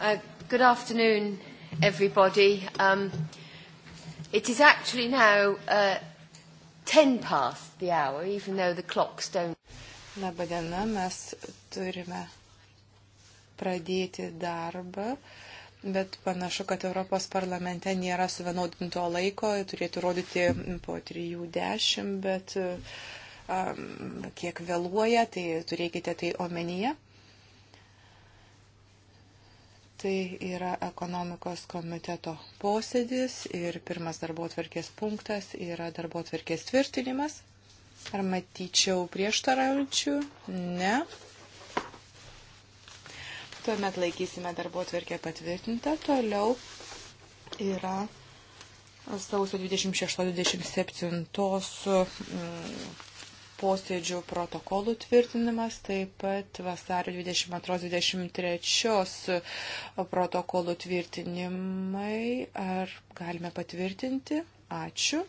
Uh, good afternoon, everybody. Um, it is actually now uh, 10 past the hour, even though the clocks don't. Labą dieną, mes turime pradėti darbą, bet panašu, kad Europos parlamente nėra suvienodinto laiko, turėtų rodyti po 3.10, bet um, kiek vėluoja, tai turėkite tai omenyje. Tai yra ekonomikos komiteto posėdis ir pirmas darbo atverkės punktas yra darbo atverkės tvirtinimas. Ar matyčiau prieštaraujančių? Ne. Tuomet laikysime darbo atverkę patvirtintą. Toliau yra sausio 26-27 posėdžių protokolų tvirtinimas, taip pat vasario 22-23 protokolų tvirtinimai. Ar galime patvirtinti? Ačiū.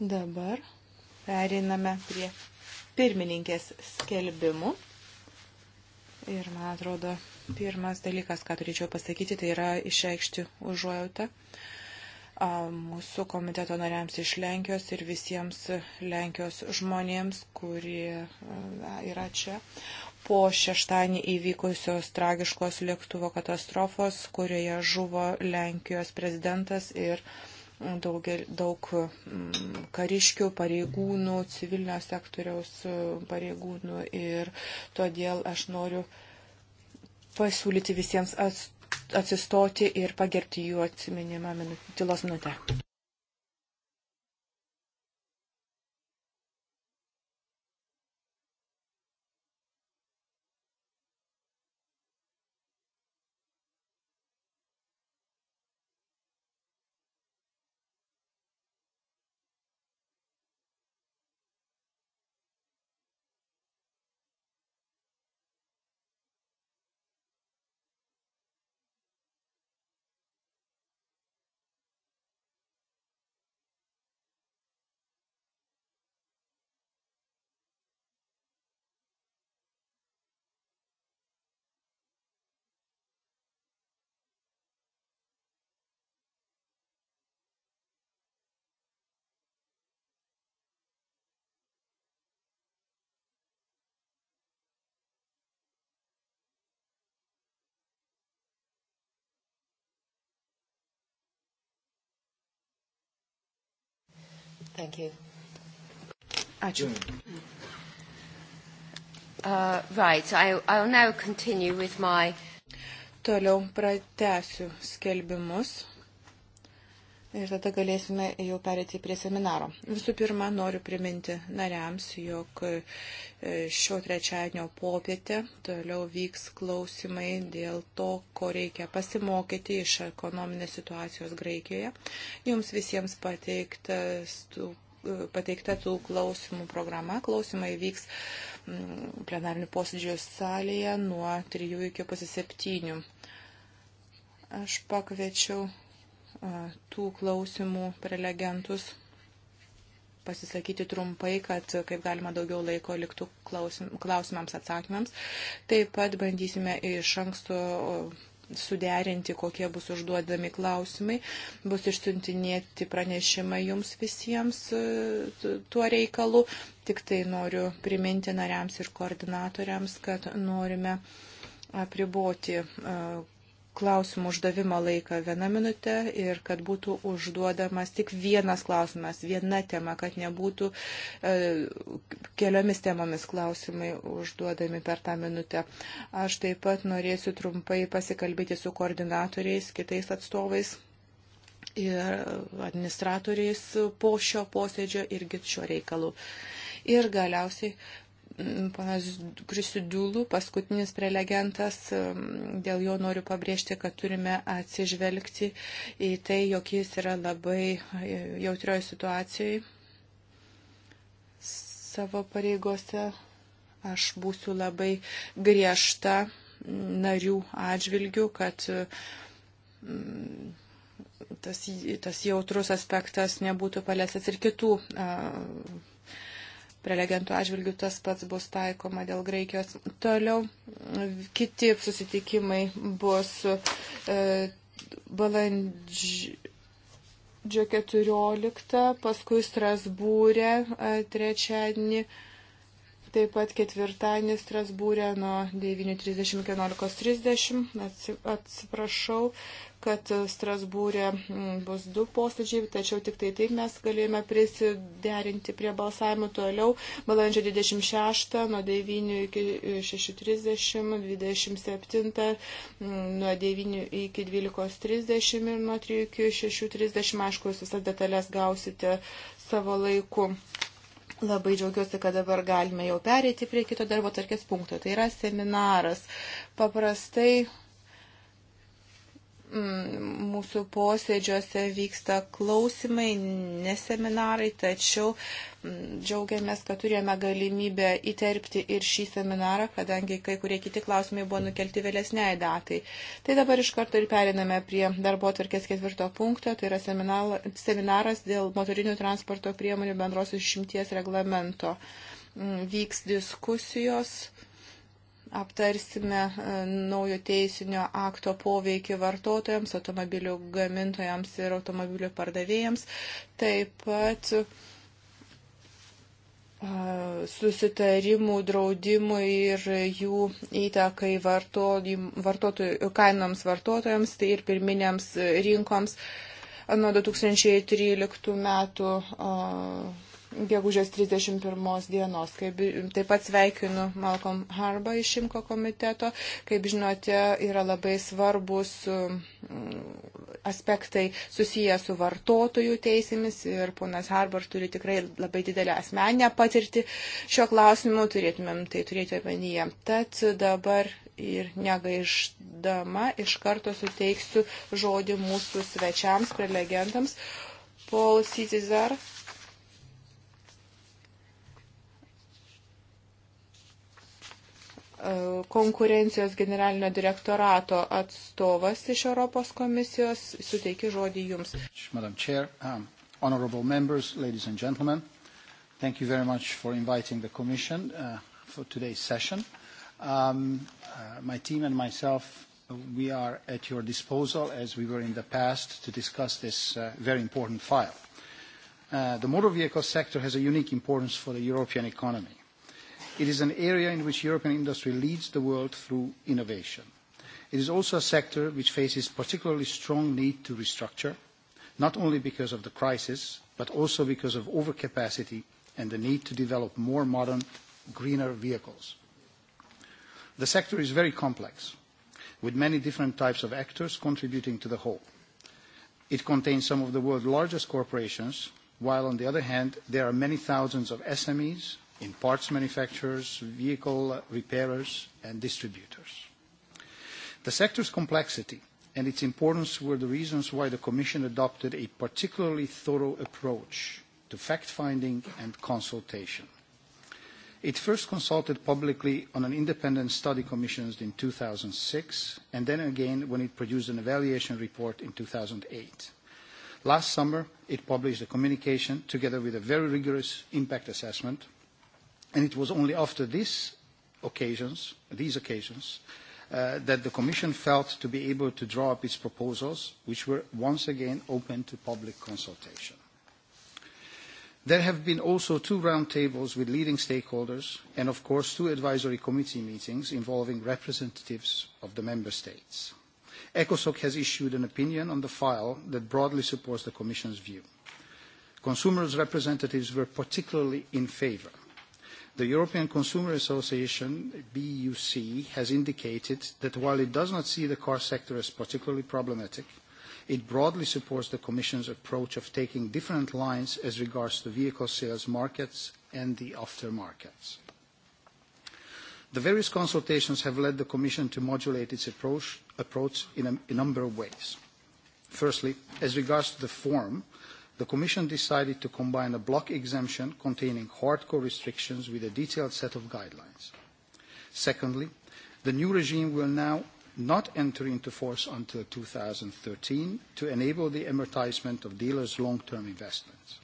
Dabar periname prie pirmininkės skelbimų. Ir man atrodo, pirmas dalykas, ką turėčiau pasakyti, tai yra išreikšti užuojautą mūsų komiteto nariams iš Lenkijos ir visiems Lenkijos žmonėms, kurie yra čia. Po šeštąjį įvykusios tragiškos lėktuvo katastrofos, kurioje žuvo Lenkijos prezidentas ir uh, daug, daug mm, kariškių pareigūnų, civilinio sektoriaus e, pareigūnų ir todėl aš noriu pasiūlyti visiems atsistoti ir pagerbti jų atsiminimą minu, tylos minutę. Thank you. Ačiū. Uh, right, I, I'll now continue with my... Toliau pratesiu skelbimus. Ir tada galėsime jau perėti prie seminaro. Visų pirma, noriu priminti nariams, jog e, šio trečiadienio popietę toliau vyks klausimai dėl to, ko reikia pasimokyti iš ekonominės situacijos Graikijoje. Jums visiems pateiktas tų e, pateikta tų klausimų programa. Klausimai vyks mm, plenarnių posėdžių salėje nuo 3 iki pusės 7. Aš pakviečiau tų klausimų prelegentus pasisakyti trumpai, kad kaip galima daugiau laiko liktų klausim, klausimams atsakymams. Taip pat bandysime iš anksto suderinti, kokie bus užduodami klausimai, bus išsiuntinėti pranešimai jums visiems e, tuo reikalu. Tik tai noriu priminti nariams ir koordinatoriams, kad norime apriboti e, klausimų uždavimo laiką vieną minutę ir kad būtų užduodamas tik vienas klausimas, viena tema, kad nebūtų e, keliomis temomis klausimai užduodami per tą minutę. Aš taip pat norėsiu trumpai pasikalbėti su koordinatoriais, kitais atstovais ir administratoriais po šio posėdžio irgi šio reikalu. Ir galiausiai Panas Krisidūlų, paskutinis prelegentas, dėl jo noriu pabrėžti, kad turime atsižvelgti į tai, jog jis yra labai e, jautrioje situacijoje savo pareigose. Aš būsiu labai griežta narių atžvilgių, kad tas, tas jautrus aspektas nebūtų paliestas ir kitų prelegentų atžvilgių tas pats bus taikoma dėl Graikijos. Toliau kiti susitikimai bus e, balandžio 14, paskui Strasbūrė e, trečiadienį. Taip pat ketvirtadienį Strasbūrė nuo 9.30 iki 11.30, atsiprašau, kad Strasbūrė mm, bus du posėdžiai, tačiau tik tai taip mes galėjome prisiderinti prie balsavimo toliau. Balandžio 26 nuo 9 iki 6.30, 27 mm, nuo 9 iki 12.30 ir nuo 3 iki 6.30. Aišku, visas detalės gausite savo laiku. Labai džiaugiuosi, kad dabar galime jau pereiti prie kito darbo tarkės punkto. Tai yra seminaras. Paprastai Mm, mūsų posėdžiuose vyksta klausimai, neseminarai, tačiau mm, džiaugiamės, kad turėjome galimybę įterpti ir šį seminarą, kadangi kai kurie kiti klausimai buvo nukelti vėlesniai datai. Tai dabar iš karto ir periname prie darbo tvarkės ketvirto punkto, tai yra seminaras dėl motorinių transporto priemonių bendrosios išimties reglamento. Mm, vyks diskusijos aptarsime e, naujo teisinio akto poveikį vartotojams, automobilių gamintojams ir automobilių pardavėjams. Taip pat e, susitarimų draudimui ir jų įtakai vartotojų, kainoms vartotojams tai ir pirminėms rinkoms nuo 2013 metų e, gegužės 31 dienos. Kaip, taip pat sveikinu Malcolm Harbą iš Šimko komiteto. Kaip žinote, yra labai svarbus um, aspektai susiję su vartotojų teisėmis ir ponas Harbar turi tikrai labai didelę asmenę patirtį šio klausimu, turėtumėm tai turėti omenyje. Tad dabar ir negaiždama iš karto suteiksiu žodį mūsų svečiams, prelegentams. Paul Citizar E, konkurencijos generalinio direktorato atstovas iš Europos komisijos. Suteikiu žodį Jums. Madam Chair, um, honorable members, ladies and gentlemen, thank you very much for inviting the Commission uh, for today's session. Um, uh, my team and myself we are at your disposal, as we were in the past, to discuss this uh, very important file. Uh, the motor vehicle sector has a unique importance for the European economy. It is an area in which European industry leads the world through innovation. It is also a sector which faces particularly strong need to restructure, not only because of the crisis, but also because of overcapacity and the need to develop more modern, greener vehicles. The sector is very complex, with many different types of actors contributing to the whole. It contains some of the world's largest corporations, while on the other hand, there are many thousands of SMEs in parts manufacturers, vehicle repairers, and distributors. The sector's complexity and its importance were the reasons why the Commission adopted a particularly thorough approach to fact-finding and consultation. It first consulted publicly on an independent study commissioned in 2006, and then again when it produced an evaluation report in 2008. Last summer, it published a communication together with a very rigorous impact assessment – And it was only after these occasions, these occasions uh, that the Commission felt to be able to draw up its proposals, which were once again open to public consultation. There have been also two roundtables with leading stakeholders and, of course, two advisory committee meetings involving representatives of the member states. ECOSOC has issued an opinion on the file that broadly supports the Commission's view. Consumers' representatives were particularly in favour The European Consumer Association, BUC, has indicated that while it does not see the car sector as particularly problematic, it broadly supports the Commission's approach of taking different lines as regards to vehicle sales markets and the aftermarkets. The various consultations have led the Commission to modulate its approach, approach in a, a number of ways. Firstly, as regards to the form, uh, the Commission decided to combine a block exemption containing hardcore restrictions with a detailed set of guidelines. Secondly, the new regime will now not enter into force until 2013 to enable the amortizement of dealers' long-term investments.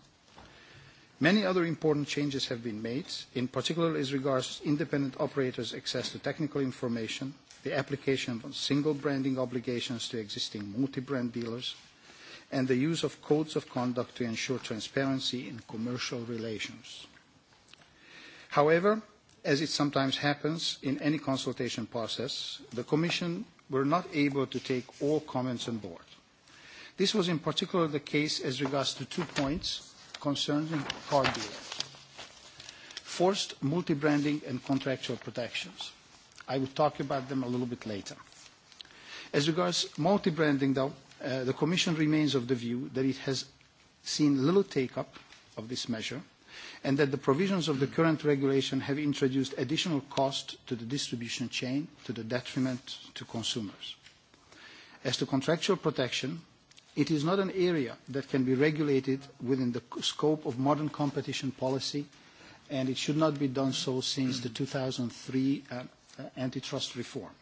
Many other important changes have been made, in particular as regards independent operators' access to technical information, the application of single branding obligations to existing multi-brand dealers, and the use of codes of conduct to ensure transparency in commercial relations. However, as it sometimes happens in any consultation process, the Commission were not able to take all comments on board. This was in particular the case as regards to two points concerning car dealers. Forced multi-branding and contractual protections. I will talk about them a little bit later. As regards multi-branding, though, Uh, the Commission remains of the view that it has seen little take-up of this measure and that the provisions of the current regulation have introduced additional cost to the distribution chain to the detriment to consumers. As to contractual protection, it is not an area that can be regulated within the scope of modern competition policy, and it should not be done so since the 2003 uh, uh, antitrust reform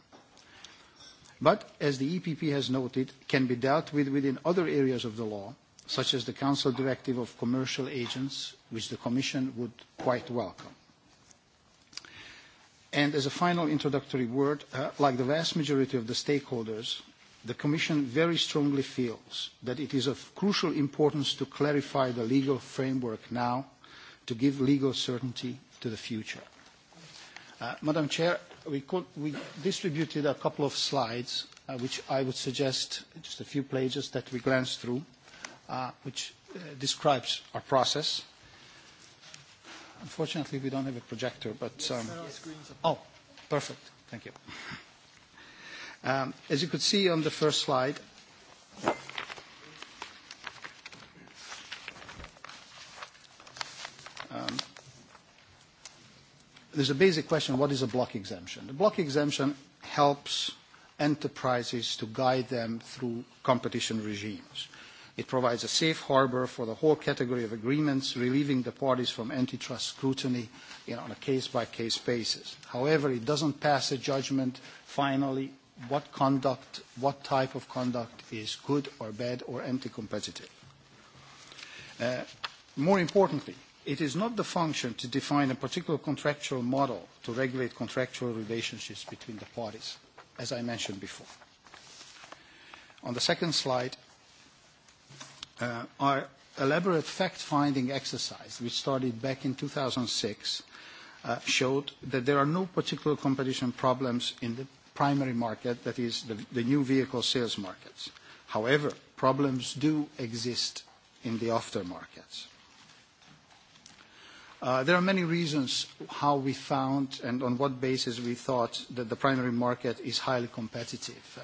but as the EPP has noted, can be dealt with within other areas of the law, such as the Council Directive of Commercial Agents, which the Commission would quite welcome. And as a final introductory word, uh, like the vast majority of the stakeholders, the Commission very strongly feels that it is of crucial importance to clarify the legal framework now to give legal certainty to the future. Uh, Madam Chair, we, could, we distributed a couple of slides, uh, which I would suggest, just a few pages that we glance through, uh, which uh, describes our process. Unfortunately, we don't have a projector, but... Yes, um, there are screens. Oh, perfect. Thank you. Um, as you could see on the first slide, there's a basic question, what is a block exemption? The block exemption helps enterprises to guide them through competition regimes. It provides a safe harbor for the whole category of agreements, relieving the parties from antitrust scrutiny you know, on a case-by-case -case basis. However, it doesn't pass a judgment finally what conduct, what type of conduct is good or bad or anti-competitive. Uh, more importantly, It is not the function to define a particular contractual model to regulate contractual relationships between the parties, as I mentioned before. On the second slide, uh, our elaborate fact-finding exercise, which started back in 2006, uh, showed that there are no particular competition problems in the primary market, that is, the, the new vehicle sales markets. However, problems do exist in the aftermarkets. Uh, there are many reasons how we found and on what basis we thought that the primary market is highly competitive.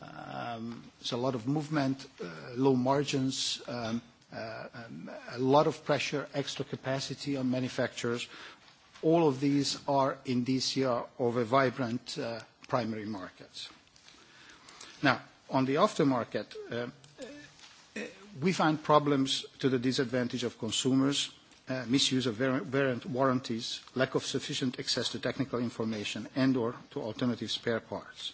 Uh, um, there's a lot of movement, uh, low margins, um, uh, um, a lot of pressure, extra capacity on manufacturers. All of these are indicia of a vibrant uh, primary market. Now, on the aftermarket, uh, we find problems to the disadvantage of consumers, uh, misuse of variant warranties, lack of sufficient access to technical information and or to alternative spare parts.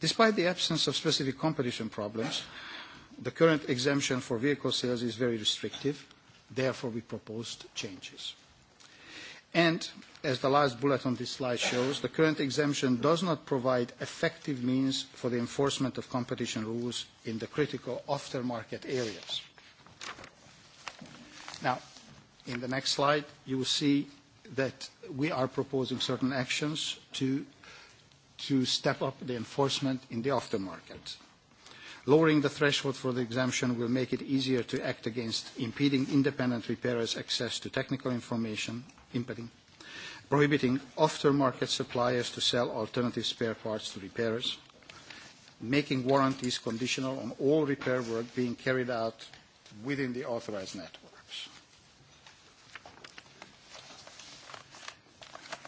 Despite the absence of specific competition problems, the current exemption for vehicle sales is very restrictive. Therefore, we proposed changes. And as the last bullet on this slide shows, the current exemption does not provide effective means for the enforcement of competition rules in the critical aftermarket areas. Now, in the next slide, you will see that we are proposing certain actions to, to step up the enforcement in the aftermarket. Lowering the threshold for the exemption will make it easier to act against impeding independent repairers' access to technical information, impeding, prohibiting aftermarket suppliers to sell alternative spare parts to repairers, making warranties conditional on all repair work being carried out within the authorized net.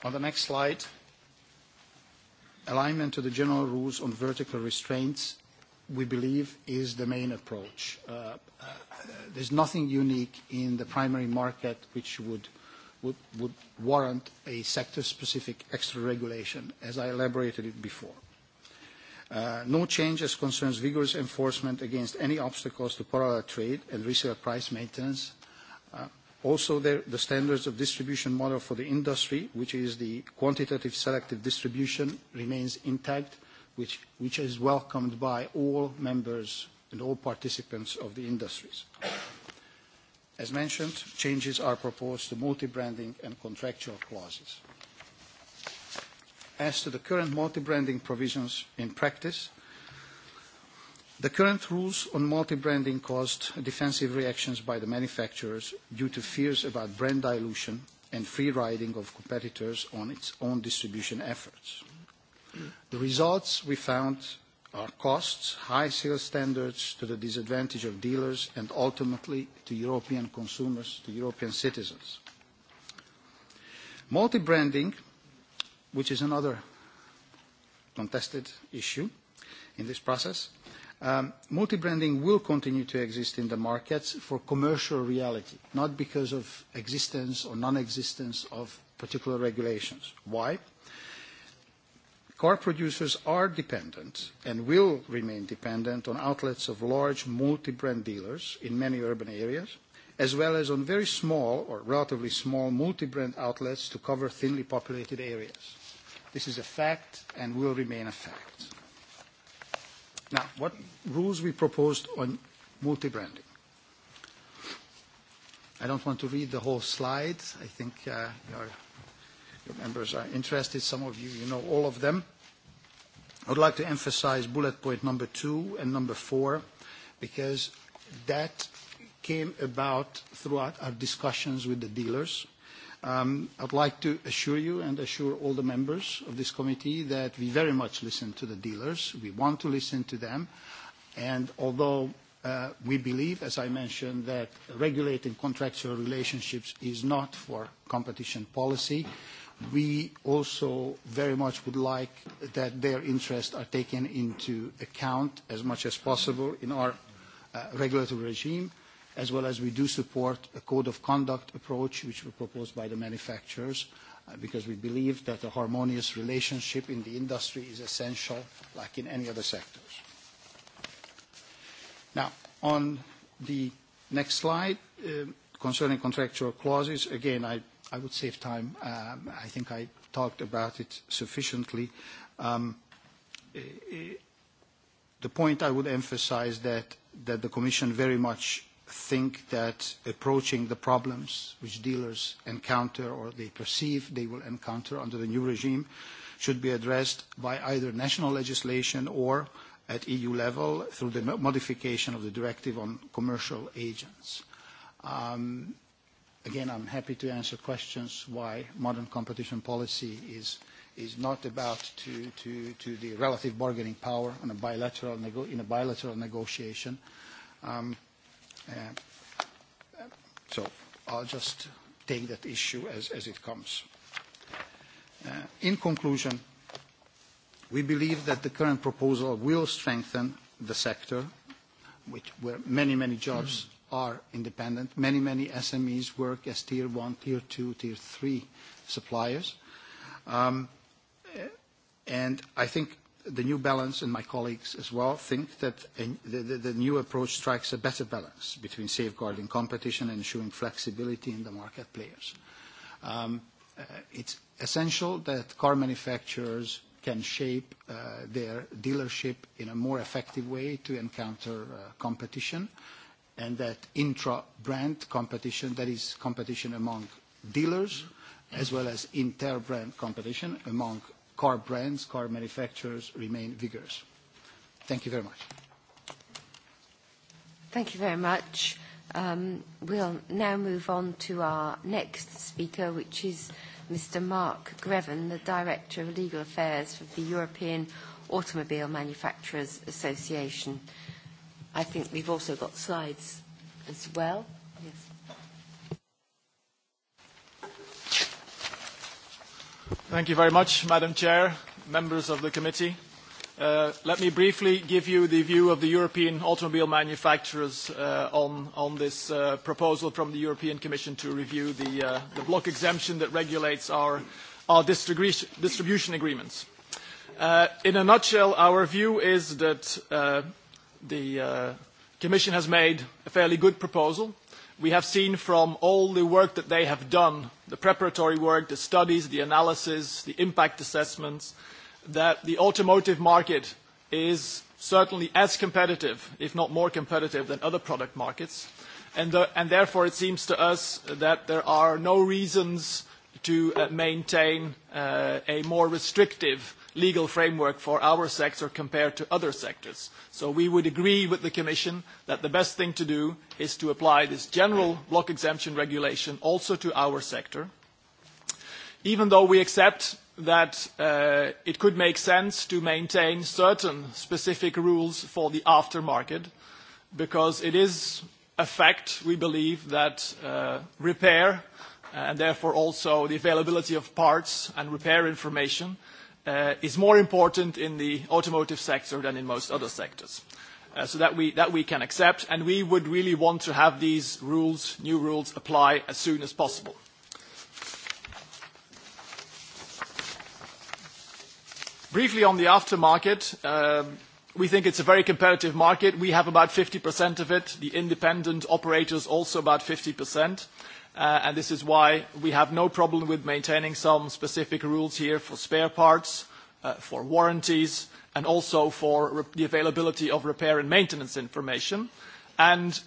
On the next slide, alignment to the general rules on vertical restraints, we believe, is the main approach. Uh, uh, there's nothing unique in the primary market which would, would, would warrant a sector-specific extra regulation, as I elaborated it before. Uh, no changes concerns vigorous enforcement against any obstacles to parallel trade and resale price maintenance. Uh, Also, the, the standards of distribution model for the industry, which is the quantitative selective distribution, remains intact, which, which is welcomed by all members and all participants of the industries. As mentioned, changes are proposed to multi-branding and contractual clauses. As to the current multi-branding provisions in practice, The current rules on multi-branding caused defensive reactions by the manufacturers due to fears about brand dilution and free riding of competitors on its own distribution efforts. The results we found are costs, high sales standards to the disadvantage of dealers, and ultimately to European consumers, to European citizens. Multi-branding, which is another contested issue in this process, Um, multi-branding will continue to exist in the markets for commercial reality, not because of existence or non-existence of particular regulations. Why? Car producers are dependent and will remain dependent on outlets of large multi-brand dealers in many urban areas, as well as on very small or relatively small multi-brand outlets to cover thinly populated areas. This is a fact and will remain a fact. Now, what rules we proposed on multi-branding? I don't want to read the whole slide. I think uh, your, your members are interested. Some of you, you know all of them. I would like to emphasize bullet point number two and number four, because that came about throughout our discussions with the dealers Um, I'd like to assure you and assure all the members of this committee that we very much listen to the dealers. We want to listen to them. And although uh, we believe, as I mentioned, that regulating contractual relationships is not for competition policy, we also very much would like that their interests are taken into account as much as possible in our uh, regulatory regime. Uh, as well as we do support a code of conduct approach, which were proposed by the manufacturers, uh, because we believe that a harmonious relationship in the industry is essential, like in any other sectors. Now, on the next slide, uh, concerning contractual clauses, again, I, I would save time. Um, I think I talked about it sufficiently. Um, eh, eh, the point I would emphasize that, that the Commission very much think that approaching the problems which dealers encounter or they perceive they will encounter under the new regime should be addressed by either national legislation or at EU level through the modification of the directive on commercial agents. Um, again, I'm happy to answer questions why modern competition policy is is not about to, to, to the relative bargaining power on a bilateral nego in a bilateral negotiation. Um, Uh, so I'll just take that issue as, as it comes. Uh, in conclusion, we believe that the current proposal will strengthen the sector, which where many, many jobs mm-hmm. are independent. Many, many SMEs work as tier one, tier two, tier three suppliers. Um, and I think the New Balance and my colleagues as well think that a, the, the, the new approach strikes a better balance between safeguarding competition and ensuring flexibility in the market players. Um, uh, it's essential that car manufacturers can shape uh, their dealership in a more effective way to encounter uh, competition and that intra-brand competition, that is competition among dealers, as well as inter-brand competition among car brands, car manufacturers remain vigorous. Thank you very much. Thank you very much. Um, we'll now move on to our next speaker, which is Mr. Mark Greven, the Director of Legal Affairs of the European Automobile Manufacturers Association. I think we've also got slides as well. Thank you very much, Madam Chair, members of the committee. Uh, let me briefly give you the view of the European automobile manufacturers uh, on, on this uh, proposal from the European Commission to review the, uh, the block exemption that regulates our, our distribution, distribution agreements. Uh, in a nutshell, our view is that uh, the uh, Commission has made a fairly good proposal we have seen from all the work that they have done, the preparatory work, the studies, the analysis, the impact assessments, that the automotive market is certainly as competitive, if not more competitive, than other product markets. And, the, and therefore, it seems to us that there are no reasons to uh, maintain uh, a more restrictive legal framework for our sector compared to other sectors. So we would agree with the Commission that the best thing to do is to apply this general block exemption regulation also to our sector. Even though we accept that uh, it could make sense to maintain certain specific rules for the aftermarket, because it is a fact, we believe, that uh, repair, and therefore also the availability of parts and repair information, uh, is more important in the automotive sector than in most other sectors. Uh, so that we, that we can accept, and we would really want to have these rules, new rules, apply as soon as possible. Briefly on the aftermarket, um, we think it's a very competitive market. We have about 50% of it, the independent operators also about 50%. Uh, and this is why we have no problem with maintaining some specific rules here for spare parts, uh, for warranties, and also for the availability of repair and maintenance information. And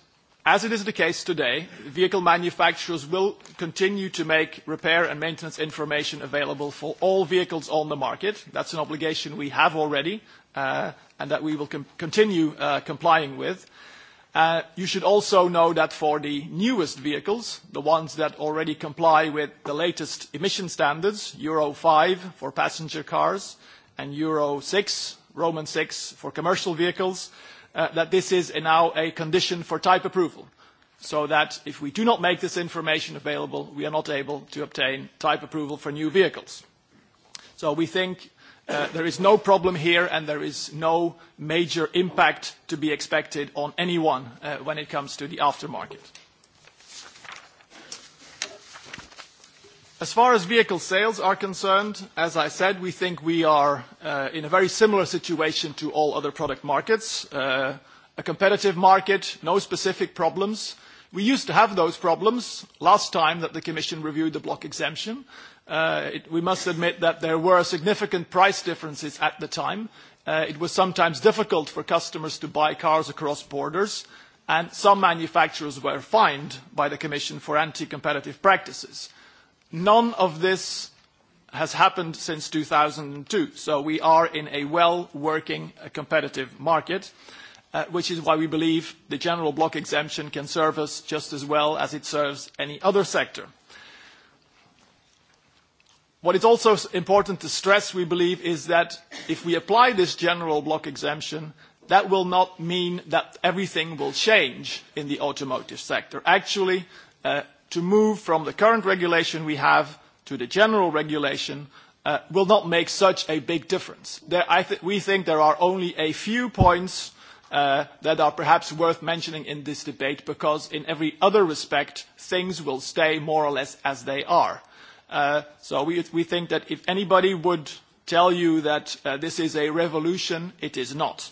as it is the case today, vehicle manufacturers will continue to make repair and maintenance information available for all vehicles on the market. That's an obligation we have already, uh, and that we will com continue uh, complying with. Uh, you should also know that for the newest vehicles, the ones that already comply with the latest emission standards, Euro 5 for passenger cars and Euro 6, Roman 6 for commercial vehicles, uh, that this is a now a condition for type approval. So that if we do not make this information available, we are not able to obtain type approval for new vehicles. So we think Uh, there is no problem here, and there is no major impact to be expected on anyone uh, when it comes to the aftermarket. As far as vehicle sales are concerned, as I said, we think we are uh, in a very similar situation to all other product markets. Uh, a competitive market, no specific problems. We used to have those problems last time that the Commission reviewed the block exemption, uh, it, we must admit that there were significant price differences at the time. Uh, it was sometimes difficult for customers to buy cars across borders, and some manufacturers were fined by the Commission for anti-competitive practices. None of this has happened since 2002, so we are in a well-working uh, competitive market. Uh, which is why we believe the general block exemption can serve us just as well as it serves any other sector. What is also important to stress, we believe, is that if we apply this general block exemption, that will not mean that everything will change in the automotive sector. Actually, uh, to move from the current regulation we have to the general regulation uh, will not make such a big difference. There, I th we think there are only a few points uh, that are perhaps worth mentioning in this debate because in every other respect, things will stay more or less as they are. Uh, so we, we think that if anybody would tell you that uh, this is a revolution, it is not.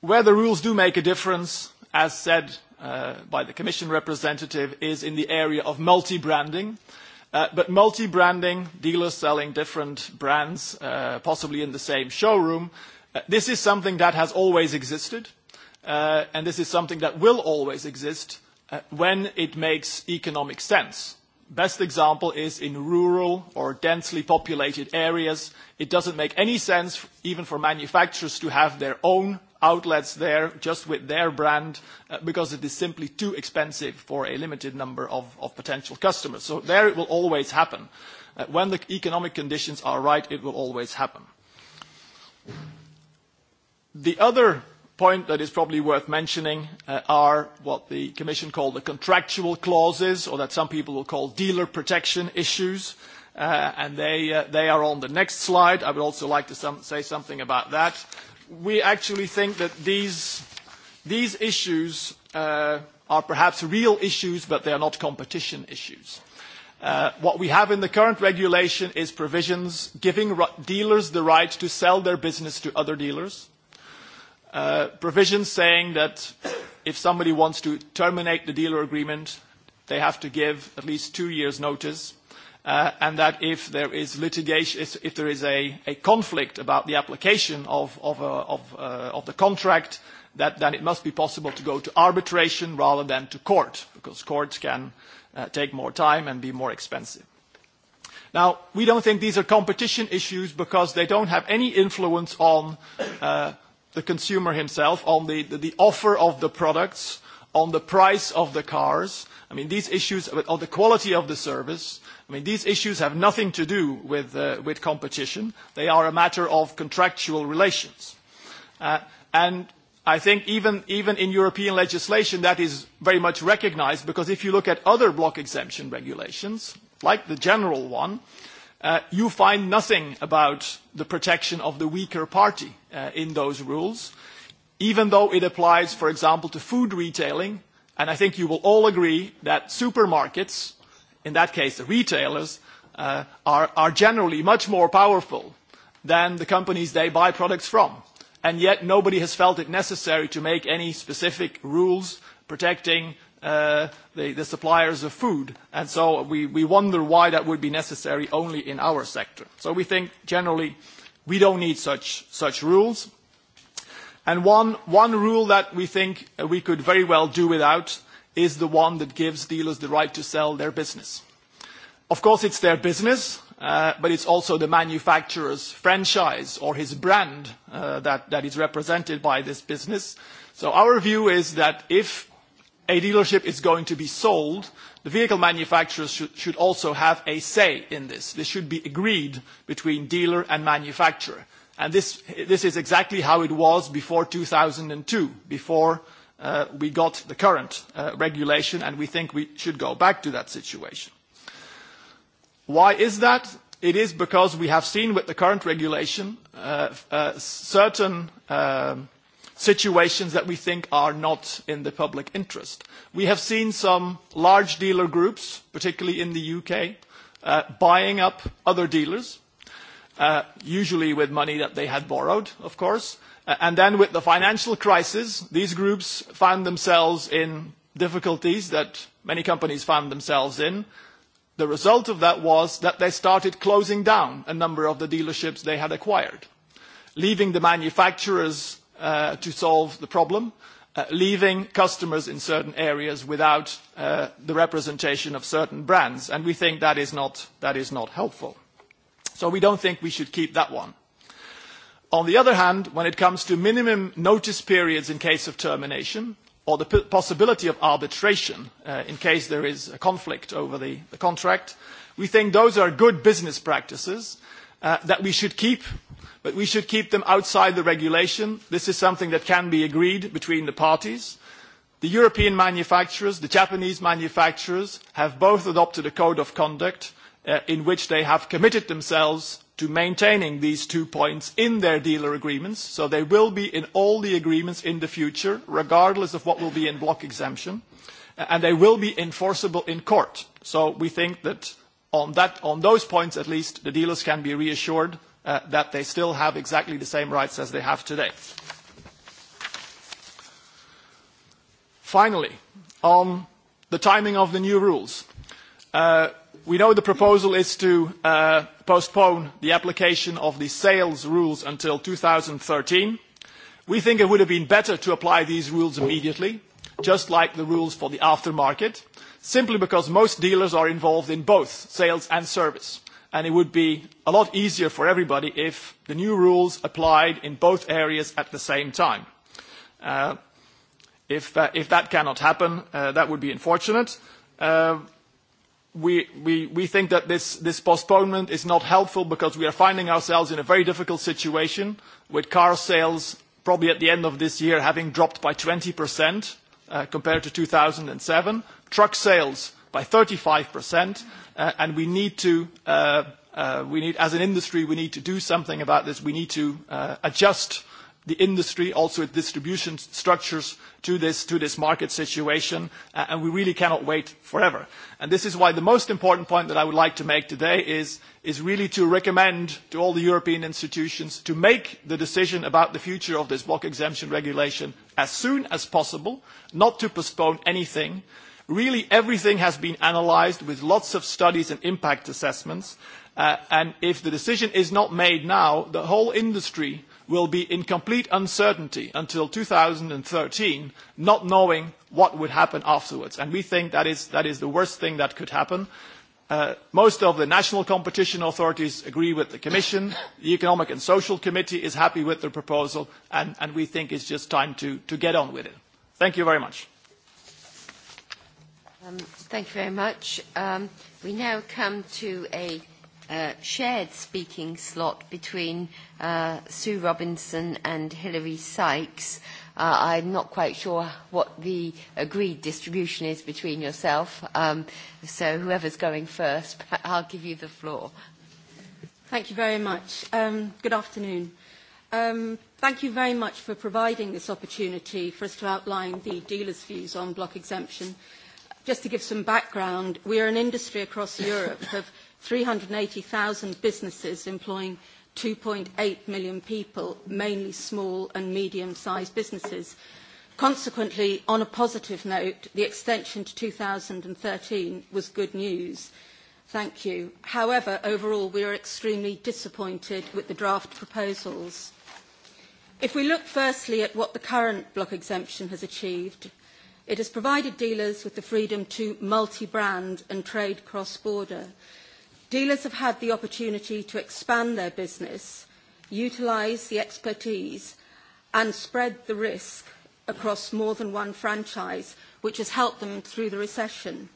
Where the rules do make a difference, as said uh, by the Commission representative, is in the area of multi-branding. Uh, but multi-branding, dealers selling different brands, uh, possibly in the same showroom, uh, this is something that has always existed, uh, and this is something that will always exist uh, when it makes economic sense. Best example is in rural or densely populated areas. It doesn't make any sense even for manufacturers to have their own outlets there just with their brand uh, because it is simply too expensive for a limited number of, of potential customers. So there it will always happen. Uh, when the economic conditions are right, it will always happen. The other point that is probably worth mentioning uh, are what the Commission called the contractual clauses, or that some people will call dealer protection issues. Uh, and they, uh, they are on the next slide. I would also like to some, say something about that. We actually think that these, these issues uh, are perhaps real issues, but they are not competition issues. Uh, what we have in the current regulation is provisions giving dealers the right to sell their business to other dealers. Uh, uh, provisions saying that if somebody wants to terminate the dealer agreement, they have to give at least two years' notice, uh, and that if there is litigation, if, if there is a, a conflict about the application of, of, a, uh, of, uh, of the contract, that then it must be possible to go to arbitration rather than to court, because courts can uh, take more time and be more expensive. Now, we don't think these are competition issues because they don't have any influence on uh, the consumer himself, on the, the, the offer of the products, on the price of the cars. I mean, these issues, on the quality of the service, I mean, these issues have nothing to do with, uh, with competition. They are a matter of contractual relations. Uh, and I think even, even in European legislation, that is very much recognized because if you look at other block exemption regulations, like the general one, uh, uh, you find nothing about the protection of the weaker party uh, in those rules, even though it applies, for example, to food retailing. And I think you will all agree that supermarkets, in that case the retailers, uh, are, are generally much more powerful than the companies they buy products from. And yet nobody has felt it necessary to make any specific rules protecting uh, the, the suppliers of food. And so we, we wonder why that would be necessary only in our sector. So we think generally we don't need such, such rules. And one, one rule that we think we could very well do without is the one that gives dealers the right to sell their business. Of course, it's their business, uh, but it's also the manufacturer's franchise or his brand uh, that, that is represented by this business. So our view is that if a dealership is going to be sold, the vehicle manufacturers should, should also have a say in this. This should be agreed between dealer and manufacturer. And this, this is exactly how it was before 2002, before uh, we got the current uh, regulation, and we think we should go back to that situation. Why is that? It is because we have seen with the current regulation uh, uh, certain um, uh, situations that we think are not in the public interest. We have seen some large dealer groups, particularly in the UK, uh, buying up other dealers, uh, usually with money that they had borrowed, of course. Uh, and then with the financial crisis, these groups found themselves in difficulties that many companies found themselves in. The result of that was that they started closing down a number of the dealerships they had acquired, leaving the manufacturers uh, to solve the problem, uh, leaving customers in certain areas without uh, the representation of certain brands. And we think that is not, that is not helpful. So we don't think we should keep that one. On the other hand, when it comes to minimum notice periods in case of termination, or the possibility of arbitration uh, in case there is a conflict over the, the contract, we think those are good business practices uh, that we should keep But we should keep them outside the regulation. This is something that can be agreed between the parties. The European manufacturers, the Japanese manufacturers, have both adopted a code of conduct uh, in which they have committed themselves to maintaining these two points in their dealer agreements. So they will be in all the agreements in the future, regardless of what will be in block exemption. Uh, and they will be enforceable in court. So we think that on, that, on those points at least, the dealers can be reassured uh, that they still have exactly the same rights as they have today. Finally, on the timing of the new rules. Uh, we know the proposal is to uh, postpone the application of the sales rules until 2013. We think it would have been better to apply these rules immediately, just like the rules for the aftermarket, simply because most dealers are involved in both sales and service and it would be a lot easier for everybody if the new rules applied in both areas at the same time. Uh, if, uh, if that cannot happen, uh, that would be unfortunate. Uh, we, we, we think that this, this postponement is not helpful because we are finding ourselves in a very difficult situation with car sales probably at the end of this year having dropped by 20% uh, compared to 2007, truck sales by 35%, uh, and we need to uh, uh, we need, as an industry, we need to do something about this. We need to uh, adjust the industry, also its distribution structures to this, to this market situation, uh, and we really cannot wait forever. And this is why the most important point that I would like to make today is, is really to recommend to all the European institutions to make the decision about the future of this block exemption regulation as soon as possible, not to postpone anything, uh, really everything has been analysed with lots of studies and impact assessments. Uh, and if the decision is not made now, the whole industry will be in complete uncertainty until 2013, not knowing what would happen afterwards. And we think that is, that is the worst thing that could happen. Uh, most of the national competition authorities agree with the Commission. The Economic and Social Committee is happy with the proposal, and, and we think it's just time to, to get on with it. Thank you very much. Um, thank you very much. Um, we now come to a uh, shared speaking slot between uh, Sue Robinson and Hilary Sykes. Uh, I'm not quite sure what the agreed distribution is between yourself, um, so whoever's going first, I'll give you the floor. Thank you very much. Um, good afternoon. Um, thank you very much for providing this opportunity for us to outline the dealer's views on block exemption just to give some background, we are an industry across Europe of 380,000 businesses employing 2.8 million people, mainly small and medium-sized businesses. Consequently, on a positive note, the extension to 2013 was good news. Thank you. However, overall, we are extremely disappointed with the draft proposals. If we look firstly at what the current block exemption has achieved, It has provided dealers with the freedom to multi-brand and trade cross-border. Dealers have had the opportunity to expand their business, utilise the expertise and spread the risk across more than one franchise, which has helped them through the recession.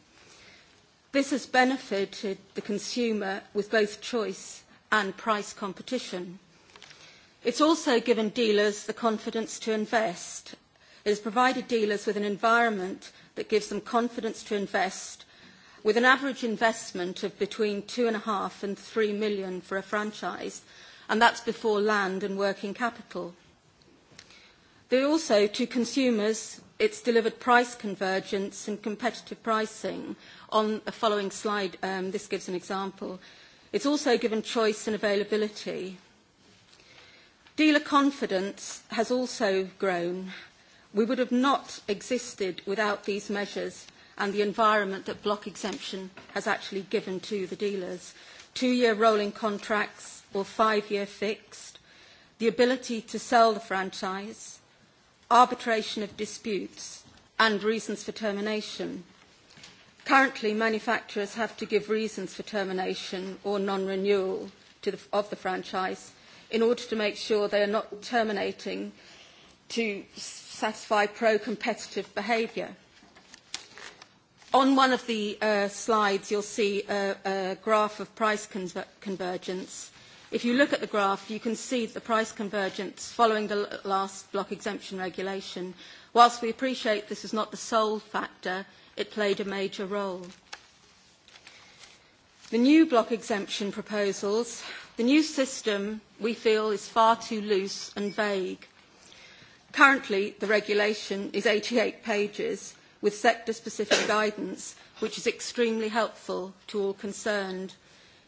This has benefited the consumer with both choice and price competition. It's also given dealers the confidence to invest It has provided dealers with an environment that gives them confidence to invest, with an average investment of between two and a half and three million for a franchise, and that's before land and working capital. They also, to consumers, it's delivered price convergence and competitive pricing. On the following slide, um, this gives an example. It's also given choice and availability. Dealer confidence has also grown We would have not existed without these measures and the environment that block exemption has actually given to the dealers. Two-year rolling contracts or five-year fixed, the ability to sell the franchise, arbitration of disputes and reasons for termination. Currently, manufacturers have to give reasons for termination or non-renewal to the, of the franchise in order to make sure they are not terminating to satisfy pro-competitive behaviour. On one of the uh, slides, you'll see a, a graph of price conver convergence. If you look at the graph, you can see the price convergence following the last block exemption regulation. Whilst we appreciate this is not the sole factor, it played a major role. The new block exemption proposals, the new system, we feel, is far too loose and vague Currently, the regulation is 88 pages with sector-specific guidance, which is extremely helpful to all concerned.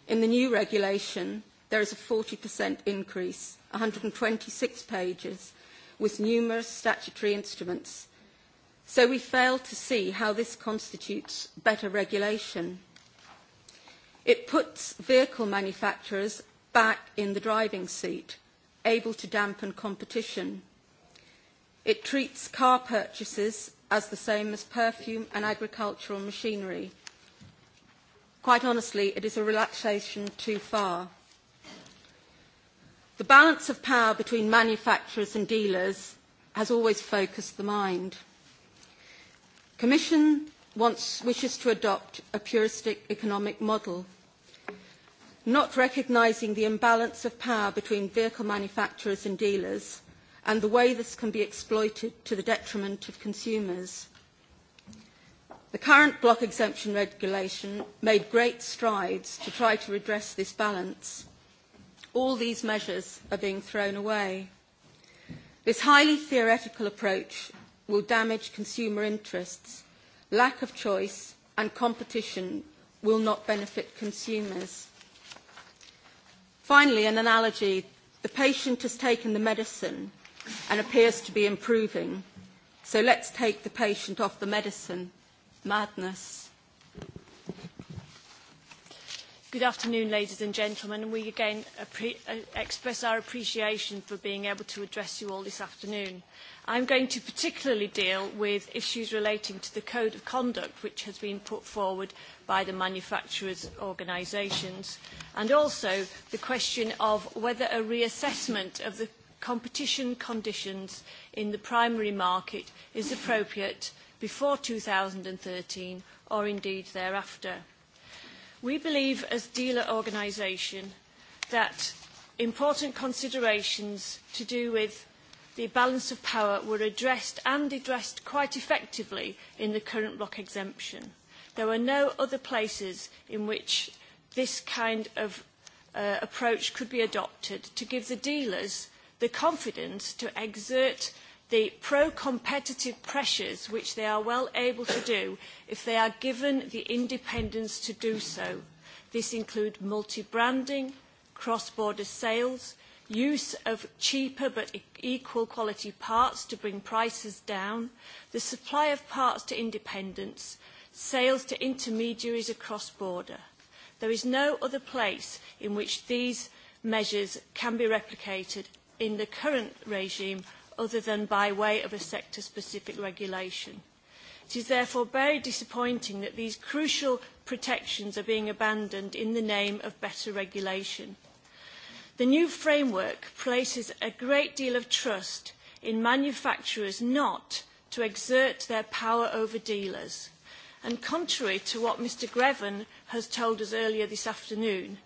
In the new regulation, there is a 40% increase, 126 pages, with numerous statutory instruments. So we fail to see how this constitutes better regulation. It puts vehicle manufacturers back in the driving seat, able to dampen competition – It treats car purchases as the same as perfume and agricultural machinery. Quite honestly, it is a relaxation too far. The balance of power between manufacturers and dealers has always focused the mind. Commission wants, wishes to adopt a puristic economic model, not recognising the imbalance of power between vehicle manufacturers and dealers – and the way this can be exploited to the detriment of consumers. The current block exemption regulation made great strides to try to redress this balance. All these measures are being thrown away. This highly theoretical approach will damage consumer interests. Lack of choice and competition will not benefit consumers. Finally, an analogy. The patient has taken the medicine and appears to be improving. So let's take the patient off the medicine. Madness. Good afternoon, ladies and gentlemen, and we again uh, express our appreciation for being able to address you all this afternoon. I'm going to particularly deal with issues relating to the Code of Conduct, which has been put forward by the manufacturers' organisations, and also the question of whether a reassessment of the competition conditions in the primary market is appropriate before 2013 or indeed thereafter. We believe as dealer organisation that important considerations to do with the balance of power were addressed and addressed quite effectively in the current block exemption. There were no other places in which this kind of uh, approach could be adopted to give the dealers the confidence to exert the pro-competitive pressures which they are well able to do if they are given the independence to do so. This includes multi-branding, cross-border sales, use of cheaper but e-, equal quality parts to bring prices down, the supply of parts to independents, sales to intermediaries across border. There is no other place in which these measures can be replicated in the current regime other than by way of a sector-specific regulation. It is therefore very disappointing that these crucial protections are being abandoned in the name of better regulation. The new framework places a great deal of trust in manufacturers not to exert their power over dealers. And contrary to what Mr Greven has told us earlier this afternoon,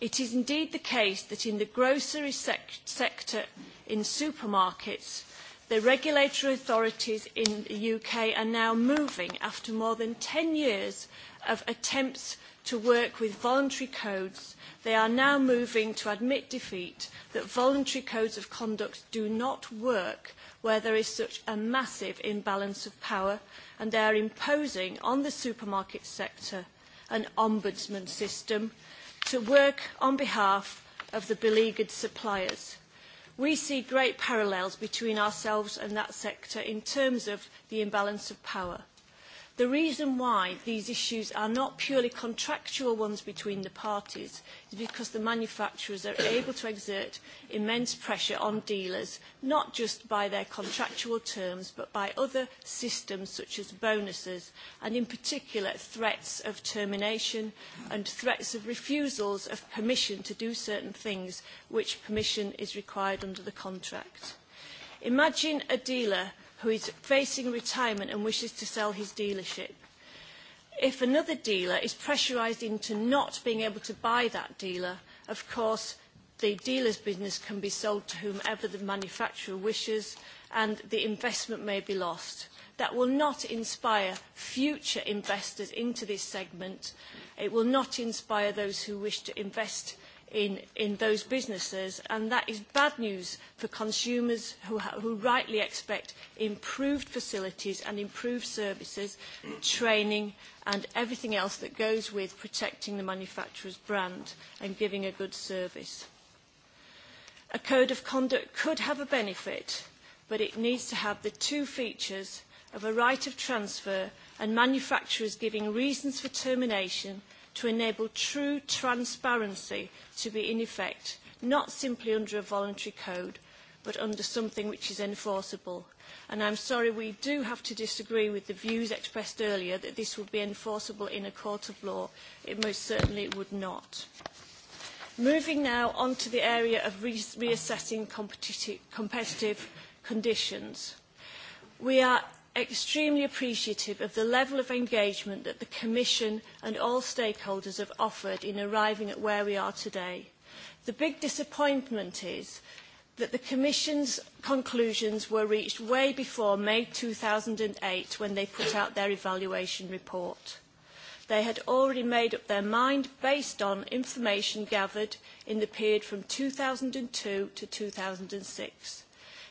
It is indeed the case that in the grocery sec sector in supermarkets, the regulatory authorities in the UK are now moving after more than 10 years of attempts to work with voluntary codes. They are now moving to admit defeat that voluntary codes of conduct do not work where there is such a massive imbalance of power and they are imposing on the supermarket sector an ombudsman system to work on behalf of the beleaguered suppliers. We see great parallels between ourselves and that sector in terms of the imbalance of power. The reason why these issues are not purely contractual ones between the parties is because the manufacturers are able to exert immense pressure on dealers, not just by their contractual terms, but by other systems such as bonuses, and in particular threats of termination and threats of refusals of permission to do certain things which permission is required under the contract. Imagine a dealer who is facing retirement and wishes to sell his dealership. If another dealer is pressurised into not being able to buy that dealer, of course, the dealer's business can be sold to whomever the manufacturer wishes and the investment may be lost. That will not inspire future investors into this segment. It will not inspire those who wish to invest in, in those businesses, and that is bad news for consumers who, who rightly expect improved facilities and improved services, training and everything else that goes with protecting the manufacturer's brand and giving a good service. A code of conduct could have a benefit, but it needs to have the two features of a right of transfer and manufacturers giving reasons for termination – to enable true transparency to be in effect, not simply under a voluntary code, but under something which is enforceable. And I'm sorry we do have to disagree with the views expressed earlier that this would be enforceable in a court of law. It most certainly would not. Moving now on to the area of re reassessing competitive conditions. We are extremely appreciative of the level of engagement that the Commission and all stakeholders have offered in arriving at where we are today. The big disappointment is that the Commission's conclusions were reached way before May 2008 when they put out their evaluation report. They had already made up their mind based on information gathered in the period from 2002 to 2006.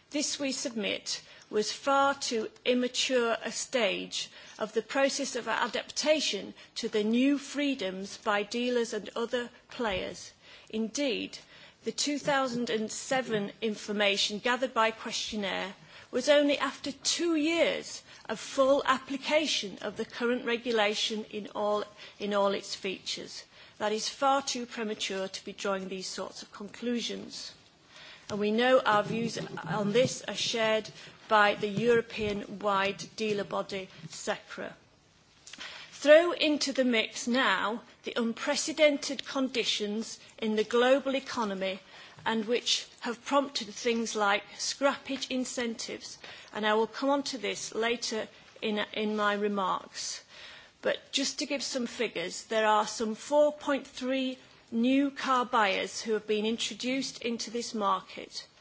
This we submit was far too immature a stage of the process of adaptation to the new freedoms by dealers and other players. Indeed, the 2007 information gathered by questionnaire was only after two years of full application of the current regulation in all, in all its features. That is far too premature to be drawing these sorts of conclusions. And we know our views on this are shared by the European-wide dealer body, SEPRA. Throw into the mix now the unprecedented conditions in the global economy and which have prompted things like scrappage incentives, and I will come on to this later in, in my remarks. But just to give some figures, there are some 4.3 new car buyers who have been introduced into this market –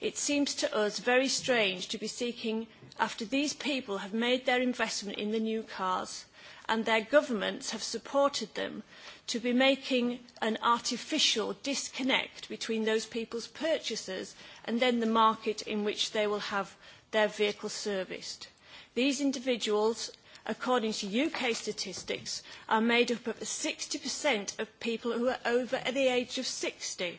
It seems to us very strange to be seeking after these people have made their investment in the new cars and their governments have supported them to be making an artificial disconnect between those people's purchases and then the market in which they will have their vehicle serviced. These individuals, according to UK statistics, are made up of 60% of people who are over the age of 60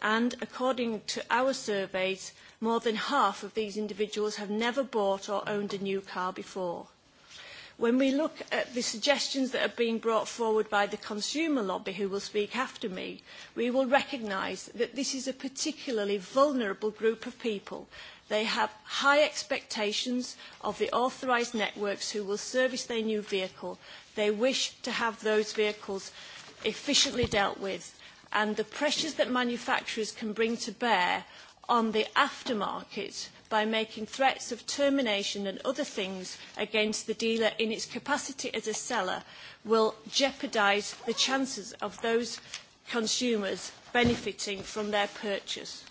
and according to our surveys, more than half of these individuals have never bought or owned a new car before. When we look at the suggestions that are being brought forward by the consumer lobby, who will speak after me, we will recognise that this is a particularly vulnerable group of people. They have high expectations of the authorised networks who will service their new vehicle. They wish to have those vehicles efficiently dealt with and the pressures that manufacturers can bring to bear on the aftermarket by making threats of termination and other things against the dealer in its capacity as a seller will jeopardise the chances of those consumers benefiting from their purchase.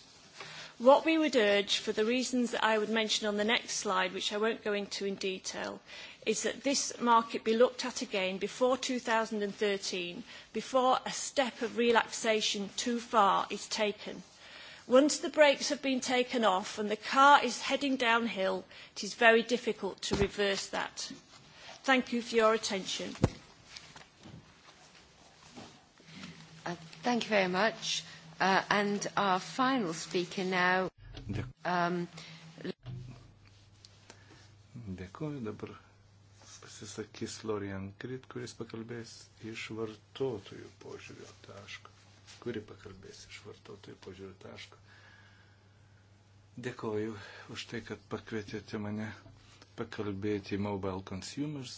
What we would urge, for the reasons that I would mention on the next slide, which I won't go into in detail, is that this market be looked at again before 2013, before a step of relaxation too far is taken. Once the brakes have been taken off and the car is heading downhill, it is very difficult to reverse that. Thank you for your attention. Uh, thank you very much. Uh, and our final speaker now. Um, Dėkuoju dabar pasisakys Lorian Krit, kuris pakalbės iš vartotojų požiūrio taško. Kuri pakalbės iš vartotojų požiūrio taško. Dėkoju už tai, kad pakvietėte mane pakalbėti Mobile Consumers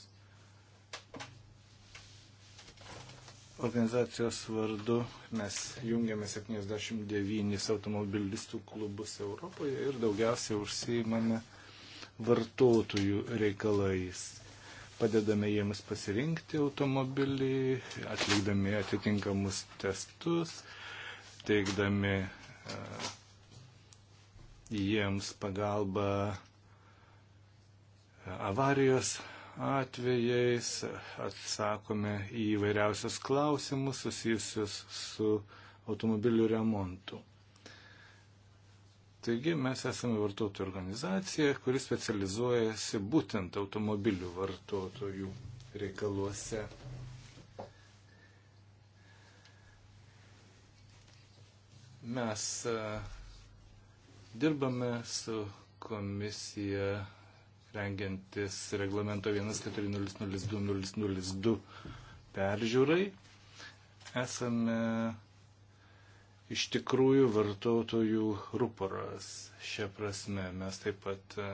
organizacijos vardu mes jungiame 79 automobilistų klubus Europoje ir daugiausiai užsiimame vartotojų reikalais padedame jiems pasirinkti automobilį, atlikdami atitinkamus testus, teikdami e, jiems pagalbą e, avarijos atvejais, atsakome į vairiausius klausimus susijusius su automobilių remontu. Taigi mes esame vartotojų organizacija, kuri specializuojasi būtent automobilių vartotojų reikaluose. Mes e, dirbame su komisija rengiantis reglamento 14002002 peržiūrai. Esame iš tikrųjų vartotojų ruporas. Šią prasme mes taip pat e,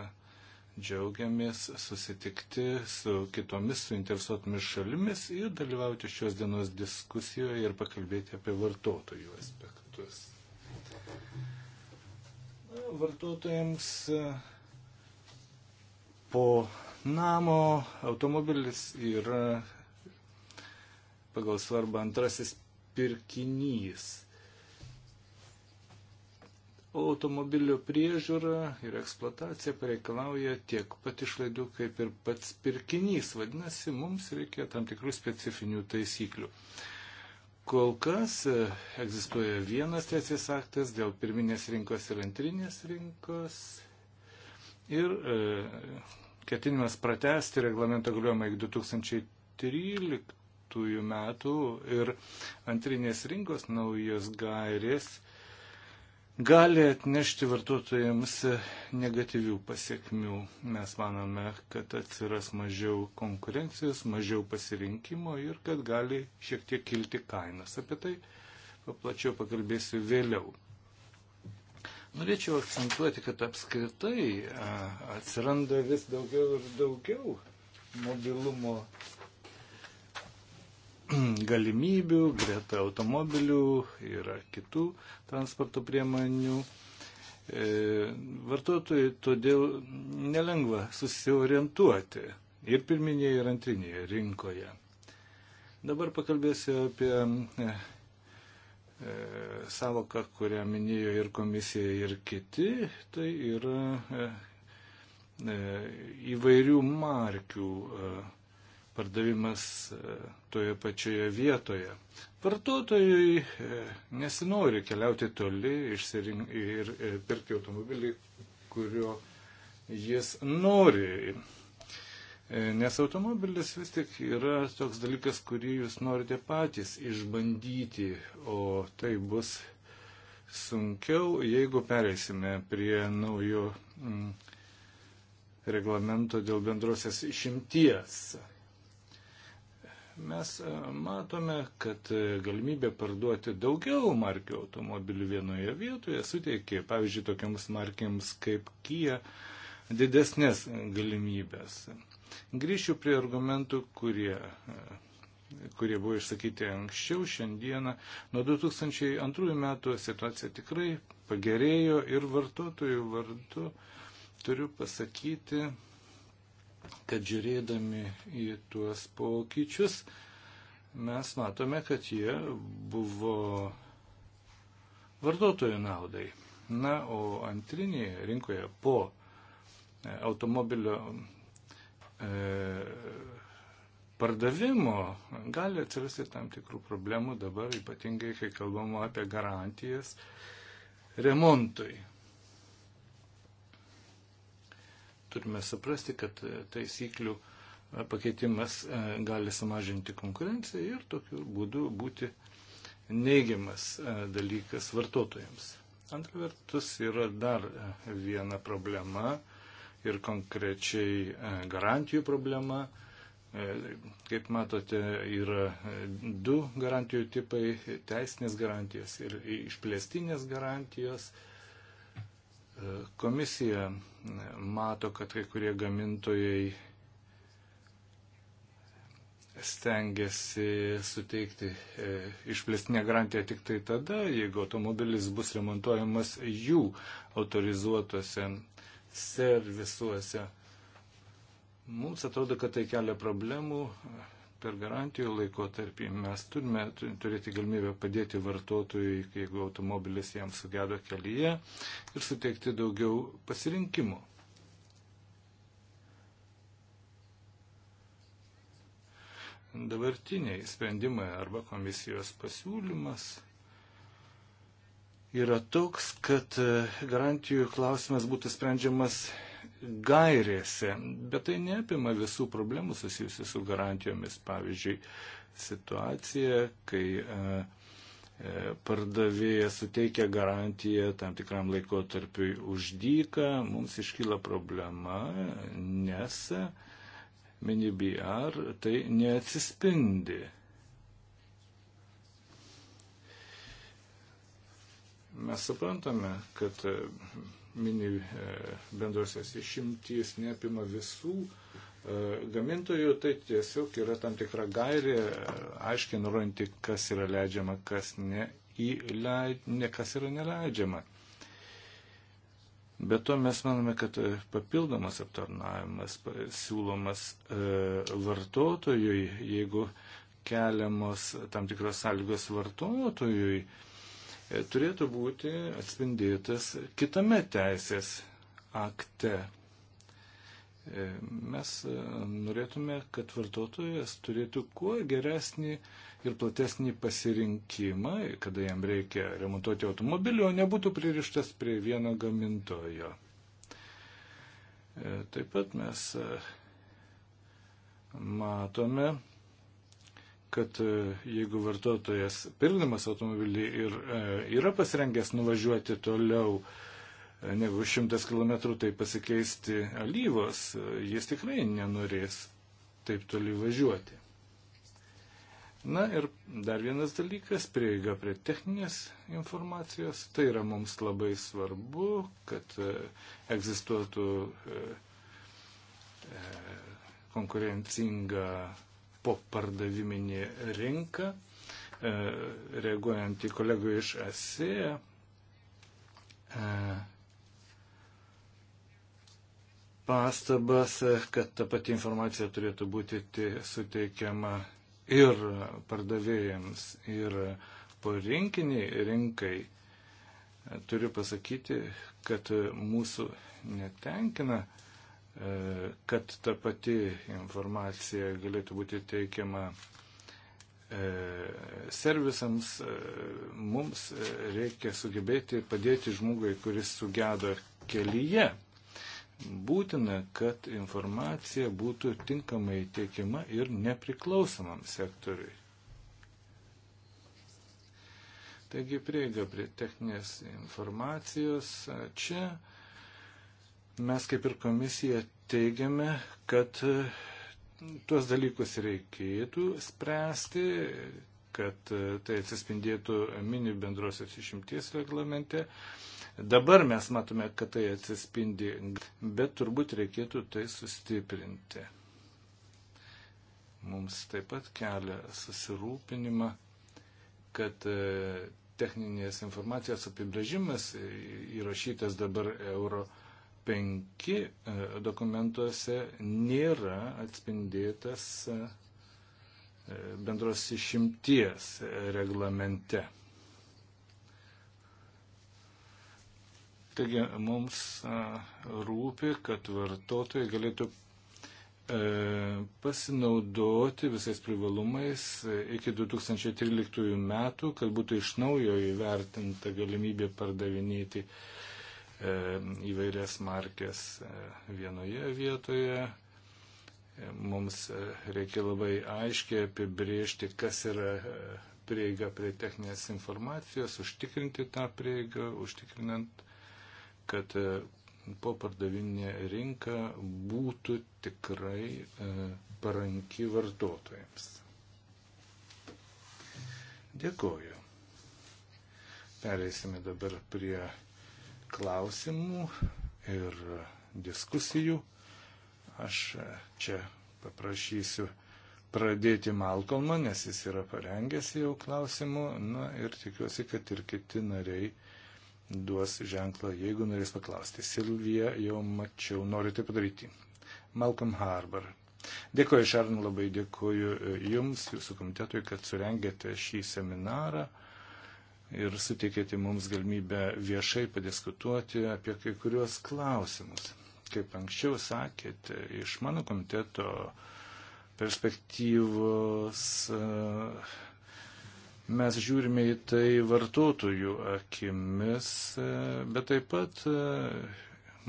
džiaugiamės susitikti su kitomis suinteresuotomis šalimis ir dalyvauti šios dienos diskusijoje ir pakalbėti apie vartotojų aspektus. Vartotojams e, po namo automobilis yra pagal svarbą antrasis pirkinys automobilio priežiūra ir eksploatacija pareikalauja tiek pat išlaidų, kaip ir pats pirkinys. Vadinasi, mums reikia tam tikrų specifinių taisyklių. Kol kas e, egzistuoja vienas teisės aktas dėl pirminės rinkos ir antrinės rinkos. Ir e, ketinimas pratesti reglamento galiojimą iki 2013 metų ir antrinės rinkos naujos gairės gali atnešti vartotojams negatyvių pasiekmių. Mes manome, kad atsiras mažiau konkurencijos, mažiau pasirinkimo ir kad gali šiek tiek kilti kainas. Apie tai paplačiau pakalbėsiu vėliau. Norėčiau akcentuoti, kad apskritai atsiranda vis daugiau ir daugiau mobilumo galimybių, greta automobilių yra kitų transporto priemonių. E, Vartotojai todėl nelengva susiorientuoti ir pirminėje, ir antrinėje rinkoje. Dabar pakalbėsiu apie e, e, savoką, kurią minėjo ir komisija, ir kiti. Tai yra įvairių markių pardavimas e, toje pačioje vietoje. Vartotojui e, nesinori keliauti toli išsirink, ir e, pirkti automobilį, kurio jis nori. Nes automobilis vis tik yra toks dalykas, kurį jūs norite patys išbandyti, o tai bus sunkiau, jeigu pereisime prie naujo mm, reglamento dėl bendrosios išimties. Mes e, matome, kad e, galimybė parduoti daugiau markių automobilių vienoje vietoje suteikė, pavyzdžiui, tokiams markiams kaip Kija, didesnės galimybės. Grįšiu prie argumentų, kurie e, kurie buvo išsakyti anksčiau, šiandieną. Nuo 2002 metų situacija tikrai pagerėjo ir vartotojų vardu turiu pasakyti, kad žiūrėdami į tuos pokyčius mes matome, kad jie buvo vartotojų naudai. Na, o antrinėje rinkoje po e, automobilio e, pardavimo gali atsirasti tam tikrų problemų dabar, ypatingai kai kalbama apie garantijas remontui. turime suprasti, kad e, taisyklių e, pakeitimas e, gali sumažinti konkurenciją ir tokiu būdu būti neigiamas dalykas vartotojams. Antra vertus yra dar viena problema ir konkrečiai garantijų problema. Kaip matote, yra du garantijų tipai - teisinės garantijos ir išplėstinės garantijos. Komisija mato, kad kai kurie gamintojai stengiasi suteikti e, išplėstinę garantiją tik tai tada, jeigu automobilis bus remontuojamas jų autorizuotuose servisuose. Mums atrodo, kad tai kelia problemų, per garantijų laikotarpį mes turime turėti galimybę padėti vartotojui, jeigu automobilis jam sugedo kelyje ir suteikti daugiau pasirinkimų. Dabartiniai sprendimai arba komisijos pasiūlymas yra toks, kad e, garantijų klausimas būtų sprendžiamas gairėse, bet tai neapima visų problemų susijusių su garantijomis. Pavyzdžiui, situacija, kai e, e, pardavėjas suteikia garantiją tam tikram laikotarpiui uždyką, mums iškyla problema, nes mini BR tai neatsispindi. Mes suprantame, kad mini e, bendrosios išimtys neapima visų e, gamintojų, tai tiesiog yra tam tikra gairė, e, aiškiai nurodinti, kas yra leidžiama, kas ne, įleid, ne kas yra neleidžiama. Be to mes manome, kad papildomas aptarnavimas siūlomas e, vartotojui, jeigu keliamos tam tikros sąlygos vartotojui, e, E, turėtų būti atspindėtas kitame teisės akte. E, mes e, norėtume, kad vartotojas turėtų kuo geresnį ir platesnį pasirinkimą, kada jam reikia remontuoti automobilį, o nebūtų pririštas prie vieno gamintojo. Taip pat mes matome, kad e, jeigu vartotojas pirkdamas automobilį ir e, yra pasirengęs nuvažiuoti toliau e, negu šimtas kilometrų, tai pasikeisti alyvos, jis tikrai nenorės taip toli važiuoti. Na ir dar vienas dalykas - prieiga prie techninės informacijos. Tai yra mums labai svarbu, kad egzistuotų konkurencinga popardaviminė rinka. E, reaguojant į kolegų iš ASEA, e, pastabas, kad ta pati informacija turėtų būti suteikiama ir pardavėjams, ir porinkiniai rinkai. E, turiu pasakyti, kad mūsų netenkina uh, E, kad ta pati informacija galėtų būti teikiama e, servisams, e, mums reikia sugebėti padėti žmogui, kuris sugedo kelyje. Būtina, kad informacija būtų tinkamai teikiama ir nepriklausomam sektoriui. Taigi prieiga prie techninės informacijos čia Mes kaip ir komisija teigiame, kad e, tuos dalykus reikėtų spręsti, kad e, tai atsispindėtų mini bendrosios išimties reglamente. Dabar mes matome, kad tai atsispindi, bet turbūt reikėtų tai sustiprinti. Mums taip pat kelia susirūpinimą, kad e, techninės informacijos apibrėžimas įrašytas dabar Euro 5 e, dokumentuose nėra atspindėtas e, e, bendros išimties reglamente. Taigi mums rūpi, kad vartotojai galėtų pasinaudoti visais privalumais iki 2013 metų, kad būtų iš naujo įvertinta galimybė pardavinėti uh, E, įvairias markės e, vienoje vietoje. E, mums reikia labai aiškiai apibriežti, kas yra prieiga prie techninės informacijos, užtikrinti tą prieigą, užtikrinant, kad po pardavinė rinka būtų tikrai paranki vartotojams. Dėkoju. Pereisime dabar prie klausimų ir diskusijų. Aš čia paprašysiu pradėti Malkolmą, nes jis yra parengęs jau klausimų. Na ir tikiuosi, kad ir kiti nariai duos ženklą, jeigu norės paklausti. Silvija jau mačiau, noriu tai padaryti. Malcolm Harbour. Dėkuoju, Šarn, labai dėkuoju Jums, Jūsų komitetui, kad surengėte šį seminarą ir suteikėte mums galimybę viešai padiskutuoti apie kai kuriuos klausimus. Kaip anksčiau sakėte, iš mano komiteto perspektyvos e, mes žiūrime į tai vartotojų akimis, e, bet taip pat e,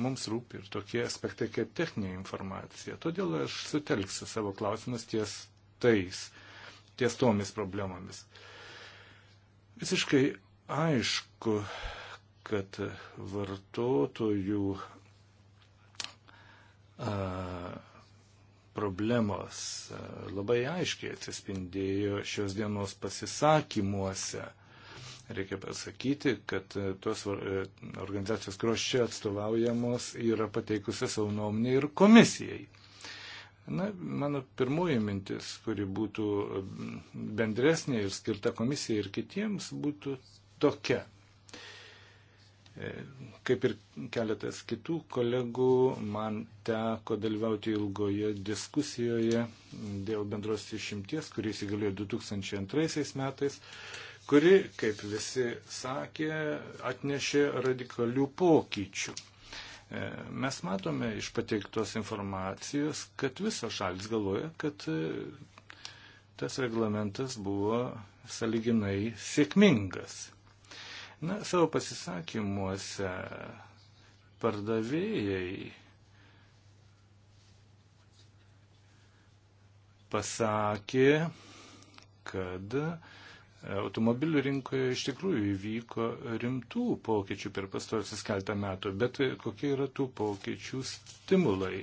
mums rūpi ir tokie aspektai kaip techninė informacija. Todėl aš sutelksiu savo klausimus ties tais, ties tomis problemomis. Uh, Visiškai aišku, kad vartotojų a, problemos labai aiškiai atsispindėjo šios dienos pasisakymuose. Reikia pasakyti, kad e, tos e, organizacijos, kurios čia atstovaujamos, yra pateikusios savo nuomonę ir komisijai. Na, mano pirmoji mintis, kuri būtų bendresnė ir skirta komisijai ir kitiems, būtų tokia. E, kaip ir keletas kitų kolegų, man teko dalyvauti ilgoje diskusijoje dėl bendros išimties, kuris įgalėjo 2002 metais, kuri, kaip visi sakė, atnešė radikalių pokyčių E, mes matome iš pateiktos informacijos, kad visos šalis galvoja, kad e, tas reglamentas buvo saliginai sėkmingas. Na, savo pasisakymuose pardavėjai pasakė, kad uh, automobilių rinkoje iš tikrųjų įvyko rimtų pokyčių per pastarosius keltą metų, bet kokie yra tų pokyčių stimulai?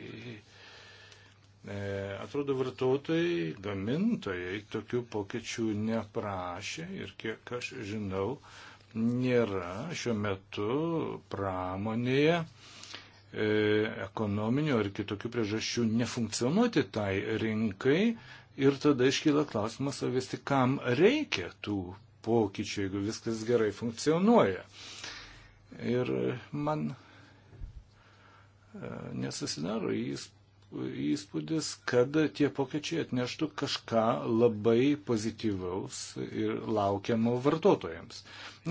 E, atrodo, vartotojai, gamintojai tokių pokyčių neprašė ir kiek aš žinau, nėra šiuo metu pramonėje e, ekonominių ar kitokių priežasčių nefunkcionuoti tai rinkai, Ir tada iškyla klausimas, o vis tik kam reikia tų pokyčių, jeigu viskas gerai funkcionuoja. Ir man e, nesusidaro įspūdis, kad tie pokyčiai atneštų kažką labai pozityvaus ir laukiamo vartotojams.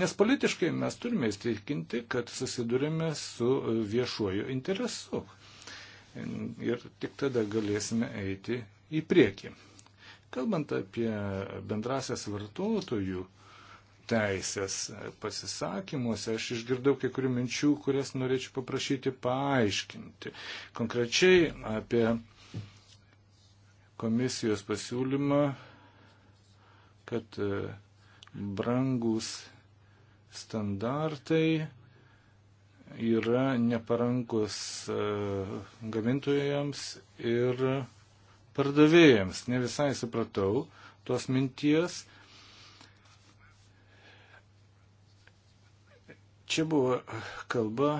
Nes politiškai mes turime įstikinti, kad susidurime su viešuoju interesu. Ir tik tada galėsime eiti į priekį. Kalbant apie bendrasias vartotojų teisės pasisakymuose, aš išgirdau kai kurių minčių, kurias norėčiau paprašyti paaiškinti. Konkrečiai apie komisijos pasiūlymą, kad e, brangus standartai yra neparankus e, gamintojams ir pardavėjams. Ne visai supratau tos minties. Čia buvo kalba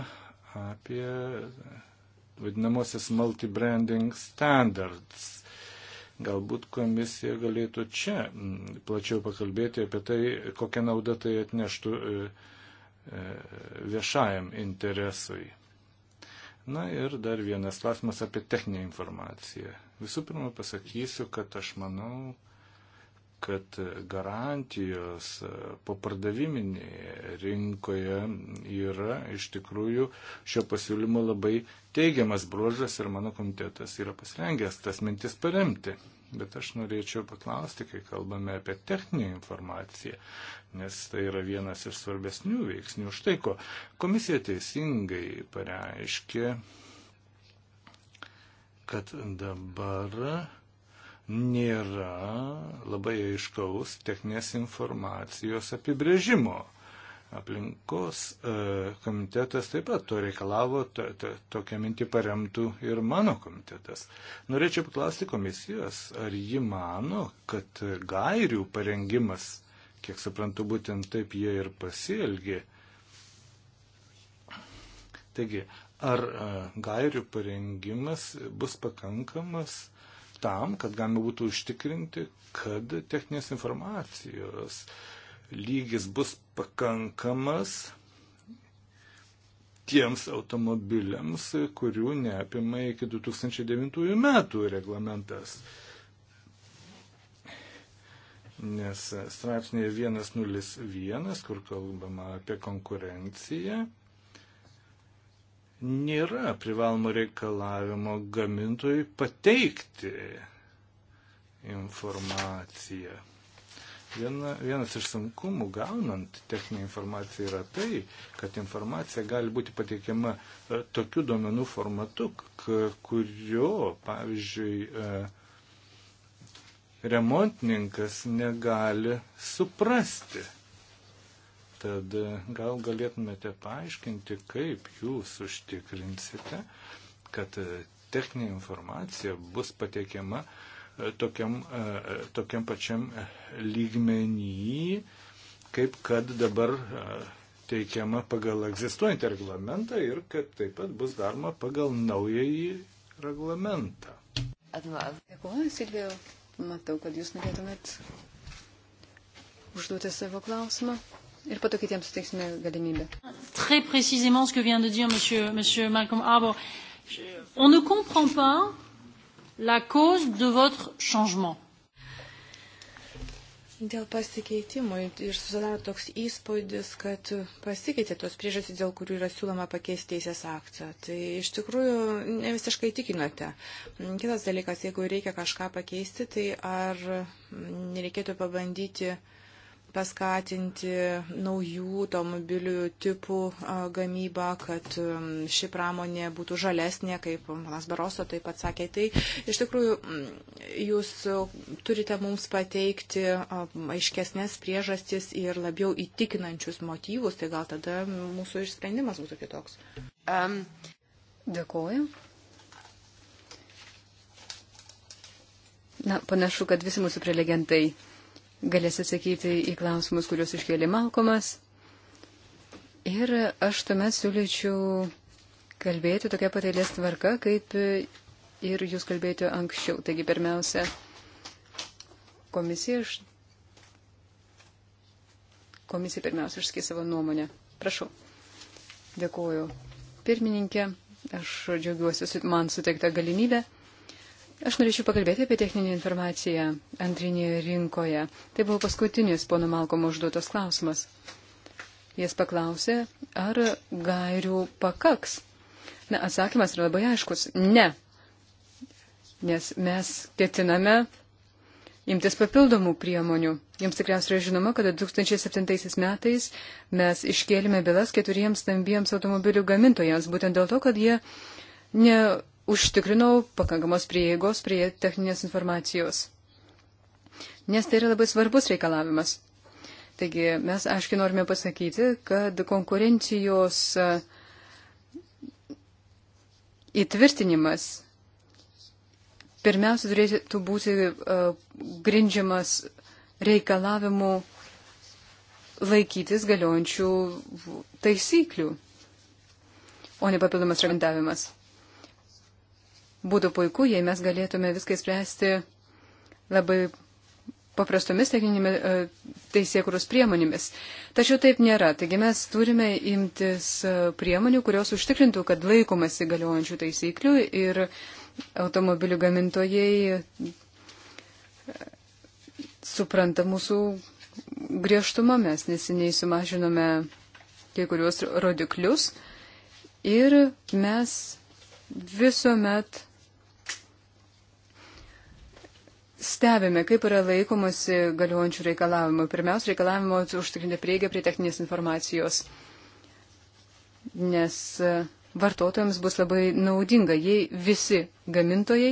apie vadinamosios multibranding standards. Galbūt komisija galėtų čia plačiau pakalbėti apie tai, kokią naudą tai atneštų e, e, viešajam interesui. Na ir dar vienas klausimas apie techninę informaciją. Visų pirma, pasakysiu, kad aš manau, kad garantijos popardaviminėje rinkoje yra iš tikrųjų šio pasiūlymo labai teigiamas bruožas ir mano komitetas yra pasirengęs tas mintis paremti. Bet aš norėčiau paklausti, kai kalbame apie techninę informaciją, nes tai yra vienas iš svarbesnių veiksnių. Štai ko komisija teisingai pareiškė, kad dabar nėra labai aiškaus techninės informacijos apibrėžimo. Aplinkos e, komitetas taip pat to reikalavo, to, to, tokią mintį paremtų ir mano komitetas. Norėčiau paklausti komisijos, ar ji mano, kad gairių parengimas, kiek suprantu, būtent taip jie ir pasielgė. Taigi, ar e, gairių parengimas bus pakankamas tam, kad galima būtų užtikrinti, kad techninės informacijos lygis bus pakankamas tiems automobiliams, kurių neapima iki 2009 metų reglamentas. Nes straipsnėje 101, kur kalbama apie konkurenciją, nėra privalomo reikalavimo gamintojui pateikti informaciją. Viena, vienas iš sunkumų gaunant techninę informaciją yra tai, kad informacija gali būti pateikiama e, tokiu duomenų formatu, kurio, pavyzdžiui, e, remontininkas negali suprasti. Tad gal galėtumėte paaiškinti, kaip jūs užtikrinsite, kad techninė informacija bus pateikiama e, tokiam, e, e, tokiam pačiam lygmenį, kaip kad dabar teikiama pagal egzistuojantį reglamentą ir kad taip pat bus daroma pagal naująjį reglamentą. Dėkuoju, Silvijau. Matau, kad jūs norėtumėt užduoti savo klausimą ir pato kitiems suteiksime galimybę. Très précisément ce que vient de dire monsieur, monsieur Malcolm Harbour. On ne comprend pas la cause de votre changement. Dėl pasikeitimo ir susidaro toks įspūdis, kad pasikeitė tos priežastys, dėl kurių yra siūloma pakeisti teisės aktą. Tai iš tikrųjų ne visiškai tikinote. Kitas dalykas, jeigu reikia kažką pakeisti, tai ar nereikėtų pabandyti uh, paskatinti naujų automobilių tipų gamybą, kad ši pramonė būtų žalesnė, kaip Manas Baroso taip pat sakė. Tai iš tikrųjų jūs turite mums pateikti aiškesnės priežastis ir labiau įtikinančius motyvus, tai gal tada mūsų išsprendimas būtų kitoks. Um, dėkuoju. Na, panašu, kad visi mūsų prelegentai galės atsakyti į klausimus, kuriuos iškėlė Malkomas. Ir aš tuomet siūlyčiau kalbėti tokia patėlės tvarka, kaip ir jūs kalbėjote anksčiau. Taigi pirmiausia, komisija, iš... komisija pirmiausia išskės savo nuomonę. Prašau. Dėkuoju. Pirmininkė, aš džiaugiuosi man suteikta galimybė. Aš norėčiau pakalbėti apie techninę informaciją antrinėje rinkoje. Tai buvo paskutinis pono Malkomo užduotas klausimas. Jis paklausė, ar gairių pakaks. Na, atsakymas yra labai aiškus - ne. Nes mes ketiname imtis papildomų priemonių. Jums tikriausiai yra žinoma, kad 2007 metais mes iškėlėme bylas keturiems stambiems automobilių gamintojams, būtent dėl to, kad jie ne užtikrinau pakankamos prieigos prie techninės informacijos. Nes tai yra labai svarbus reikalavimas. Taigi mes aiškiai norime pasakyti, kad konkurencijos e, įtvirtinimas pirmiausia turėtų būti e, grindžiamas reikalavimu laikytis galiojančių taisyklių, o ne papildomas reglamentavimas. Būtų puiku, jei mes galėtume viską spręsti labai paprastomis techninėmis e, teisėkuros priemonėmis. Tačiau taip nėra. Taigi mes turime imtis e, priemonių, kurios užtikrintų, kad laikomasi galiojančių taisyklių ir automobilių gamintojai e, supranta mūsų griežtumą. Mes neseniai sumažinome kai kuriuos rodiklius ir mes visuomet stebime, kaip yra laikomasi galiojančių reikalavimų. Pirmiausia, reikalavimo užtikrinti prieigą prie techninės informacijos, nes e, vartotojams bus labai naudinga, jei visi gamintojai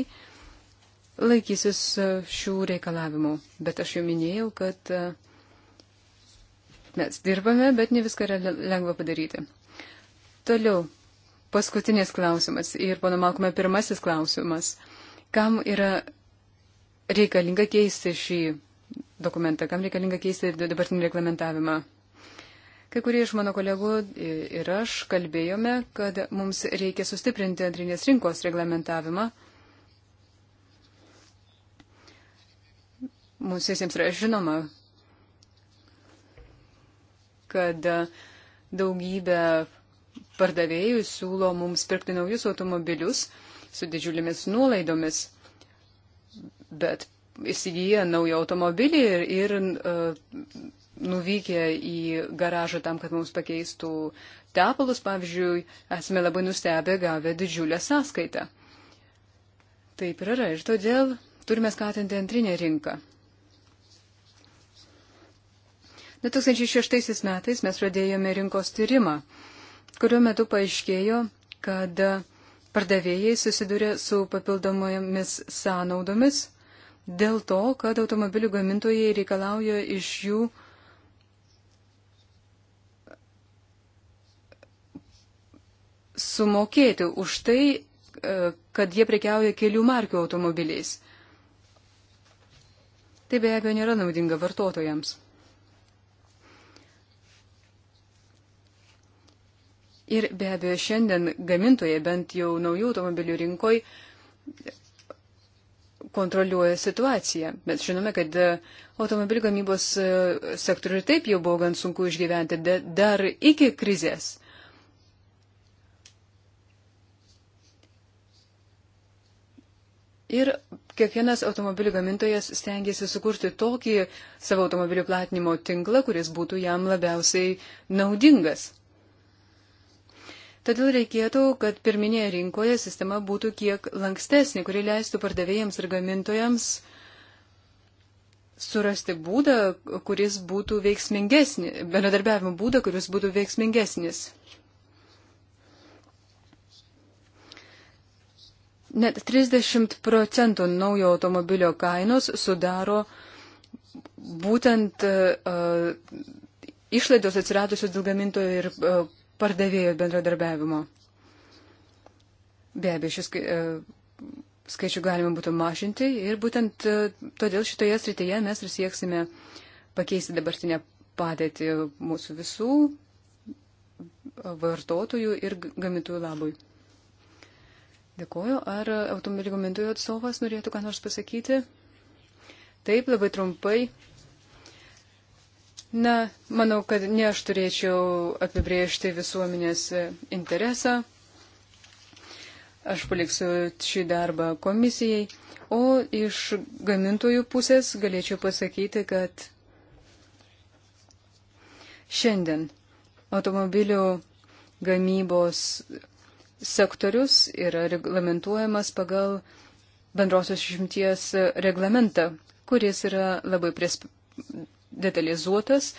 laikysis e, šių reikalavimų. Bet aš jau minėjau, kad e, mes dirbame, bet ne viską yra lengva padaryti. Toliau, paskutinis klausimas ir, pana Malkome, pirmasis klausimas. Kam yra reikalinga keisti šį dokumentą, kam reikalinga keisti dabartinį reglamentavimą. Kai kurie iš mano kolegų ir aš kalbėjome, kad mums reikia sustiprinti antrinės rinkos reglamentavimą. Mums visiems yra žinoma, kad daugybė pardavėjų siūlo mums pirkti naujus automobilius su didžiulėmis nuolaidomis bet įsigyja naują automobilį ir, ir uh, nuvykę į garažą tam, kad mums pakeistų tepalus, pavyzdžiui, esame labai nustebę gavę didžiulę sąskaitą. Taip ir yra ir todėl turime skatinti antrinę rinką. 2006 metais mes pradėjome rinkos tyrimą, kuriuo metu paaiškėjo, kad pardavėjai susiduria su papildomomis sąnaudomis dėl to, kad automobilių gamintojai reikalauja iš jų sumokėti už tai, e, kad jie prekiauja kelių markių automobiliais. Tai be abejo nėra naudinga vartotojams. Ir be abejo šiandien gamintojai bent jau naujų automobilių rinkoj kontroliuoja situaciją. Mes žinome, kad e, automobilių gamybos e, sektoriui taip jau buvo gan sunku išgyventi dar iki krizės. Ir kiekvienas automobilių gamintojas stengiasi sukurti tokį savo automobilių platinimo tinklą, kuris būtų jam labiausiai naudingas. Todėl reikėtų, kad pirminėje rinkoje sistema būtų kiek lankstesnė, kuri leistų pardavėjams ir gamintojams surasti būdą, kuris būtų veiksmingesnis, bendradarbiavimo būdą, kuris būtų veiksmingesnis. Net 30 procentų naujo automobilio kainos sudaro būtent uh, išlaidos atsiradusios dėl gamintojo ir uh, pardavėjų bendradarbiavimo. Be abejo, šis e, skaičių galima būtų mažinti ir būtent e, todėl šitoje srityje mes ir sieksime pakeisti dabartinę padėtį mūsų visų vartotojų ir gamintojų labui. Dėkuoju. Ar automobilių gamintojų atstovas norėtų ką nors pasakyti? Taip, labai trumpai. Na, manau, kad ne aš turėčiau apibriežti visuomenės interesą. Aš paliksiu šį darbą komisijai. O iš gamintojų pusės galėčiau pasakyti, kad šiandien automobilių gamybos sektorius yra reglamentuojamas pagal bendrosios išimties reglamentą, kuris yra labai pres detalizuotas,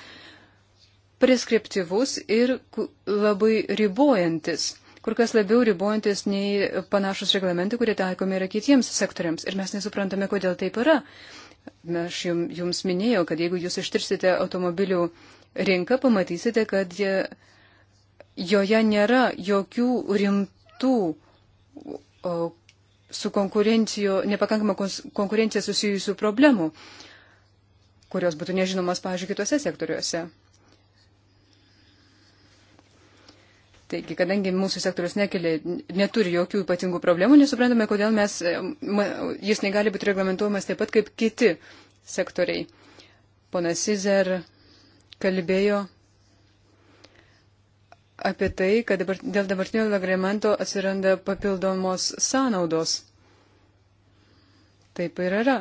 preskriptivus ir labai ribojantis, kur kas labiau ribojantis nei panašus reglamentai, kurie taikomi yra kitiems sektoriams. Ir mes nesuprantame, kodėl taip yra. Aš jums minėjau, kad jeigu jūs ištirsite automobilių rinką, pamatysite, kad joje nėra jokių rimtų su konkurencijo, nepakankama konkurencija susijusių problemų kurios būtų nežinomas, pavyzdžiui, kitose sektoriuose. Taigi, kadangi mūsų sektorius nekelia, neturi jokių ypatingų problemų, nesuprantame, kodėl mes, e, jis negali būti reglamentuojamas taip pat kaip kiti sektoriai. Ponas Cizer kalbėjo apie tai, kad dabar, dėl dabartinio reglamento atsiranda papildomos sąnaudos. Taip ir yra.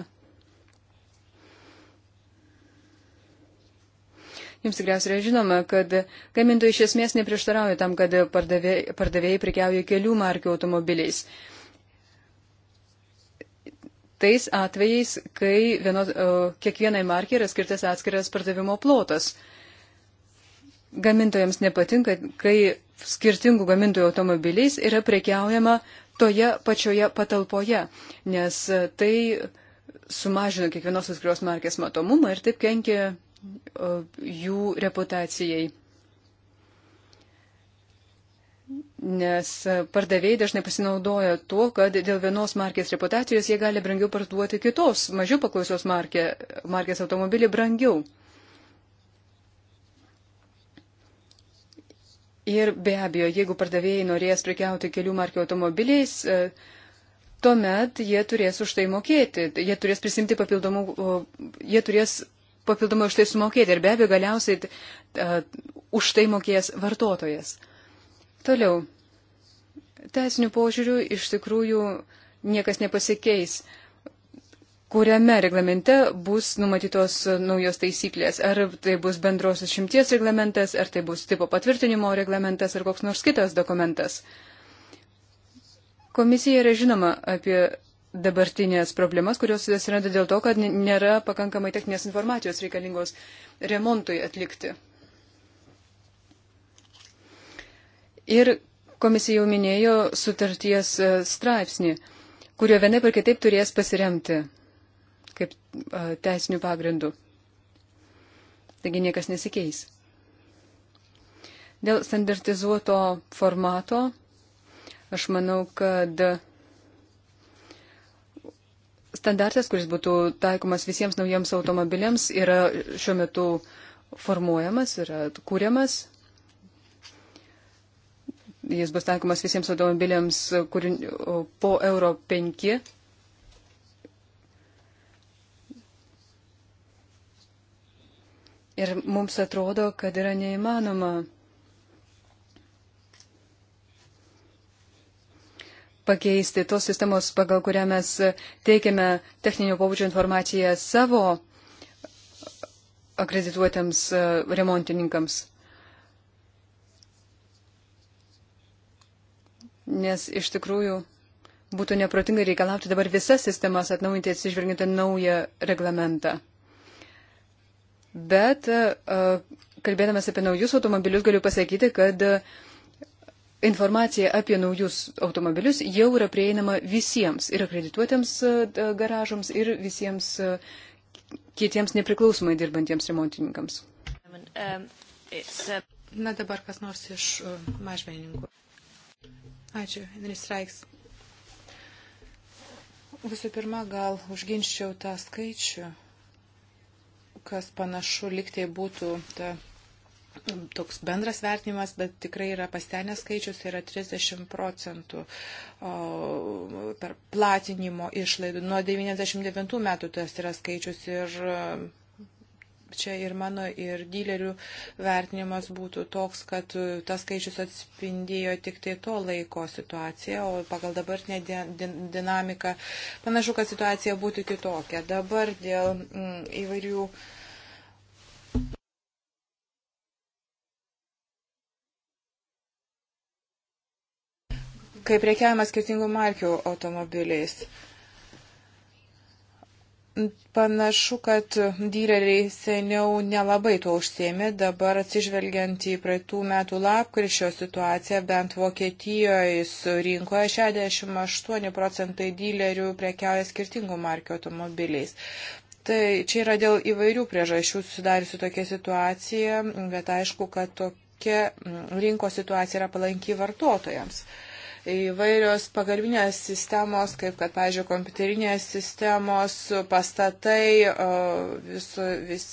Jums tikriausiai yra žinoma, kad gamintojai iš esmės neprieštarauja tam, kad pardavėjai, pardavėjai prekiauja kelių markių automobiliais. Tais atvejais, kai vieno, kiekvienai markiai yra skirtas atskiras pardavimo plotas. Gamintojams nepatinka, kai skirtingų gamintojų automobiliais yra prekiaujama toje pačioje patalpoje, nes tai sumažino kiekvienos atskiros markės matomumą ir taip kenkia jų reputacijai. Nes pardavėjai dažnai pasinaudoja tuo, kad dėl vienos markės reputacijos jie gali brangiau parduoti kitos, mažiau paklausios markė, markės automobilį brangiau. Ir be abejo, jeigu pardavėjai norės prekiauti kelių markių automobiliais, tuomet jie turės už tai mokėti, jie turės prisimti papildomų, jie turės papildomai už tai sumokėti ir be abejo galiausiai uh, už tai mokės vartotojas. Toliau, teisinių požiūrių iš tikrųjų niekas nepasikeis, kuriame reglamente bus numatytos naujos taisyklės. Ar tai bus bendrosios šimties reglamentas, ar tai bus tipo patvirtinimo reglamentas, ar koks nors kitas dokumentas. Komisija yra žinoma apie dabartinės problemas, kurios atsiranda dėl to, kad nėra pakankamai techninės informacijos reikalingos remontui atlikti. Ir komisija jau minėjo sutarties e, straipsnį, kurio vienaip ar kitaip turės pasiremti kaip e, teisinių pagrindų. Taigi niekas nesikeis. Dėl standartizuoto formato aš manau, kad Standartas, kuris būtų taikomas visiems naujiems automobiliams, yra šiuo metu formuojamas, yra kūriamas. Jis bus taikomas visiems automobiliams kur, po euro 5. Ir mums atrodo, kad yra neįmanoma pakeisti tos sistemos, pagal kurią mes teikiame techninio pobūdžio informaciją savo akredituotiems e, remontininkams. Nes iš tikrųjų būtų neprotinga reikalauti dabar visas sistemas atnaujinti atsižvelgiant į naują reglamentą. Bet e, kalbėdamas apie naujus automobilius galiu pasakyti, kad uh, informacija apie naujus automobilius jau yra prieinama visiems, ir akredituotiems e, garažams, ir visiems e, kitiems nepriklausomai dirbantiems remontininkams. Um, uh, Na dabar kas nors iš e, mažmenininkų. Ačiū, Henris Reiks. Visų pirma, gal užginčiau tą skaičių, kas panašu liktai būtų ta toks bendras vertinimas, bet tikrai yra pastenęs skaičius, tai yra 30 procentų per platinimo išlaidų. Nuo 99 metų tas yra skaičius ir čia ir mano, ir dylerių vertinimas būtų toks, kad tas skaičius atspindėjo tik tai to laiko situaciją, o pagal dabartinę dinamiką panašu, kad situacija būtų kitokia. Dabar dėl mm, įvairių. Mm, kai priekiavama skirtingų markių automobiliais. Panašu, kad dyleriai seniau nelabai tuo užsėmė, dabar atsižvelgiant į praeitų metų lapkričio situaciją, bent Vokietijoje rinkoje 68 procentai dylerių prekiauja skirtingų markių automobiliais. Tai čia yra dėl įvairių priežasčių susidariusi tokia situacija, bet aišku, kad tokia mm, rinkos situacija yra palanki vartotojams. Uh, įvairios pagalbinės sistemos, kaip kad, pažiūrėjau, kompiuterinės sistemos, pastatai, visu, vis,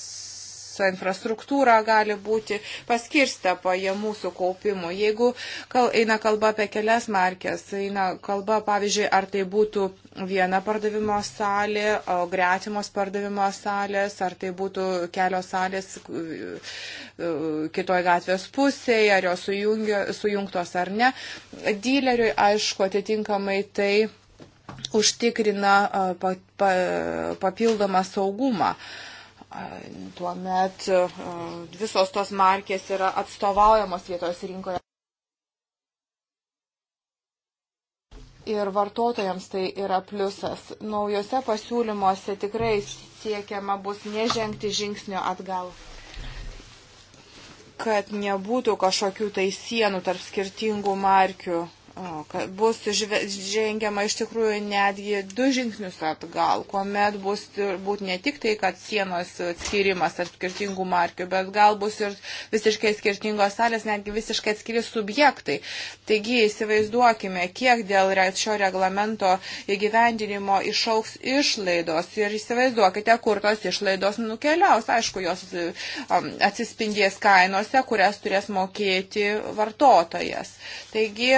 visą infrastruktūrą gali būti paskirsta pajamų sukaupimo. Jeigu kal, eina kalba apie kelias markės, eina kalba, pavyzdžiui, ar tai būtų viena pardavimo salė, gretimos pardavimo salės, ar tai būtų kelios salės e, kitoj gatvės pusėje, ar jos sujungio, sujungtos ar ne. Dyleriui, aišku, atitinkamai tai užtikrina e, papildomą saugumą. Uh, Tuomet e, visos tos markės yra atstovaujamos vietos rinkoje. Ir vartotojams tai yra pliusas. Naujose pasiūlymuose tikrai siekiama bus nežengti žingsnio atgal kad nebūtų kažkokių tai sienų tarp skirtingų markių. O, kad bus žengiama iš tikrųjų netgi du žingsnius atgal, kuomet bus turbūt ne tik tai, kad sienos atskirimas tarp skirtingų markių, bet gal bus ir visiškai skirtingos salės, netgi visiškai atskiri subjektai. Taigi įsivaizduokime, kiek dėl šio reglamento įgyvendinimo išauks išlaidos ir įsivaizduokite, kur tos išlaidos nukeliaus. Aišku, jos um, atsispindės kainose, kurias turės mokėti vartotojas. Taigi,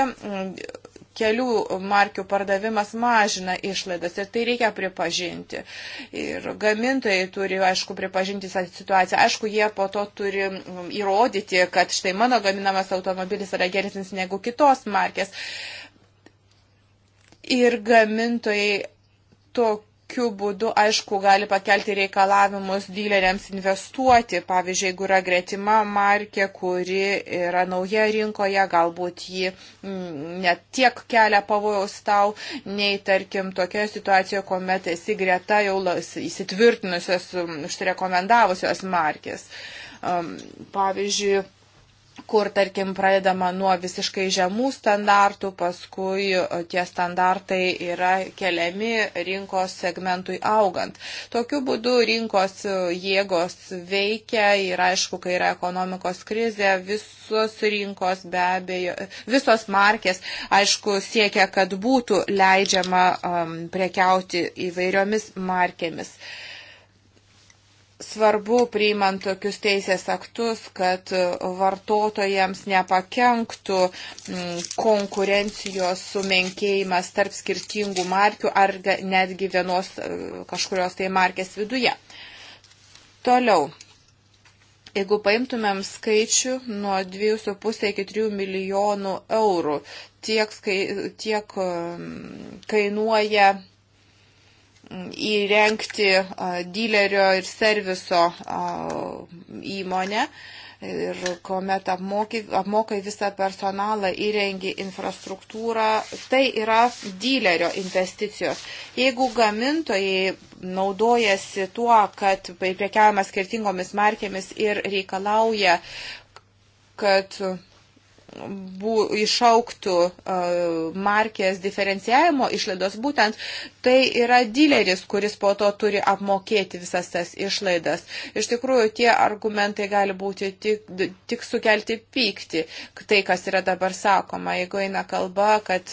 kelių markių pardavimas mažina išlaidas ir tai reikia pripažinti. Ir gamintojai turi, aišku, pripažinti situaciją. Aišku, jie po to turi mm, įrodyti, kad štai mano gaminamas automobilis yra geresnis negu kitos markės. Ir gamintojai tokiu tokiu būdu, aišku, gali pakelti reikalavimus dyleriams investuoti. Pavyzdžiui, jeigu yra gretima markė, kuri yra nauja rinkoje, galbūt ji mm, net tiek kelia pavojaus tau, nei, tarkim, tokioje situacijoje, kuomet esi greta jau įsitvirtinusios, užsirekomendavusios markės. Pavyzdžiui, kur, tarkim, pradedama nuo visiškai žemų standartų, paskui e, tie standartai yra keliami rinkos segmentui augant. Tokiu būdu rinkos e, jėgos veikia ir, aišku, kai yra ekonomikos krizė, visos rinkos be abejo, e, visos markės, aišku, siekia, kad būtų leidžiama um, prekiauti įvairiomis markėmis. Uh, svarbu priimant tokius teisės aktus, kad vartotojams nepakenktų mm, konkurencijos sumenkėjimas tarp skirtingų markių ar netgi vienos e, kažkurios tai markės viduje. Toliau. Jeigu paimtumėm skaičių nuo 2,5 iki 3 milijonų eurų, tiek, tiek mm, kainuoja įrengti dilerio ir serviso įmonę. Ir kuomet apmokai, apmokai visą personalą, įrengi infrastruktūrą, tai yra dilerio investicijos. Jeigu gamintojai naudojasi tuo, kad prekiavimas skirtingomis markėmis ir reikalauja, kad bū, išauktų markės diferencijavimo išlaidos, būtent tai yra dileris, kuris po to turi apmokėti visas tas išlaidas. Iš tikrųjų, tie argumentai gali būti tik, tik sukelti pykti, tai kas yra dabar sakoma, jeigu eina kalba, kad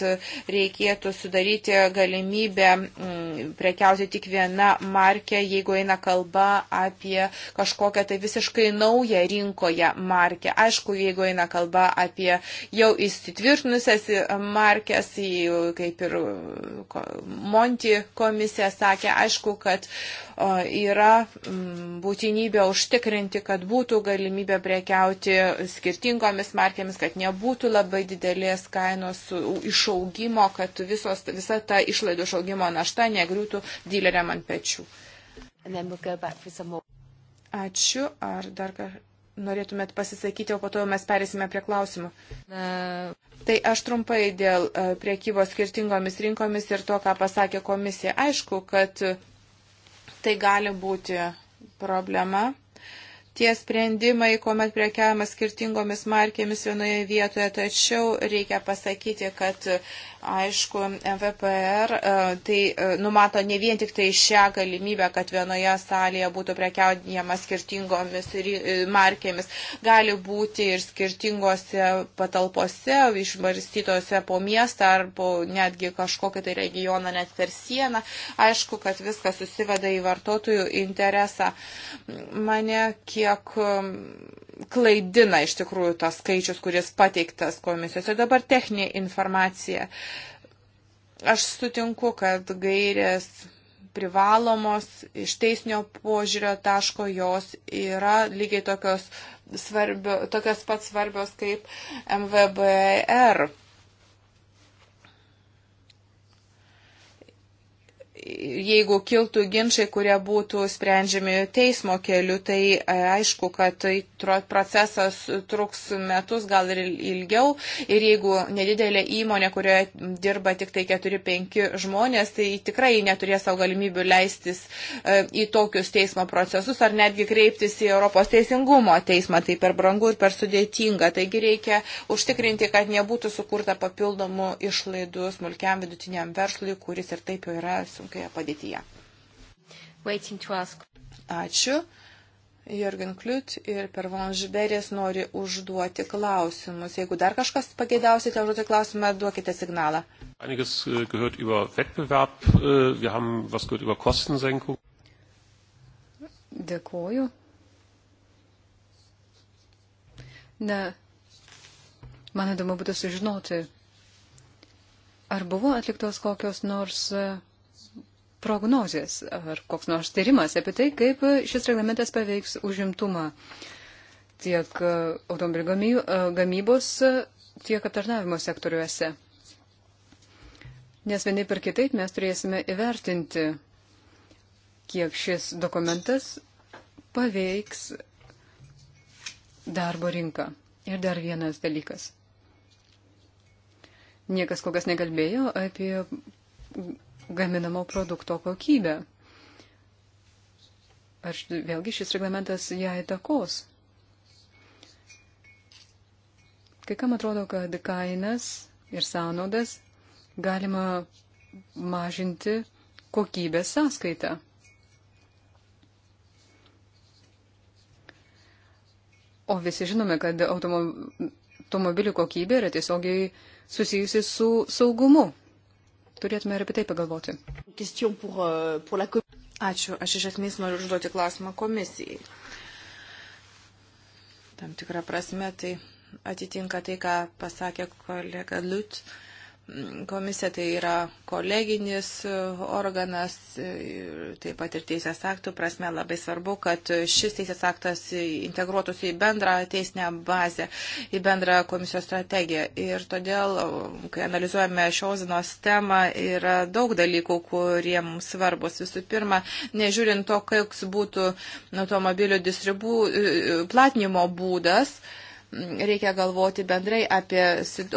reikėtų sudaryti galimybę mm, prekiauti tik vieną markę, jeigu eina kalba apie kažkokią tai visiškai naują rinkoje markę. Aišku, jeigu eina kalba apie apie jau įsitvirtinusias markės, kaip ir Monti komisija sakė, aišku, kad yra būtinybė užtikrinti, kad būtų galimybė priekiauti skirtingomis markėmis, kad nebūtų labai didelės kainos išaugimo, kad visos, visa ta išlaidų išaugimo našta negriūtų dyleriam ant pečių. Ačiū. Ar dar kažkas? norėtumėt pasisakyti, o po to mes perėsime prie klausimų. Na. Tai aš trumpai dėl e, priekybos skirtingomis rinkomis ir to, ką pasakė komisija. Aišku, kad tai gali būti problema. Tie sprendimai, kuomet priekiavimas skirtingomis markėmis vienoje vietoje, tačiau reikia pasakyti, kad Aišku, MVPR e, tai e, numato ne vien tik tai šią galimybę, kad vienoje salėje būtų prekiaujama skirtingomis e, markėmis. Gali būti ir skirtingose patalpose, išbarstytose po miestą ar po netgi kažkokį tai regioną net per sieną. Aišku, kad viskas susiveda į vartotojų interesą. Mane kiek klaidina iš tikrųjų tas skaičius, kuris pateiktas komisijos. Ir dabar techninė informacija. Aš sutinku, kad gairės privalomos iš teisinio požiūrio taško jos yra lygiai tokios, svarbio, tokios pat svarbios kaip MVBR e jeigu kiltų ginčiai, kurie būtų sprendžiami teismo keliu, tai e, aišku, kad tai procesas truks metus, gal ir ilgiau. Ir jeigu nedidelė įmonė, kurioje dirba tik tai 4-5 žmonės, tai tikrai neturės savo galimybių leistis e, į tokius teismo procesus ar netgi kreiptis į Europos teisingumo teismą. Tai per brangu ir per sudėtinga. Taigi reikia užtikrinti, kad nebūtų sukurta papildomų išlaidų smulkiam vidutiniam verslui, kuris ir taip jau yra sunkiai tokioje padėtyje. Ačiū. Jorgen Kliut ir Pervanž Berės nori užduoti klausimus. Jeigu dar kažkas pageidausite užduoti klausimą, duokite signalą. Einiges äh, gehört über Wettbewerb, äh, wir haben was gehört über Kostensenkung. Dėkuoju. Na, man įdomu būtų sužinoti, ar buvo atliktos kokios nors prognozijas ar koks nors tyrimas apie tai, kaip šis reglamentas paveiks užimtumą tiek automobilių e, gamybos, tiek aptarnavimo sektoriuose. Nes vienaip ir kitaip mes turėsime įvertinti, kiek šis dokumentas paveiks darbo rinką. Ir dar vienas dalykas. Niekas kol kas nekalbėjo apie gaminamo produkto kokybę. Ar vėlgi šis reglamentas ją įtakos? Kai kam atrodo, kad kainas ir sąnaudas galima mažinti kokybės sąskaitą. O visi žinome, kad automobilių kokybė yra tiesiogiai susijusi su saugumu. Turėtume ir apie tai pagalvoti. Euh, Ačiū. Aš iš esmės noriu užduoti klausimą komisijai. Tam tikrą prasme tai atitinka tai, ką pasakė kolega Liut. Uh, Komisija tai yra koleginis uh, organas, uh, taip pat ir teisės aktų prasme labai svarbu, kad šis teisės aktas integruotųsi į bendrą teisinę bazę, į bendrą komisijos strategiją. Ir todėl, uh, kai analizuojame šios dienos temą, yra daug dalykų, kurie mums svarbus. Visų pirma, nežiūrint to, koks būtų automobilio distribu, platinimo būdas, reikia galvoti bendrai apie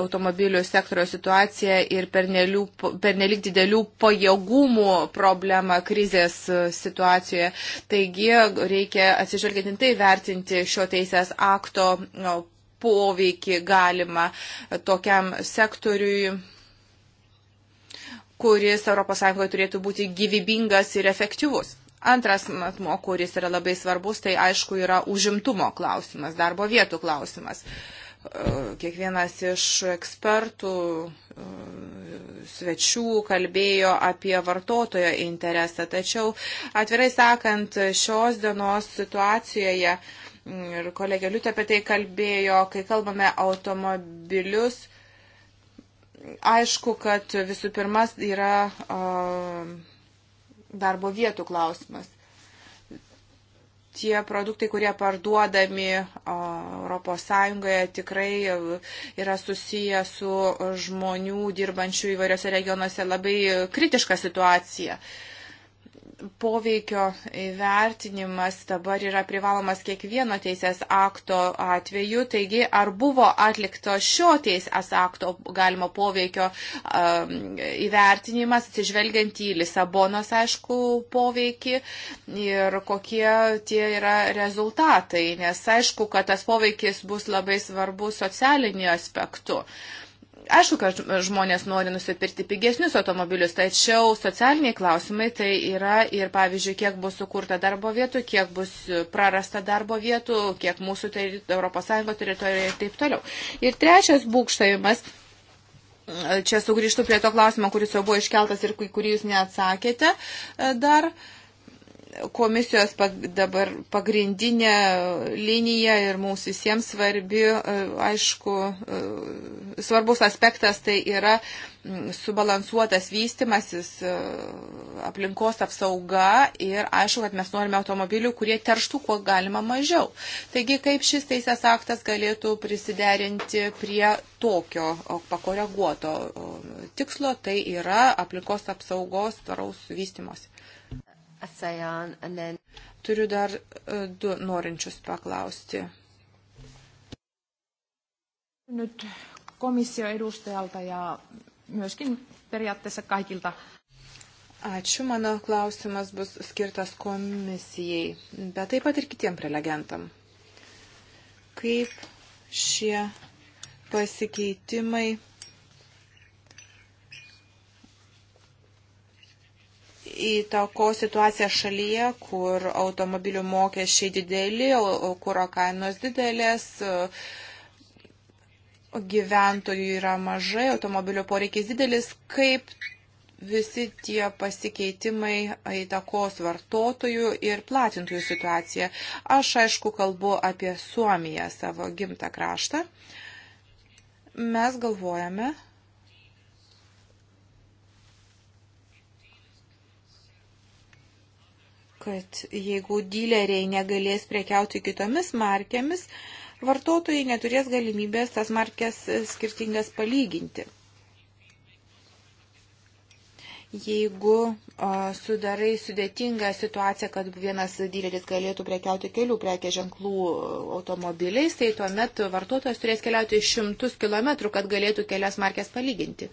automobilių sektorio situaciją ir pernelik didelių pajėgumų problemą krizės e, situacijoje. Taigi reikia atsižvelgiant tai vertinti šio teisės akto poveikį galima e, tokiam sektoriui kuris ES turėtų būti gyvybingas ir efektyvus. Antras matmo, kuris yra labai svarbus, tai aišku yra užimtumo klausimas, darbo vietų klausimas. E, kiekvienas iš ekspertų, e, svečių kalbėjo apie vartotojo interesą, tačiau atvirai sakant, šios dienos situacijoje mm, ir kolegė Liutė apie tai kalbėjo, kai kalbame automobilius, aišku, kad visų pirmas yra. Uh, darbo vietų klausimas. Tie produktai, kurie parduodami ES tikrai yra susiję su žmonių dirbančių įvairiose regionuose labai kritiška situacija. Uh, poveikio įvertinimas dabar yra privalomas kiekvieno teisės akto atveju, taigi ar buvo atlikto šio teisės akto galimo poveikio um, įvertinimas, atsižvelgiant į Lisabonos, aišku, poveikį ir kokie tie yra rezultatai, nes aišku, kad tas poveikis bus labai svarbus socialiniu aspektu. Uh, Aišku, kad žmonės nori nusipirkti pigesnius automobilius, tačiau socialiniai klausimai tai yra ir, pavyzdžiui, kiek bus sukurta darbo vietų, kiek bus prarasta darbo vietų, kiek mūsų teri ES teritorijoje ir taip toliau. Ir trečias būkštavimas. Čia sugrįžtu prie to klausimo, kuris jau buvo iškeltas ir kurį jūs neatsakėte e, dar. Uh, komisijos dabar pagrindinė linija ir mums visiems svarbi, e, aišku, e, svarbus aspektas tai yra subalansuotas vystimasis, e, aplinkos apsauga ir aišku, kad mes norime automobilių, kurie terštų kuo galima mažiau. Taigi, kaip šis teisės aktas galėtų prisiderinti prie tokio pakoreguoto tikslo, tai yra aplinkos apsaugos tvaraus vystimosi. Asajan, and then... Turiu dar uh, du norinčius paklausti. Nyt komission edustajalta ja myöskin periaatteessa kaikilta. Ačiū, mano klausimas bus skirtas komisijai, bet taip pat ir kitiem prelegentam. Kaip šie pasikeitimai įtako situaciją šalyje, kur automobilių mokesčiai dideli, kuro kainos didelės, gyventojų yra mažai, automobilių poreikis didelis. Kaip visi tie pasikeitimai įtakos vartotojų ir platintojų situaciją? Aš aišku kalbu apie Suomiją, savo gimtą kraštą. Mes galvojame, kad jeigu dileriai negalės prekiauti kitomis markėmis, vartotojai neturės galimybės tas markės e, skirtingas palyginti. Jeigu a, sudarai sudėtingą situaciją, kad vienas dileris galėtų prekiauti kelių prekė ženklų e, automobiliais, tai tuomet vartotojas turės keliauti šimtus kilometrų, kad galėtų kelias markės palyginti.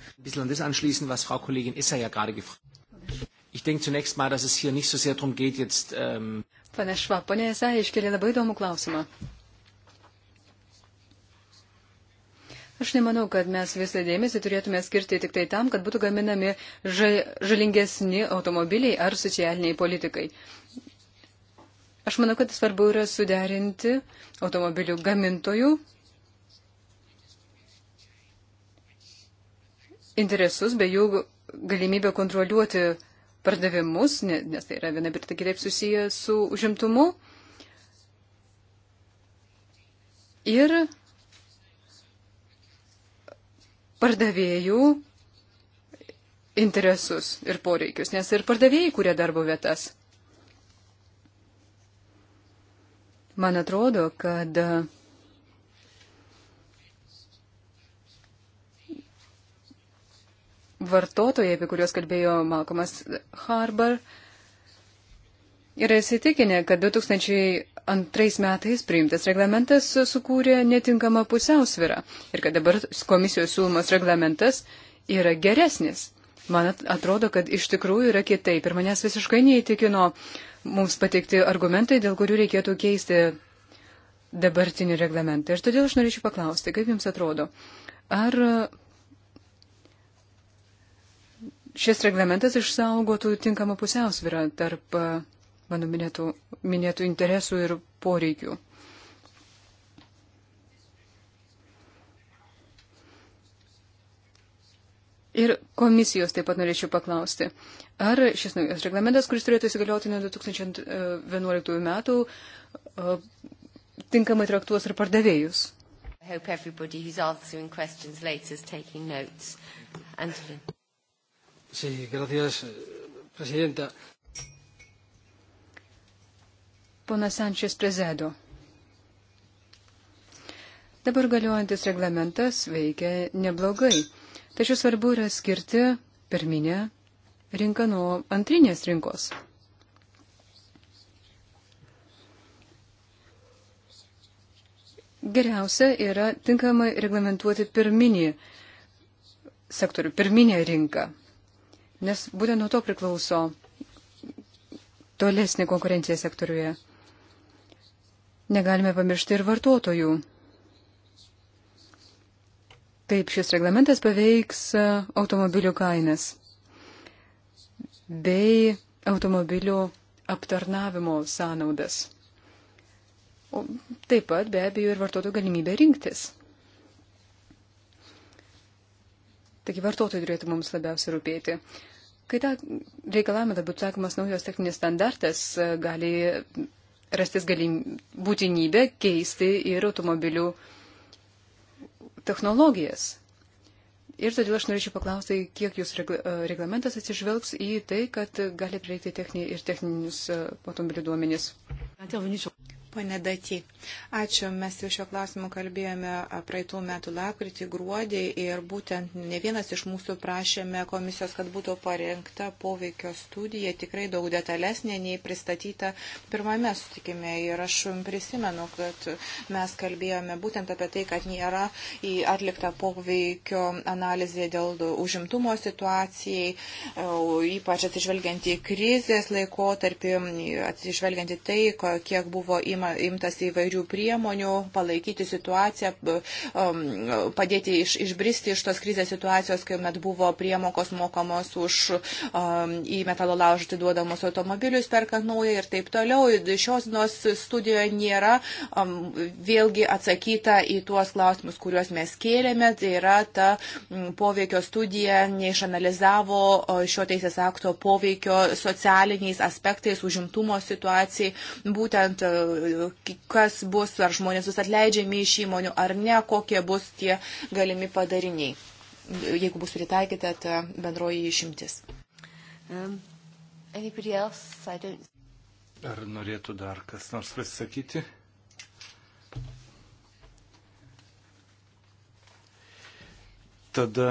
Ich denke zunächst mal, dass es hier nicht so sehr darum geht, jetzt. Ähm Pane Švab, ponė Esa iškėlė labai įdomų klausimą. Aš nemanau, kad mes visą dėmesį turėtume skirti tik tai tam, kad būtų gaminami žalingesni automobiliai ar socialiniai politikai. Aš manau, kad svarbu yra suderinti automobilių gamintojų interesus bei jų galimybę kontroliuoti pardavimus, nes tai yra viena ir tai kitaip susiję su užimtumu. Ir pardavėjų interesus ir poreikius, nes ir pardavėjai kuria darbo vietas. Man atrodo, kad vartotojai, apie kuriuos kalbėjo Malcolmas Harbour, yra įsitikinę, kad 2002 metais priimtas reglamentas sukūrė netinkamą pusiausvirą ir kad dabar komisijos siūlomas reglamentas yra geresnis. Man atrodo, kad iš tikrųjų yra kitaip ir manęs visiškai neįtikino mums pateikti argumentai, dėl kurių reikėtų keisti dabartinį reglamentą. Ir todėl aš norėčiau paklausti, kaip Jums atrodo, ar šis reglamentas išsaugotų tinkamą pusiausvyrą tarp e, mano minėtų, minėtų interesų ir poreikių. Ir komisijos taip pat norėčiau paklausti, ar šis naujas reglamentas, kuris turėtų įsigalioti nuo 2011 metų, e, tinkamai traktuos ir pardavėjus? I hope everybody who's answering questions later is taking notes. Anthony. Sí, gracias, presidenta. Ponas Sančias Prezedo. Dabar galiojantis reglamentas veikia neblogai, tačiau svarbu yra skirti pirminę rinką nuo antrinės rinkos. Geriausia yra tinkamai reglamentuoti pirminį sektorių, pirminę rinką nes būtent nuo to priklauso tolesnė konkurencija sektoriuje. Negalime pamiršti ir vartotojų. Taip šis reglamentas paveiks e, automobilių kainas bei automobilių aptarnavimo sąnaudas. O taip pat be abejo ir vartotojų galimybė rinktis. Taigi vartotojai turėtų mums labiausiai rūpėti. Kai tą reikalavimą dabar sakomas naujos techninės standartas, e, gali rastis galim, būtinybė keisti ir automobilių technologijas. Ir todėl aš norėčiau paklausti, kiek jūs e, reglamentas atsižvelgs į tai, kad gali prireikti techni ir techninius e, automobilių duomenys. Pane Dati, ačiū. Mes jau šio klausimu kalbėjome praeitų metų lapkritį, gruodį ir būtent ne vienas iš mūsų prašėme komisijos, kad būtų parengta poveikio studija tikrai daug detalesnė nei pristatyta pirmame sutikime. Ir aš prisimenu, kad mes kalbėjome būtent apie tai, kad nėra atlikta poveikio analizė dėl užimtumo situacijai, ypač atsižvelgiant į krizės laikotarpį, atsižvelgiant į tai, kiek buvo įmanoma žinoma, imtas įvairių priemonių palaikyti situaciją, um, padėti iš, išbristi iš tos krizės situacijos, kai met buvo priemokos mokamos už um, į metalo laužą atiduodamos automobilius, perkant naują ir taip toliau. Šios dienos studijoje nėra um, vėlgi atsakyta į tuos klausimus, kuriuos mes kėlėme. Tai yra ta um, poveikio studija neišanalizavo šio teisės akto poveikio socialiniais aspektais, užimtumo situacijai. Būtent uh, kas bus, ar žmonės bus atleidžiami iš įmonių, ar ne, kokie bus tie galimi padariniai, jeigu bus pritaikyta ta bendroji išimtis. Um, Ar norėtų dar kas nors pasisakyti? Tada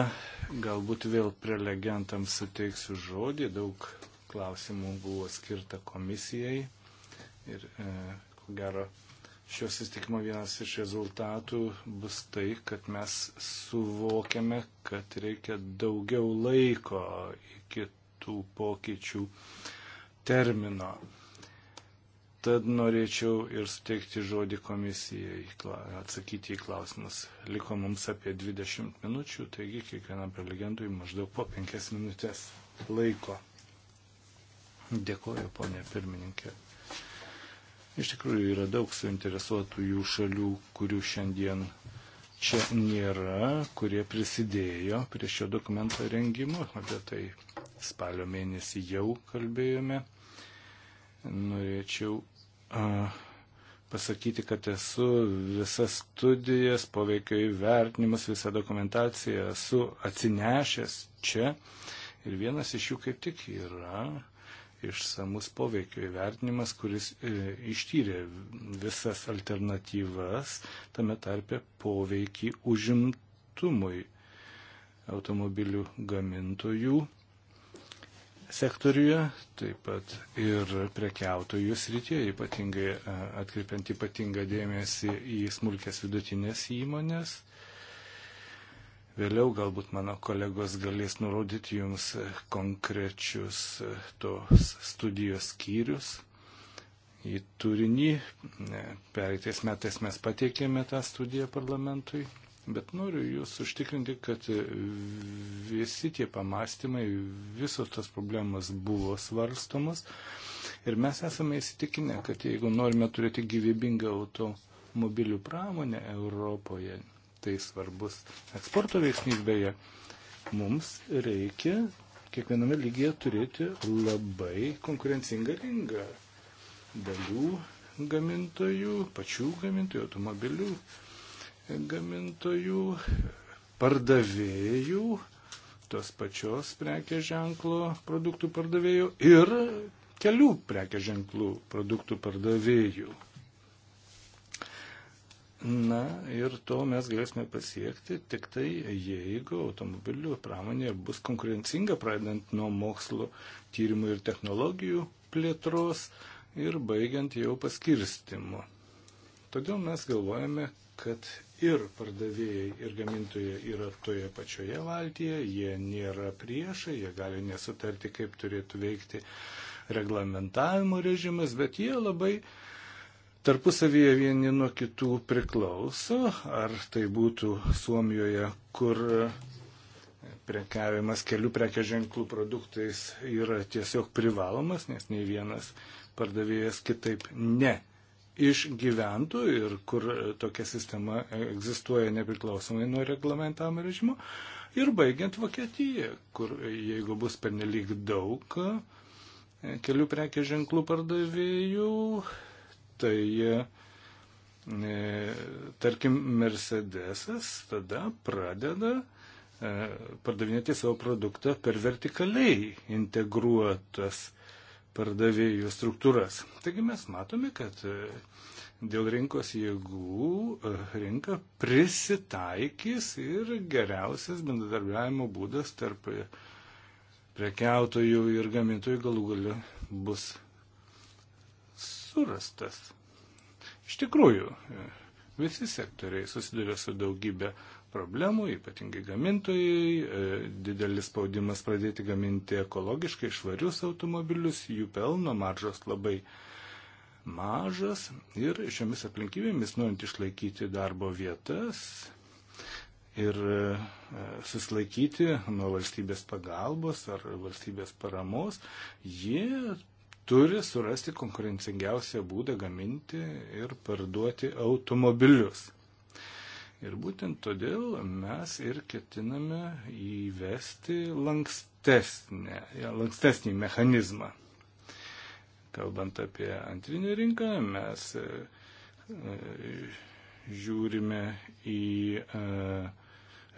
galbūt vėl prelegentams suteiksiu žodį. Daug klausimų buvo skirta komisijai ir e, Ko gero, šios įstikimo vienas iš rezultatų bus tai, kad mes suvokiame, kad reikia daugiau laiko iki tų pokyčių termino. Tad norėčiau ir suteikti žodį komisijai, atsakyti į klausimus. Liko mums apie 20 minučių, taigi kiekvienam prelegentui maždaug po 5 minutės laiko. Dėkoju, ponė pirmininkė. Iš tikrųjų yra daug suinteresuotų jų šalių, kurių šiandien čia nėra, kurie prisidėjo prie šio dokumento rengimo. Apie tai spalio mėnesį jau kalbėjome. Norėčiau a, pasakyti, kad esu visas studijas, poveikio įvertinimus, visą dokumentaciją esu atsinešęs čia. Ir vienas iš jų kaip tik yra išsamus poveikio įvertinimas, kuris e, ištyrė visas alternatyvas, tame tarpe poveikį užimtumui automobilių gamintojų sektoriuje, taip pat ir prekiautojų srityje, ypatingai e, atkreipiant ypatingą dėmesį į smulkės vidutinės įmonės Vėliau galbūt mano kolegos galės nurodyti jums konkrečius e, tos studijos skyrius į turinį. E, pereitais metais mes pateikėme tą studiją parlamentui, bet noriu jūs užtikrinti, kad visi tie pamastymai, visos tos problemos buvo svarstomos ir mes esame įsitikinę, kad jeigu norime turėti gyvybingą automobilių pramonę Europoje, tai svarbus eksporto veiksnys beje, mums reikia kiekviename lygyje turėti labai konkurencingą ringą dalių gamintojų, pačių gamintojų, automobilių gamintojų, pardavėjų, tos pačios prekės ženklo produktų pardavėjų ir kelių prekės ženklų produktų pardavėjų. Na ir to mes galėsime pasiekti tik tai, jeigu automobilių pramonė bus konkurencinga, pradedant nuo mokslo tyrimų ir technologijų plėtros ir baigiant jau paskirstimu. Todėl mes galvojame, kad ir pardavėjai, ir gamintojai yra toje pačioje valtyje, jie nėra priešai, jie gali nesutarti, kaip turėtų veikti reglamentavimo režimas, bet jie labai uh, tarpusavyje vieni nuo kitų priklauso, ar tai būtų Suomijoje, kur e, prekiavimas kelių prekė ženklų produktais yra tiesiog privalomas, nes nei vienas pardavėjas kitaip ne išgyventų ir kur e, tokia sistema egzistuoja nepriklausomai nuo reglamentavimo režimo. Ir baigiant Vokietiją, kur e, jeigu bus pernelyg daug kelių prekė ženklų pardavėjų, tai e, tarkim Mercedesas tada pradeda e, pardavinėti savo produktą per vertikaliai integruotas pardavėjų struktūras. Taigi mes matome, kad e, dėl rinkos jėgų rinka prisitaikys ir geriausias bendradarbiavimo būdas tarp prekiautojų ir gamintojų galų galiu bus surastas. Iš tikrųjų, visi sektoriai susiduria su daugybė problemų, ypatingai gamintojai, e, didelis spaudimas pradėti gaminti ekologiškai švarius automobilius, jų pelno maržos labai mažas ir šiomis aplinkybėmis, norint išlaikyti darbo vietas ir e, susilaikyti nuo valstybės pagalbos ar valstybės paramos, jie turi surasti konkurencingiausią būdą gaminti ir parduoti automobilius. Ir būtent todėl mes ir ketiname įvesti lankstesnę, lankstesnį mechanizmą. Kalbant apie antrinę rinką, mes e, e, žiūrime į uh,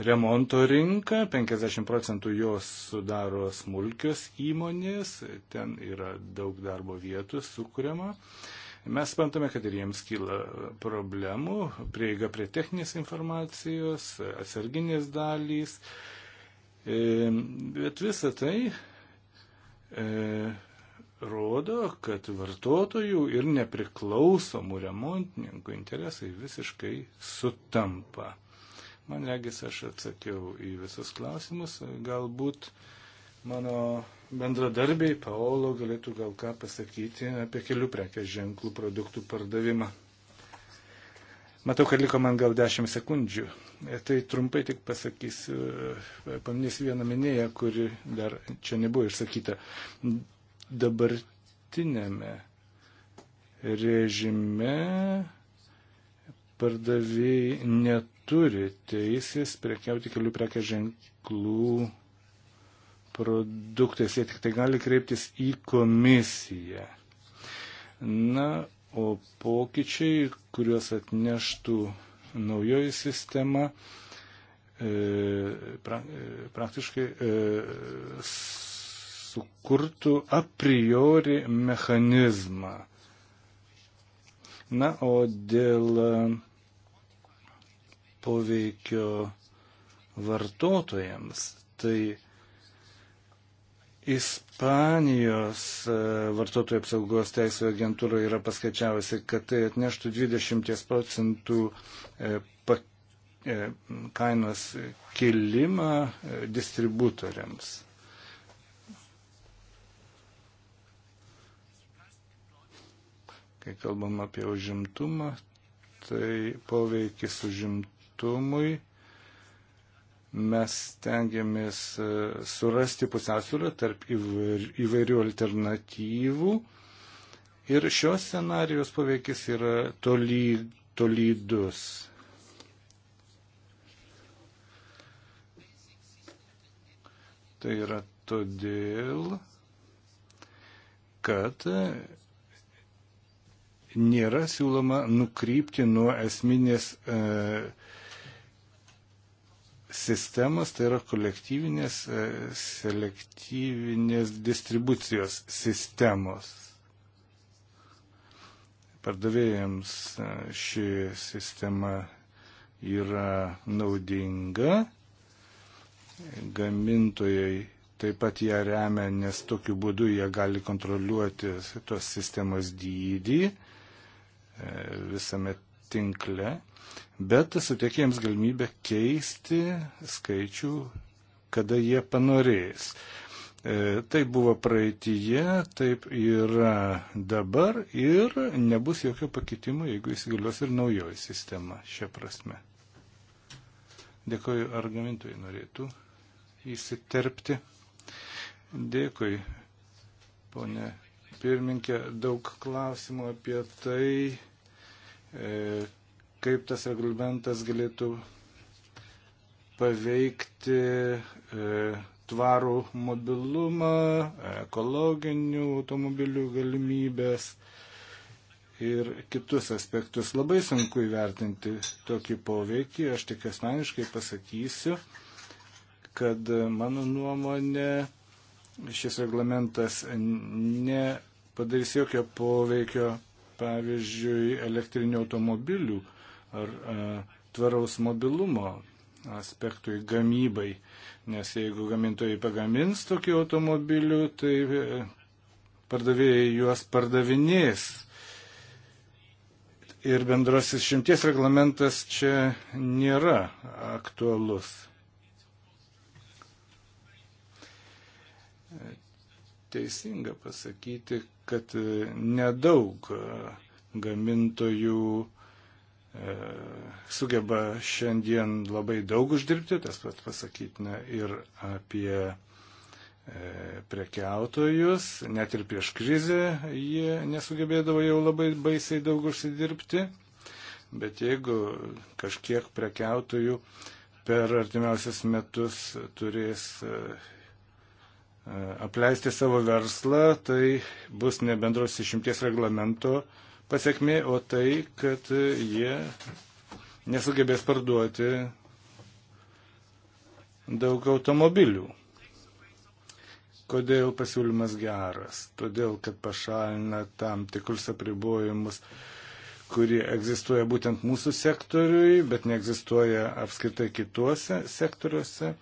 remonto rinką, 50 procentų jos sudaro smulkios įmonės, ten yra daug darbo vietų sukūriama. Mes spantame, kad ir jiems kyla problemų, prieiga prie techninės informacijos, atsarginės dalys, e, bet visa tai e, rodo, kad vartotojų ir nepriklausomų remontininkų interesai visiškai sutampa. Man regis, aš atsakiau į visus klausimus. Galbūt mano bendradarbiai Paolo galėtų gal ką pasakyti apie kelių prekės ženklų produktų pardavimą. Matau, kad liko man gal 10 sekundžių. E, tai trumpai tik pasakysiu, e, paminėsiu vieną minėją, kuri dar čia nebuvo išsakyta. Dabartinėme režime pardavėjai net turi teisės prekiauti kelių prekės ženklų produktais. Jie tik tai gali kreiptis į komisiją. Na, o pokyčiai, kuriuos atneštų naujoji sistema, e, pra, e, praktiškai e, sukurtų a priori mechanizmą. Na, o dėl e, poveikio vartotojams. Tai Ispanijos e, vartotojų apsaugos teisų agentūra yra paskaičiavusi, kad tai atneštų 20 procentų e, e, kainos kilimą distributoriams. Kai kalbam apie užimtumą, tai poveikis užimt užimtumui mes tengiamės e, surasti pusiausvyrą tarp įvairių alternatyvų ir šios scenarijos poveikis yra toly, tolydus. Tai yra todėl, kad nėra siūloma nukrypti nuo esminės e, sistemos, tai yra kolektyvinės e, selektyvinės distribucijos sistemos. Pardavėjams e, ši sistema yra naudinga, gamintojai taip pat ją remia, nes tokiu būdu jie gali kontroliuoti tos sistemos dydį e, visame tinkle, bet suteikia jiems galimybę keisti skaičių, kada jie panorės. E, tai buvo praeitįje, taip yra dabar ir nebus jokio pakitimo, jeigu įsigalios ir naujoji sistema šią prasme. Dėkoju, ar gamintojai norėtų įsiterpti. Dėkui, ponė pirminkė, daug klausimų apie tai E, kaip tas reglamentas galėtų paveikti e, tvarų mobilumą, ekologinių automobilių galimybės ir kitus aspektus. Labai sunku įvertinti tokį poveikį, aš tik asmeniškai pasakysiu, kad mano nuomonė šis reglamentas nepadarys jokio poveikio pavyzdžiui, elektrinių automobilių ar a, e, tvaraus mobilumo aspektui gamybai. Nes jeigu gamintojai pagamins tokių automobilių, tai e, pardavėjai juos pardavinės. Ir bendrasis šimties reglamentas čia nėra aktualus. Teisinga pasakyti, kad e, nedaug e, gamintojų e, sugeba šiandien labai daug uždirbti, tas pat pasakytina ir apie prekiautojus, net ir prieš krizę jie nesugebėdavo jau labai baisiai daug užsidirbti, bet jeigu kažkiek prekiautojų per artimiausias metus turės apleisti savo verslą, tai bus ne bendros išimties reglamento pasiekmė, o tai, kad jie nesugebės parduoti daug automobilių. Kodėl pasiūlymas geras? Todėl, kad pašalina tam tikrus apribojimus kuri egzistuoja būtent mūsų sektoriui, bet neegzistuoja apskritai kituose sektoriuose.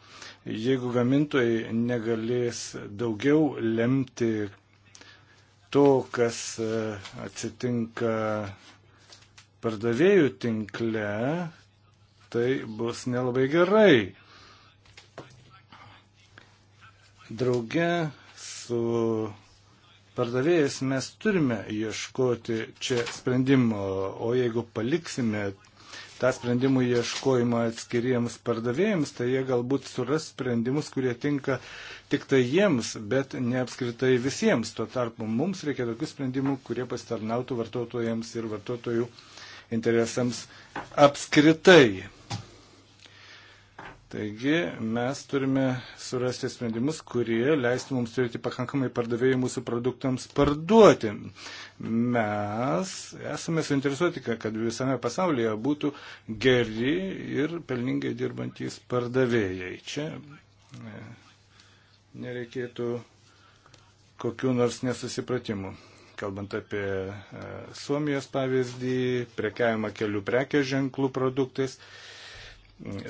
Jeigu gamintojai negalės daugiau lemti to, kas e, atsitinka pardavėjų tinkle, tai bus nelabai gerai. Drauge su pardavėjais mes turime ieškoti čia sprendimo, o jeigu paliksime tą sprendimų ieškojimą atskiriems pardavėjams, tai jie galbūt suras sprendimus, kurie tinka tik tai jiems, bet ne apskritai visiems. Tuo tarpu mums reikia tokių sprendimų, kurie pasitarnautų vartotojams ir vartotojų interesams apskritai. Taigi mes turime surasti sprendimus, kurie leistų mums turėti pakankamai pardavėjų mūsų produktams parduoti. Mes esame suinteresuoti, kad visame pasaulyje būtų geri ir pelningai dirbantys pardavėjai. Čia e, nereikėtų kokiu nors nesusipratimu kalbant apie e, Suomijos pavyzdį, prekiavimą kelių prekės ženklų produktais.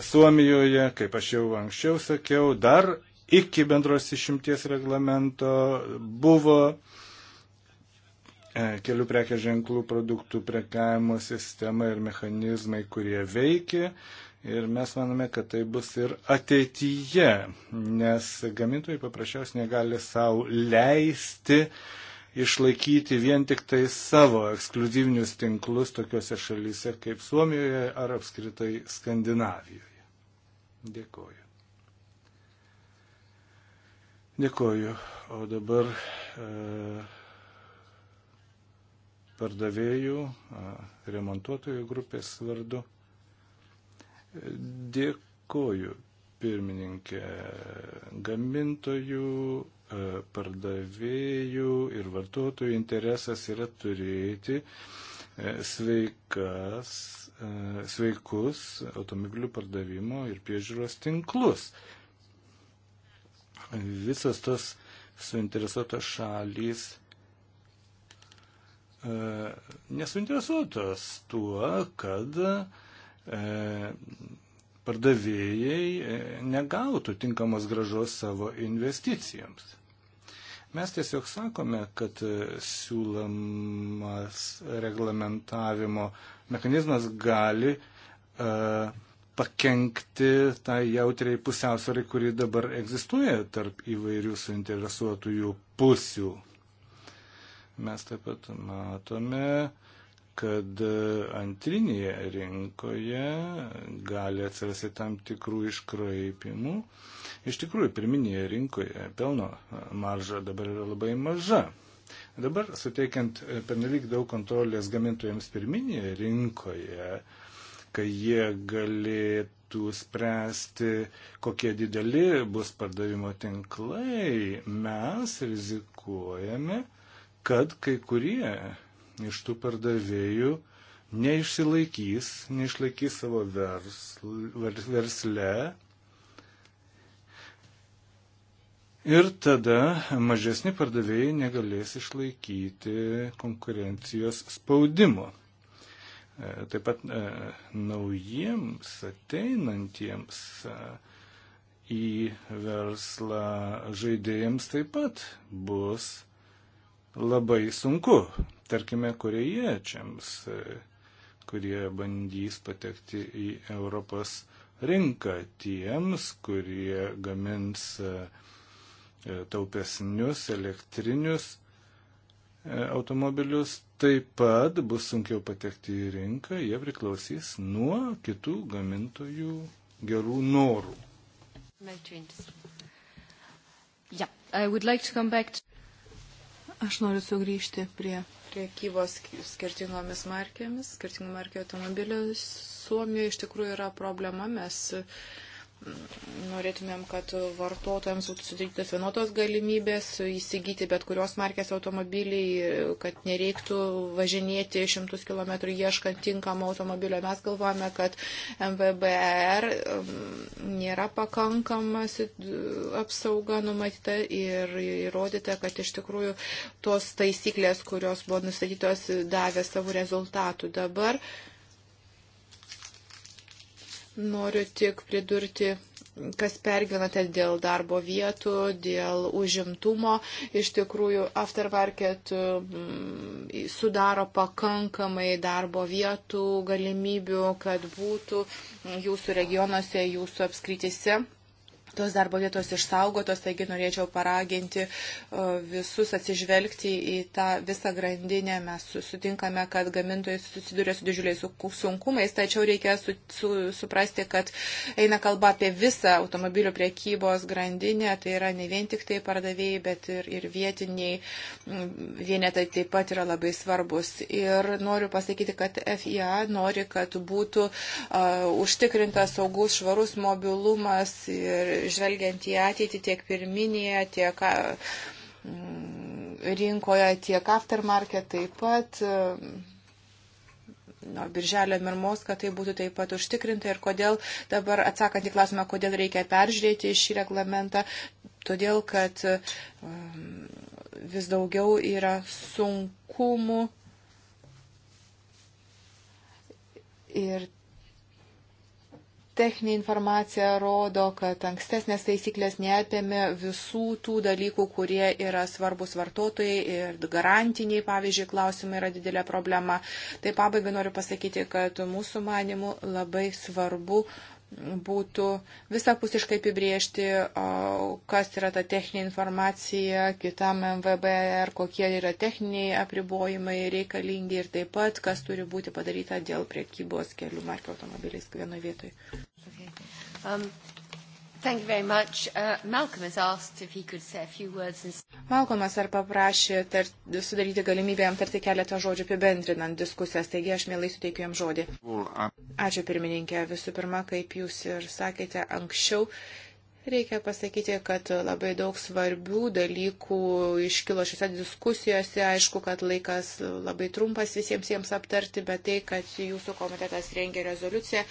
Suomijoje, kaip aš jau anksčiau sakiau, dar iki bendros išimties reglamento buvo e, kelių prekės ženklų produktų prekiavimo sistema ir mechanizmai, kurie veikia. Ir mes manome, kad tai bus ir ateityje, nes gamintojai paprasčiausiai negali savo leisti uh, išlaikyti vien tik tai savo ekskluzyvinius tinklus tokiuose šalyse kaip Suomijoje ar apskritai Skandinavijoje. Dėkoju. Dėkoju. O dabar e, pardavėjų, e, remontuotojų grupės vardu. Dėkoju, pirmininkė, gamintojų E, pardavėjų ir vartotojų interesas yra turėti e, sveikas, e, sveikus automobilių pardavimo ir priežiūros tinklus. Visas tas suinteresuotas šalys nesuinteresuotas tuo, kad pardavėjai negautų tinkamos gražos savo investicijoms. Mes tiesiog sakome, kad e, siūlomas reglamentavimo mechanizmas gali uh, pakenkti tai jautriai pusiausvarai, kuri dabar egzistuoja tarp įvairių suinteresuotųjų pusių. Mes taip pat matome, kad e, antrinėje rinkoje gali atsirasti tam tikrų iškraipimų. Uh, Iš tikrųjų, pirminėje rinkoje pelno e, marža dabar yra labai maža. Dabar, suteikiant e, pernelyg daug kontrolės gamintojams pirminėje rinkoje, kai jie galėtų spręsti, kokie dideli bus pardavimo tinklai, mes rizikuojame, kad kai kurie iš tų pardavėjų neišsilaikys, neišlaikys savo versl, versle Ir tada mažesni pardavėjai negalės išlaikyti konkurencijos spaudimo. E, taip pat e, naujiems ateinantiems e, į verslą žaidėjams taip pat bus labai sunku, tarkime, korejiečiams, kurie bandys patekti į Europos rinką, tiems, kurie gamins uh, E, taupesnius elektrinius e, automobilius. Taip pat bus sunkiau patekti į rinką, jie priklausys nuo kitų gamintojų gerų norų. Yeah, like to to... Aš noriu sugrįžti prie priekybos skirtingomis markėmis, skirtingų markių automobilių. Suomijoje iš tikrųjų yra problema, mes norėtumėm, kad vartotojams būtų suteiktas vienodos galimybės įsigyti bet kurios markės automobilį, kad nereiktų važinėti šimtus kilometrų ieškant tinkamo automobilio. Mes galvojame, kad MVBR e um, nėra pakankamas apsauga numatyta ir įrodyta, kad iš tikrųjų tos taisyklės, kurios buvo nustatytos, davė savo rezultatų. Dabar Noriu tik pridurti, kas pergyvenate dėl darbo vietų, dėl užimtumo. Iš tikrųjų, aftermarket mm, sudaro pakankamai darbo vietų, galimybių, kad būtų jūsų regionuose, jūsų apskritise tos darbo vietos išsaugotos, taigi norėčiau paraginti visus atsižvelgti į tą visą grandinę. Mes sutinkame, kad gamintojai susiduria su didžiuliais sunkumais, tačiau reikia su, su, suprasti, kad eina kalba apie visą automobilių priekybos grandinę, tai yra ne vien tik tai pardavėjai, bet ir, ir vietiniai vienetai taip pat yra labai svarbus. Ir noriu pasakyti, kad FIA nori, kad būtų uh, užtikrintas saugus, švarus mobilumas ir žvelgiant į ateitį tiek pirminėje, tiek mm, rinkoje, tiek aftermarket taip pat. Nuo birželio mirmos, kad tai būtų taip pat užtikrinta ir kodėl dabar atsakant į klausimą, kodėl reikia peržiūrėti šį reglamentą, todėl kad mm, vis daugiau yra sunkumų ir techninė informacija rodo, kad ankstesnės taisyklės neapėmė visų tų dalykų, kurie yra svarbus vartotojai ir garantiniai, pavyzdžiui, klausimai yra didelė problema. Tai pabaigai noriu pasakyti, kad mūsų manimų labai svarbu būtų visapusiškai apibriežti, kas yra ta techninė informacija kitam MVBR, kokie yra techniniai apribojimai reikalingi ir taip pat, kas turi būti padaryta dėl priekybos kelių markio automobiliais vienoje vietoje. Okay. Um, Thank you very much. Uh, Malcolm has asked if he could say a few words. And... Malcolmas ar paprašė tar, sudaryti galimybę jam tarti keletą žodžių apibendrinant diskusijas, taigi aš mielai suteikiu jam žodį. Ačiū pirmininkė. Visų pirma, kaip jūs ir sakėte anksčiau, uh, Reikia pasakyti, kad labai daug svarbių dalykų iškilo šiuose diskusijose. Aišku, kad laikas labai trumpas visiems jiems aptarti, bet tai, kad jūsų komitetas rengia rezoliuciją,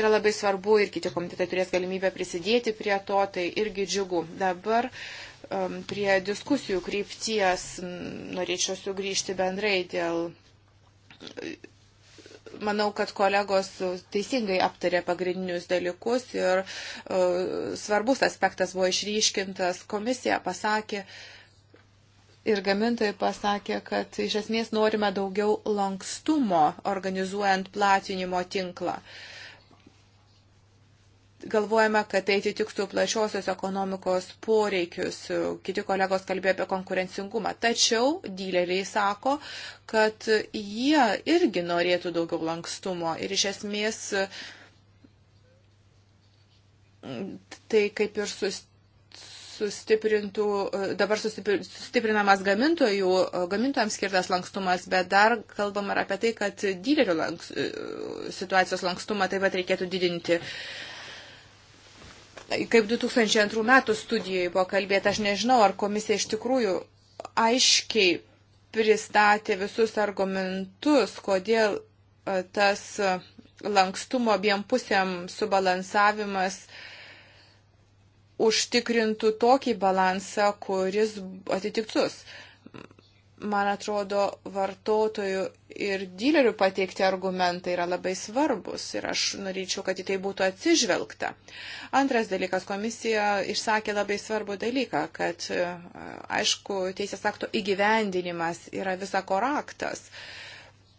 yra labai svarbu ir kiti komitetai turės galimybę prisidėti prie to, tai irgi džiugu. Dabar um, prie diskusijų krypties norėčiau sugrįžti bendrai dėl manau, kad kolegos teisingai aptarė pagrindinius dalykus ir uh, svarbus aspektas buvo išryškintas. Komisija pasakė ir gamintojai pasakė, kad iš esmės norime daugiau lankstumo organizuojant platinimo tinklą. Uh, galvojame, kad tai atitiktų plačiosios ekonomikos poreikius. Kiti kolegos kalbėjo apie konkurencingumą. Tačiau dyleriai sako, kad jie irgi norėtų daugiau lankstumo ir iš esmės tai kaip ir sustiprintų, dabar sustiprinamas gamintojų, gamintojams skirtas lankstumas, bet dar kalbam ir apie tai, kad dylerių lanks, situacijos lankstumą taip pat reikėtų didinti. Uh, Kaip 2002 metų studijoje buvo kalbėta, aš nežinau, ar komisija iš tikrųjų aiškiai pristatė visus argumentus, kodėl e, tas e, lankstumo abiem pusėm subalansavimas užtikrintų tokį balansą, kuris atitiktus man atrodo, vartotojų ir dylerių pateikti argumentai yra labai svarbus ir aš norėčiau, kad į tai būtų atsižvelgta. Antras dalykas, komisija išsakė labai svarbų dalyką, kad e, aišku, teisės akto įgyvendinimas yra visako raktas.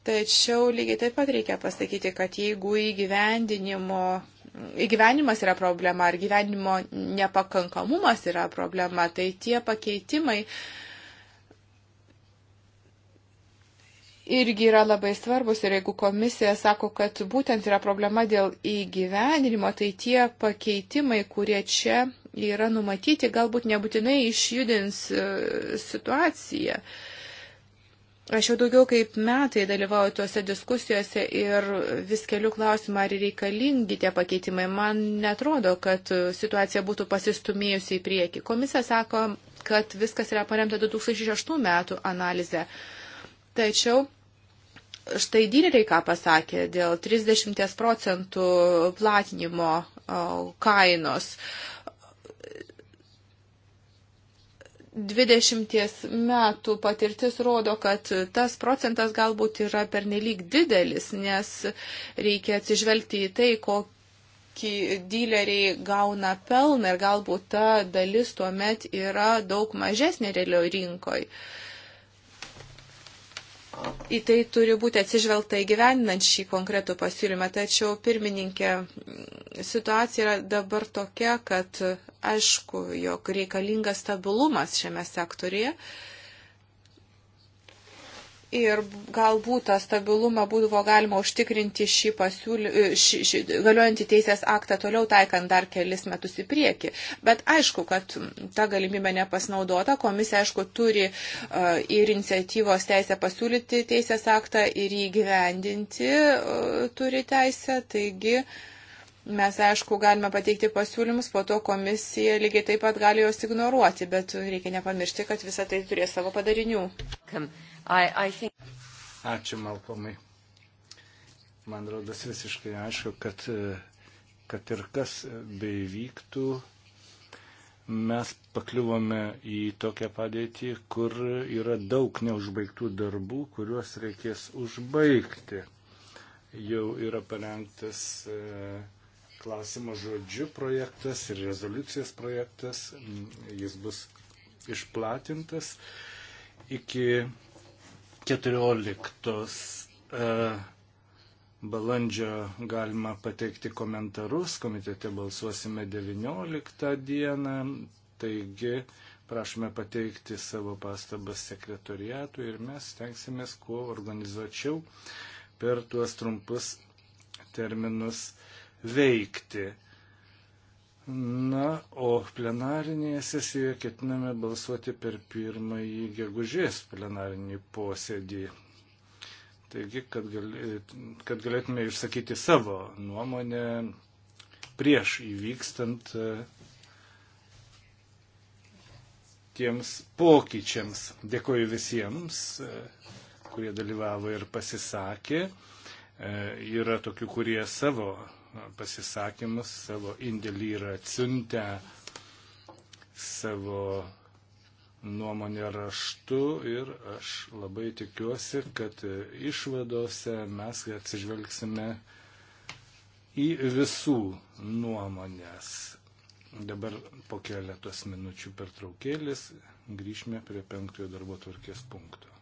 Tačiau lygiai taip pat reikia pasakyti, kad jeigu įgyvendinimo gyvenimas yra problema ar gyvenimo nepakankamumas yra problema, tai tie pakeitimai irgi yra labai svarbus ir jeigu komisija sako, kad būtent yra problema dėl įgyvendinimo, tai tie pakeitimai, kurie čia yra numatyti, galbūt nebūtinai išjudins e, situaciją. Aš jau daugiau kaip metai dalyvauju tuose diskusijose ir vis keliu klausimą, ar reikalingi tie pakeitimai. Man netrodo, kad situacija būtų pasistumėjusi į priekį. Komisija sako, kad viskas yra paremta 2006 metų analizė. Tačiau Štai dyleriai ką pasakė dėl 30 procentų platinimo kainos. 20 metų patirtis rodo, kad tas procentas galbūt yra pernelyg didelis, nes reikia atsižvelgti į tai, kokį dyleriai gauna pelną ir galbūt ta dalis tuomet yra daug mažesnė realioje rinkoje. Uh, į tai turi būti atsižvelgta įgyveninant šį konkretų pasiūlymą. Tačiau, pirmininkė, situacija yra dabar tokia, kad aišku, jog reikalingas stabilumas šiame sektorėje. Uh, Ir galbūt tą stabilumą būdavo galima užtikrinti šį pasiūlį, e, šį, šį, galiojantį teisės aktą toliau taikant dar kelis metus į priekį. Bet aišku, kad ta galimybė nepasinaudota, komisija aišku turi uh, ir iniciatyvos teisę pasiūlyti teisės aktą ir jį gyvendinti uh, turi teisę. Taigi, uh, mes, aišku, galime pateikti pasiūlymus, po to komisija lygiai taip pat gali juos ignoruoti, bet reikia nepamiršti, kad visa tai turės savo padarinių. I, I think... Ačiū, Malkomai. Man rodas visiškai aišku, kad, kad ir kas beivyktų, mes pakliuvome į tokią padėtį, kur yra daug neužbaigtų darbų, kuriuos reikės užbaigti. Jau yra parengtas e, klausimo žodžių projektas ir rezoliucijos projektas. Mm, jis bus išplatintas iki 14 e, balandžio galima pateikti komentarus, komitete balsuosime 19 dieną, taigi prašome pateikti savo pastabas sekretoriatui ir mes tenksimės kuo organizuočiau per tuos trumpus terminus veikti. Na, o plenarinėje sesijoje ketiname balsuoti per pirmąjį gegužės plenarinį posėdį. Taigi, kad, gal, kad galėtume išsakyti savo nuomonę prieš įvykstant e, tiems pokyčiams. Dėkoju visiems, e, kurie dalyvavo ir pasisakė. E, yra tokių, kurie savo pasisakymus, savo indėlį yra atsiuntę savo nuomonę raštu ir aš labai tikiuosi, kad išvadose mes atsižvelgsime į visų nuomonės. Dabar po keletos minučių pertraukėlis grįžime prie penktojo darbo tvarkės punkto.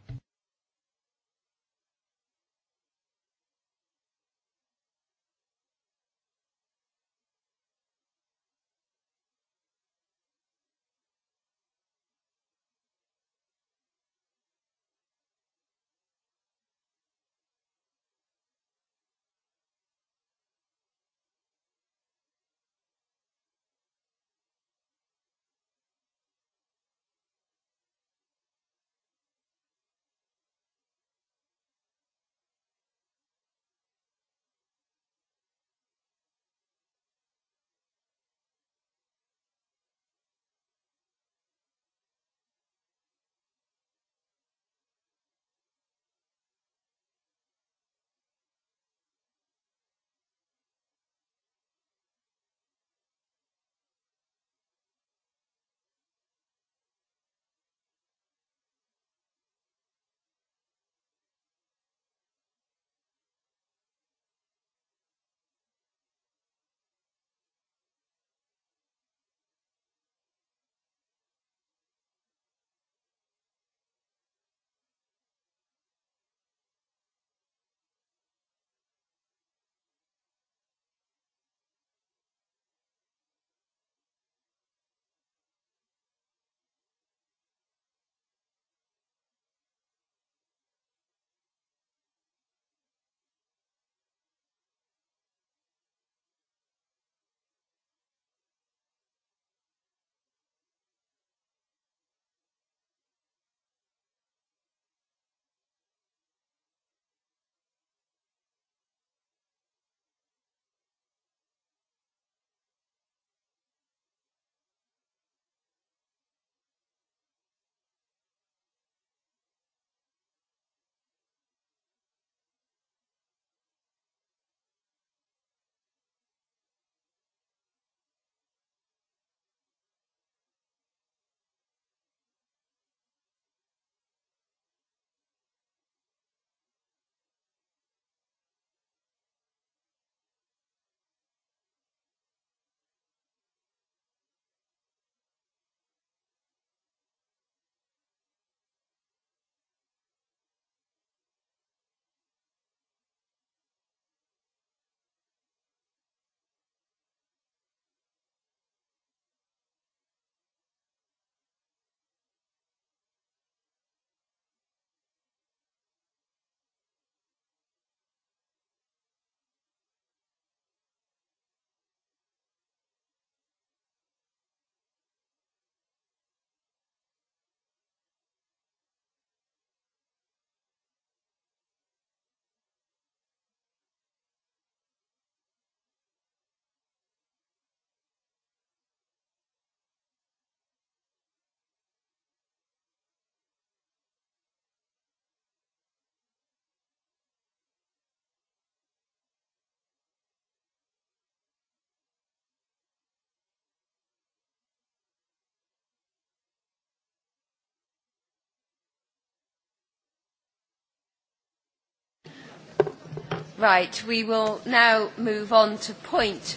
Right, we will now move on to point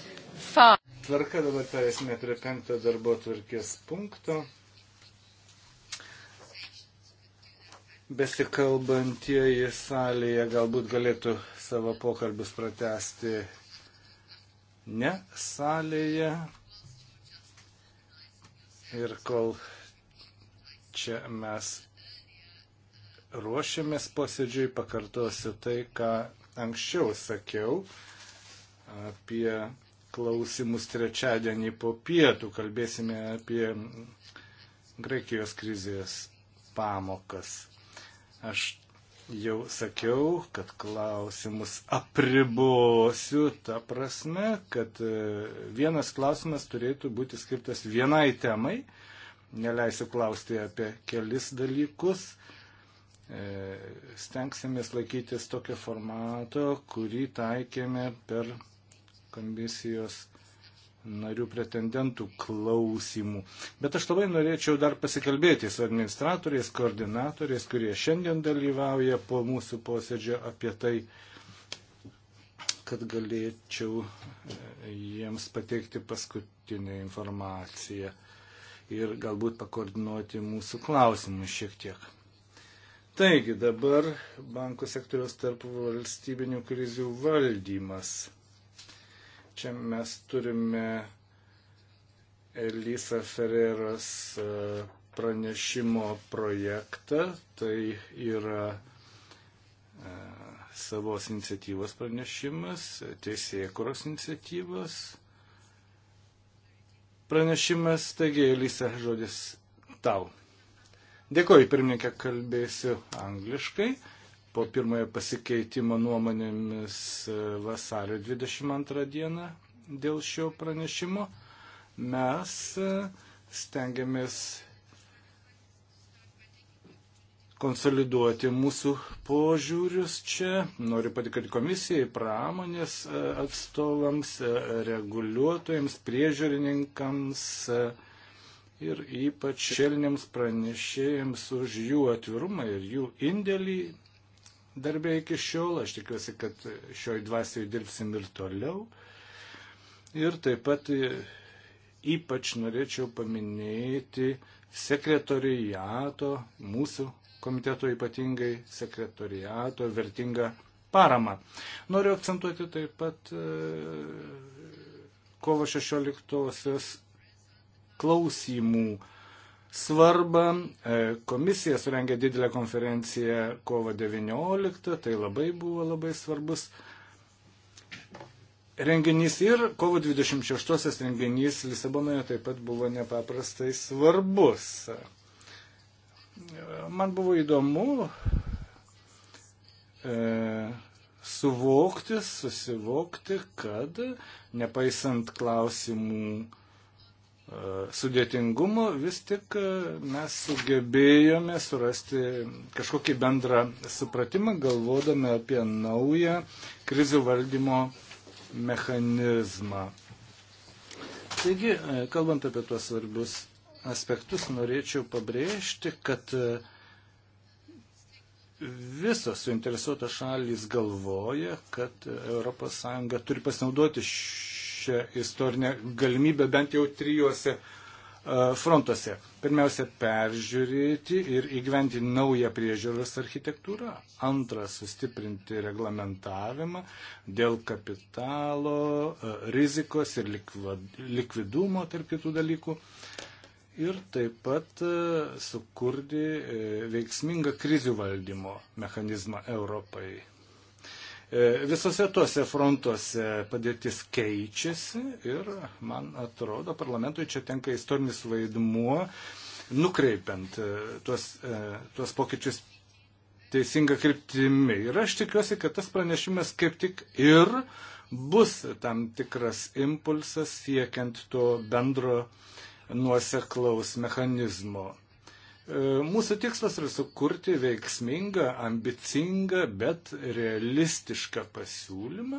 five. Tvarka dabar perėsime prie penkto darbo tvarkės punkto. Besikalbantieji salėje galbūt galėtų savo pokalbius pratesti ne salėje. Ir kol čia mes ruošiamės posėdžiui, pakartosiu tai, ką anksčiau sakiau apie klausimus trečiadienį po pietų. Kalbėsime apie Graikijos krizės pamokas. Aš jau sakiau, kad klausimus apribosiu, ta prasme, kad e, vienas klausimas turėtų būti skirtas vienai temai. Neleisiu klausti apie kelis dalykus. E, stengsimės laikytis tokio formato, kurį taikėme per komisijos narių pretendentų klausimų. Bet aš labai norėčiau dar pasikalbėti su administratoriais, koordinatoriais, kurie šiandien dalyvauja po mūsų posėdžio apie tai, kad galėčiau e, jiems pateikti paskutinę informaciją ir galbūt pakoordinuoti mūsų klausimus šiek tiek. Taigi dabar bankų sektoriaus tarp valstybinių krizių valdymas. Čia mes turime Elisa Ferreras e, pranešimo projektą. Tai yra e, savos iniciatyvos pranešimas, teisėkuros iniciatyvos pranešimas. Taigi, Elisa, žodis tau. Dėkoju, pirmininkė, kalbėsiu angliškai. Po pirmojo pasikeitimo nuomonėmis e, vasario 22 dieną dėl šio pranešimo mes e, stengiamės konsoliduoti mūsų požiūrius čia. Noriu patikrinti komisijai, pramonės e, atstovams, reguliuotojams, priežiūrininkams, ir ypač šelniams pranešėjams už jų atvirumą ir jų indėlį darbė iki šiol. Aš tikiuosi, kad šioj dvasiai dirbsim ir toliau. Ir taip pat ypač norėčiau paminėti sekretoriato, mūsų komiteto ypatingai sekretoriato vertingą paramą. Noriu akcentuoti taip pat e, kovo 16-osios klausimų svarbą. E, komisija surengė didelę konferenciją kovo 19, tai labai buvo labai svarbus renginys ir kovo 26 renginys Lisabonoje taip pat buvo nepaprastai svarbus. E, man buvo įdomu e, suvokti, susivokti, kad nepaisant klausimų sudėtingumu, vis tik e, mes sugebėjome surasti kažkokį bendrą supratimą, galvodami apie naują krizių valdymo mechanizmą. Taigi, e, kalbant apie tuos svarbius aspektus, norėčiau pabrėžti, kad e, visos suinteresuotos šalys galvoja, kad ES turi pasinaudoti čia istorinę galimybę bent jau trijuose e, frontuose. Pirmiausia, peržiūrėti ir įgyventi naują priežiūros architektūrą. Antra, sustiprinti reglamentavimą dėl kapitalo, e, rizikos ir likvidumo tarp kitų dalykų. Ir taip pat e, sukurti veiksmingą krizių valdymo mechanizmą Europai. E, visose tuose frontuose padėtis keičiasi ir, man atrodo, parlamentui čia tenka istorinis vaidmuo, nukreipiant e, tuos, e, tuos pokyčius teisinga kryptimi. Ir aš tikiuosi, kad tas pranešimas kaip tik ir bus tam tikras impulsas siekiant to bendro nuoseklaus mechanizmo. E, mūsų tikslas yra sukurti veiksmingą, ambicingą, bet realistišką pasiūlymą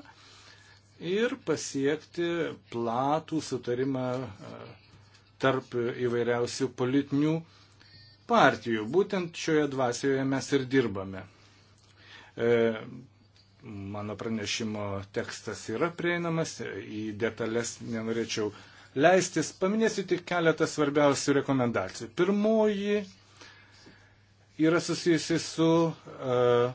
ir pasiekti platų sutarimą e, tarp įvairiausių politinių partijų. Būtent šioje dvasioje mes ir dirbame. E, mano pranešimo tekstas yra prieinamas, į detalės nenorėčiau leistis. Paminėsiu tik keletą svarbiausių rekomendacijų. Pirmoji yra susijusi su e,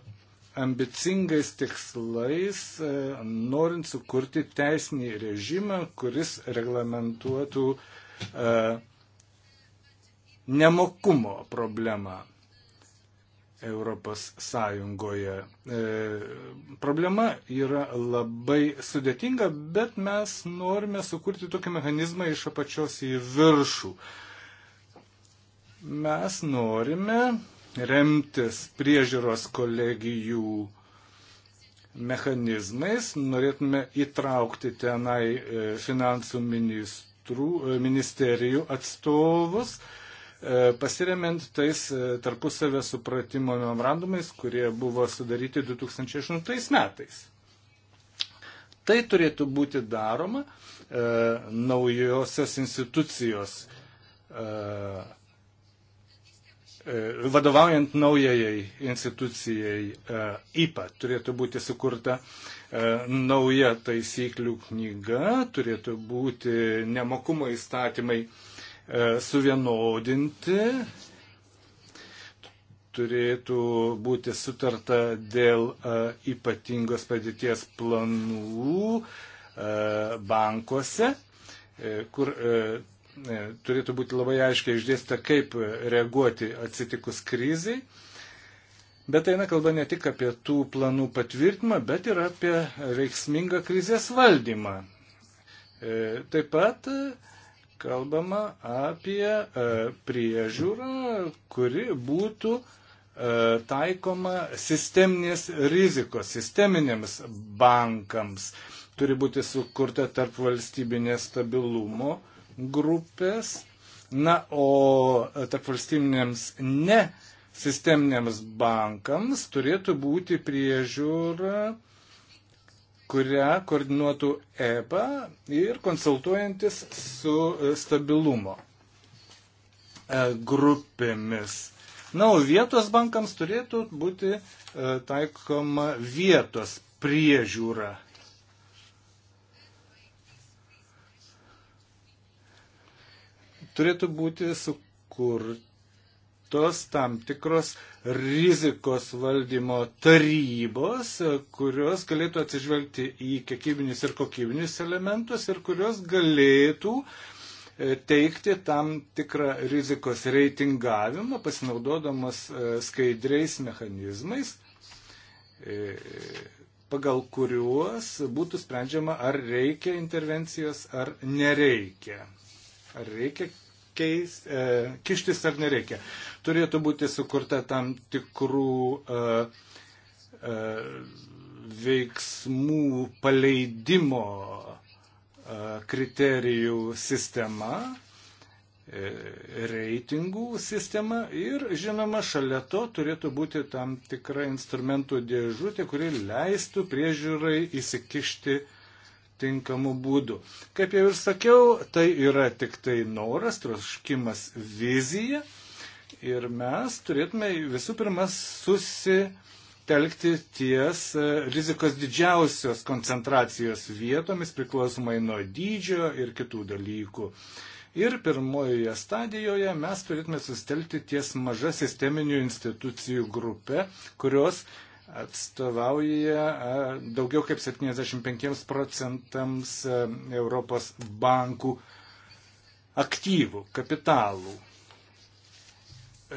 ambicingais tikslais, e, norint sukurti teisinį režimą, kuris reglamentuotų e, nemokumo problemą. Europos Sąjungoje. E, problema yra labai sudėtinga, bet mes norime sukurti tokį mechanizmą iš apačios į viršų. Mes norime remtis priežiūros kolegijų mechanizmais, norėtume įtraukti tenai e, finansų ministrų, e, ministerijų atstovus, e, pasiremiant tais tarpusavę supratimo memorandumais, kurie buvo sudaryti 2008 metais. Tai turėtų būti daroma e, naujosios institucijos e, E, vadovaujant naujajai institucijai e, IPA turėtų būti sukurta e, nauja taisyklių knyga, turėtų būti nemokumo įstatymai suvienodinti, turėtų būti sutarta dėl ypatingos padėties planų bankuose, kur turėtų būti labai aiškiai išdėsta, kaip reaguoti atsitikus krizai. Bet eina kalba ne tik apie tų planų patvirtinimą, bet ir apie veiksmingą krizės valdymą. E, taip pat e, kalbama apie e, priežiūrą, kuri būtų taikoma sisteminės rizikos, sisteminėms bankams. Turi būti sukurta tarp valstybinės stabilumo grupės. Na, o tarpvalstybinėms ne sisteminiams bankams turėtų būti priežiūra, kurią koordinuotų EBA ir konsultuojantis su e, stabilumo e, grupėmis. Na, o vietos bankams turėtų būti e, taikoma vietos priežiūra. turėtų būti sukurtos tam tikros rizikos valdymo tarybos, kurios galėtų atsižvelgti į kiekybinius ir kokybinius elementus ir kurios galėtų e, teikti tam tikrą rizikos reitingavimą, pasinaudodamas e, skaidriais mechanizmais, e, pagal kuriuos būtų sprendžiama, ar reikia intervencijos, ar nereikia. Ar reikia keis, e, kištis ar nereikia. Turėtų būti sukurta tam tikrų e, e, veiksmų paleidimo e, kriterijų sistema, e, reitingų sistema ir, žinoma, šalia to turėtų būti tam tikra instrumentų dėžutė, kuri leistų priežiūrai įsikišti tinkamu būdu. Kaip jau ir sakiau, tai yra tik tai noras, troškimas, vizija ir mes turėtume visų pirma susitelkti ties e, rizikos didžiausios koncentracijos vietomis priklausomai nuo dydžio ir kitų dalykų. Ir pirmojoje stadijoje mes turėtume sustelkti ties maža sisteminių institucijų grupė, kurios atstovauja e, daugiau kaip 75 procentams e, Europos bankų aktyvų, kapitalų.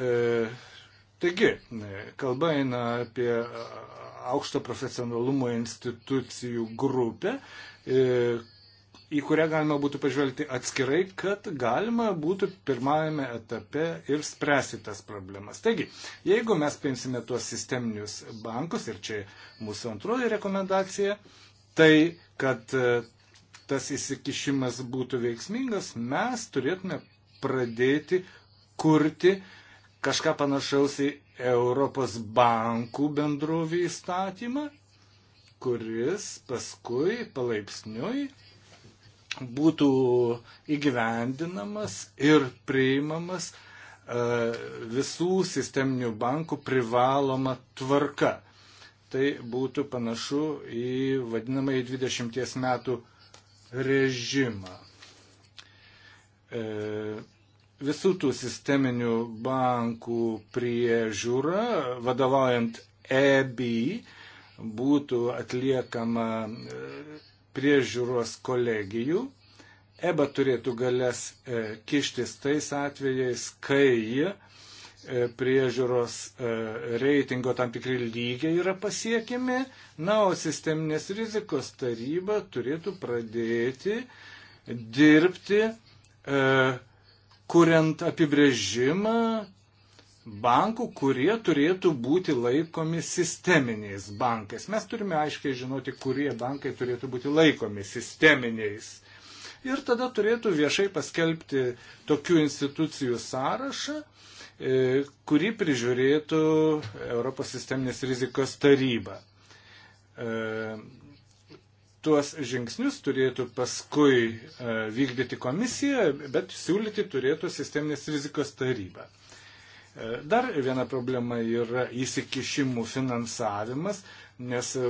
E, taigi, kalba eina apie aukšto profesionalumo institucijų grupę, į kurią galima būtų pažvelgti atskirai, kad galima būtų pirmajame etape ir spręsti tas problemas. Taigi, jeigu mes paimsime tuos sisteminius bankus, ir čia mūsų antroji rekomendacija, tai, kad e, tas įsikišimas būtų veiksmingas, mes turėtume pradėti kurti kažką panašaus į Europos bankų bendrovį įstatymą, kuris paskui palaipsniui būtų įgyvendinamas ir priimamas e, visų sisteminių bankų privaloma tvarka. Tai būtų panašu į vadinamąjį 20 metų režimą. E, visų tų sisteminių bankų priežiūra, vadovaujant EBI, būtų atliekama e, priežiūros kolegijų. EBA turėtų galės e, kištis tais atvejais, kai e, priežiūros e, reitingo tam tikri lygiai yra pasiekiami, na, o sisteminės rizikos taryba turėtų pradėti dirbti, kuriant apibrėžimą, bankų, kurie turėtų būti laikomi sisteminiais bankais. Mes turime aiškiai žinoti, kurie bankai turėtų būti laikomi sisteminiais. Ir tada turėtų viešai paskelbti tokių institucijų sąrašą, e, kurį prižiūrėtų Europos sisteminės rizikos taryba. E, tuos žingsnius turėtų paskui e, vykdyti komisija, bet siūlyti turėtų sisteminės rizikos taryba. Dar viena problema yra įsikišimų finansavimas, nes e,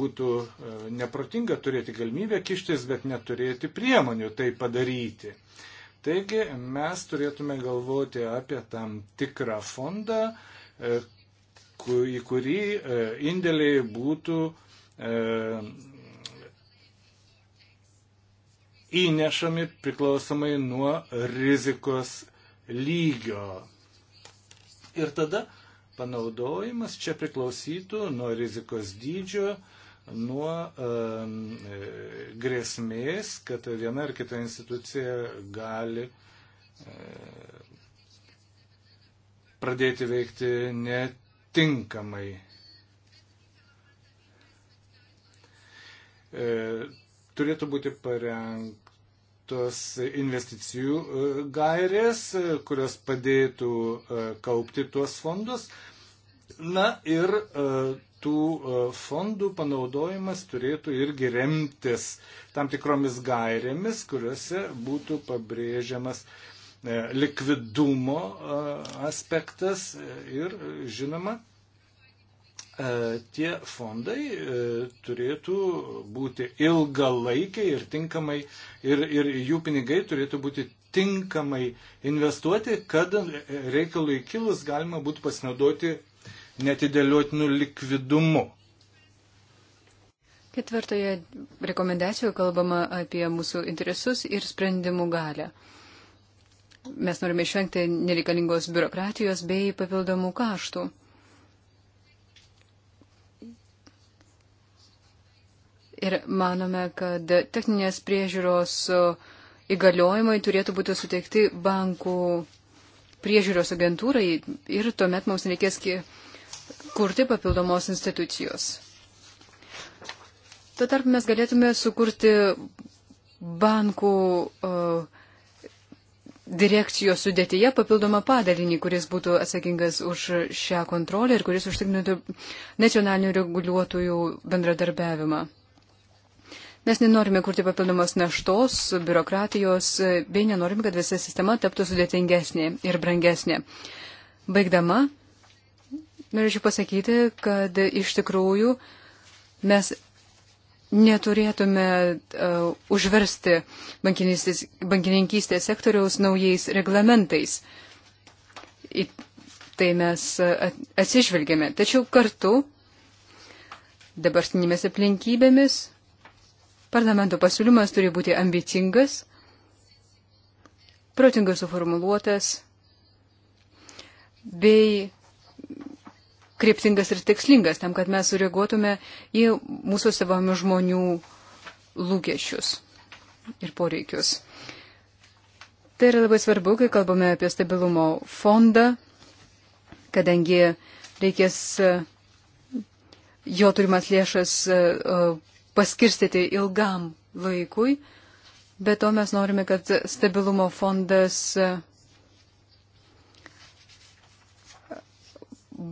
būtų e, neprotinga turėti galimybę kištis, bet neturėti priemonių tai padaryti. Taigi mes turėtume galvoti apie tam tikrą fondą, e, į kurį indėliai būtų įnešami priklausomai nuo rizikos lygio ir tada panaudojimas čia priklausytų nuo rizikos dydžio, nuo e, grėsmės, kad viena ar kita institucija gali e, pradėti veikti netinkamai. E, turėtų būti pareng, parengtos investicijų e, gairės, e, kurios padėtų e, kaupti tuos fondus. Na ir tų fondų panaudojimas turėtų irgi remtis tam tikromis gairėmis, kuriuose būtų pabrėžiamas likvidumo aspektas ir, žinoma, E, tie fondai e, turėtų būti ilgalaikiai ir tinkamai, ir, ir jų pinigai turėtų būti tinkamai investuoti, kad reikalui kilus galima būtų pasinaudoti netidėliotiniu likvidumu. Ketvirtoje rekomendacijoje kalbama apie mūsų interesus ir sprendimų galę. Mes norime išvengti nereikalingos biurokratijos bei papildomų kaštų. Ir manome, kad techninės priežiūros e, įgaliojimai turėtų būti suteikti bankų priežiūros agentūrai ir tuomet mums reikės kurti papildomos institucijos. Tuo tarp mes galėtume sukurti bankų e, direkcijos sudėtyje papildomą padalinį, kuris būtų atsakingas už šią kontrolę ir kuris užtikrintų nacionalinių reguliuotojų bendradarbiavimą. Mes nenorime kurti papildomos naštos, biurokratijos, bei nenorime, kad visa sistema taptų sudėtingesnė ir brangesnė. Baigdama, norėčiau pasakyti, kad iš tikrųjų mes neturėtume uh, užversti bankininkystės sektoriaus naujais reglamentais. Į tai mes e, atsižvelgėme. Tačiau kartu dabartinėmis aplinkybėmis Parlamento pasiūlymas turi būti ambicingas, protingai suformuluotas bei kryptingas ir tikslingas, tam, kad mes sureaguotume į mūsų savami žmonių lūkesčius ir poreikius. Tai yra labai svarbu, kai kalbame apie stabilumo fondą, kadangi reikės jo turimas lėšas paskirstyti ilgam laikui, bet to mes norime, kad stabilumo fondas e,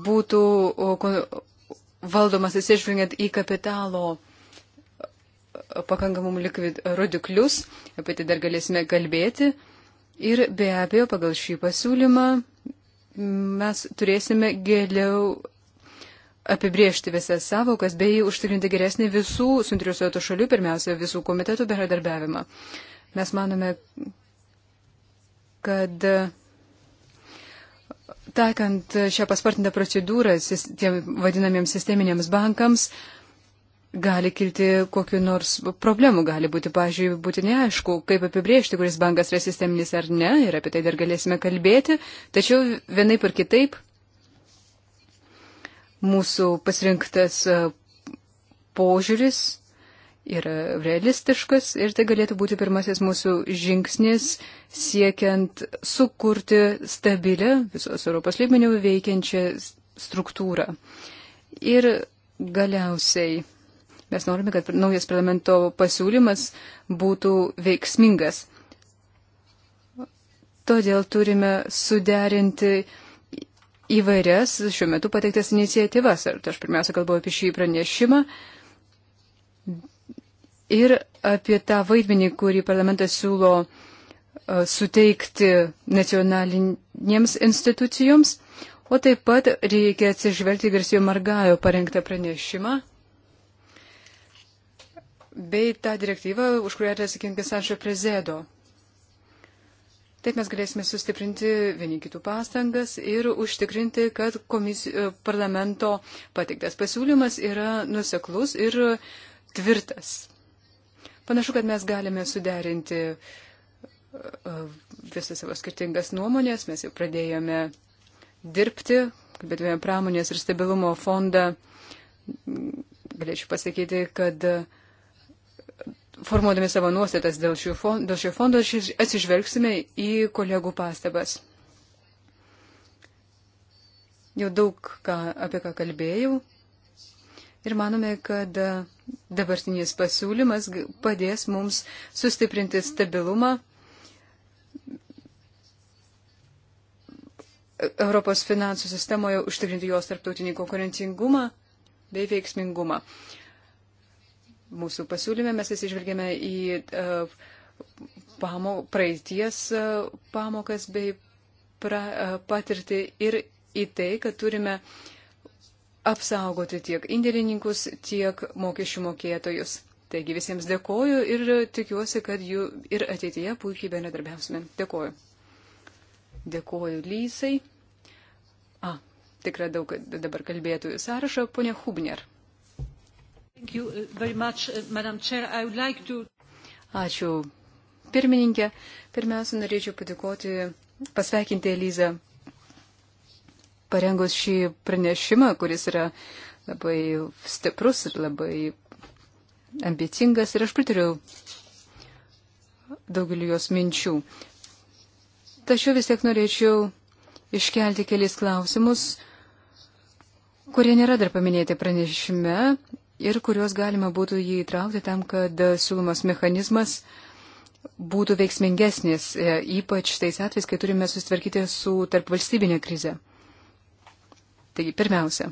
būtų valdomas atsižvelgiant į kapitalo e, pakankamum likvid rodiklius, apie tai dar galėsime kalbėti. Ir be abejo, pagal šį pasiūlymą mes turėsime geriau apibriežti visas savokas bei užtikrinti geresnį visų suinteresuotų šalių, pirmiausia, visų komitetų bendradarbiavimą. Mes manome, kad e, taikant šią paspartintą procedūrą tiem vadinamiems sisteminėms bankams, gali kilti kokiu nors problemu, gali būti, pažiūrėjau, būti neaišku, kaip apibriežti, kuris bankas yra sisteminis ar ne, ir apie tai dar galėsime kalbėti, tačiau vienaip ar kitaip mūsų pasirinktas e, požiūris yra realistiškas ir tai galėtų būti pirmasis mūsų žingsnis siekiant sukurti stabilę visos Europos lygmenių veikiančią struktūrą. Ir galiausiai mes norime, kad naujas parlamento pasiūlymas būtų veiksmingas. Todėl turime suderinti uh, įvairias šiuo metu pateiktas iniciatyvas. Ir tai aš pirmiausia kalbu apie šį pranešimą ir apie tą vaidmenį, kurį parlamentas siūlo e, suteikti nacionalinėms institucijoms, o taip pat reikia atsižvelgti Garsijo Margajo parengtą pranešimą bei tą direktyvą, už kurią yra atsakingas Sančio Prezėdo. Taip mes galėsime sustiprinti vieni kitų pastangas ir užtikrinti, kad komisijų, e, parlamento patiktas pasiūlymas yra nuseklus ir tvirtas. Panašu, kad mes galime suderinti e, visas savo skirtingas nuomonės, mes jau pradėjome dirbti, kalbėtume pramonės ir stabilumo fondą. Galėčiau pasakyti, kad uh, formuodami savo nuostatas dėl šio fondo, dėl šio fondo atsižvelgsime į kolegų pastabas. Jau daug ką, apie ką kalbėjau ir manome, kad dabartinis pasiūlymas padės mums sustiprinti stabilumą Europos finansų sistemoje, užtikrinti jos tarptautinį konkurencingumą bei veiksmingumą. Uh, mūsų pasiūlyme mes atsižvelgėme į e, pamo, praeities e, pamokas bei pra, e, patirtį ir į tai, kad turime apsaugoti tiek indėlininkus, tiek mokesčių mokėtojus. Taigi visiems dėkoju ir tikiuosi, kad jų ir ateityje puikiai bendradarbiausime. Dėkoju. Dėkoju Lysai. A, tikrai daug dabar kalbėtųjų sąrašą, ponia Hubner. Uh, much, uh, like to... Ačiū. Pirmininkė, pirmiausia, norėčiau padėkoti, pasveikinti Elizą, parengus šį pranešimą, kuris yra labai stiprus ir labai ambicingas ir aš pritariu daugeliu jos minčių. Tačiau vis tiek norėčiau iškelti kelis klausimus, kurie nėra dar paminėti pranešime ir kuriuos galima būtų jį įtraukti tam, kad e, siūlomas mechanizmas būtų veiksmingesnis, e, ypač tais atvejais, kai turime susitvarkyti su tarpvalstybinė krize. Taigi, pirmiausia,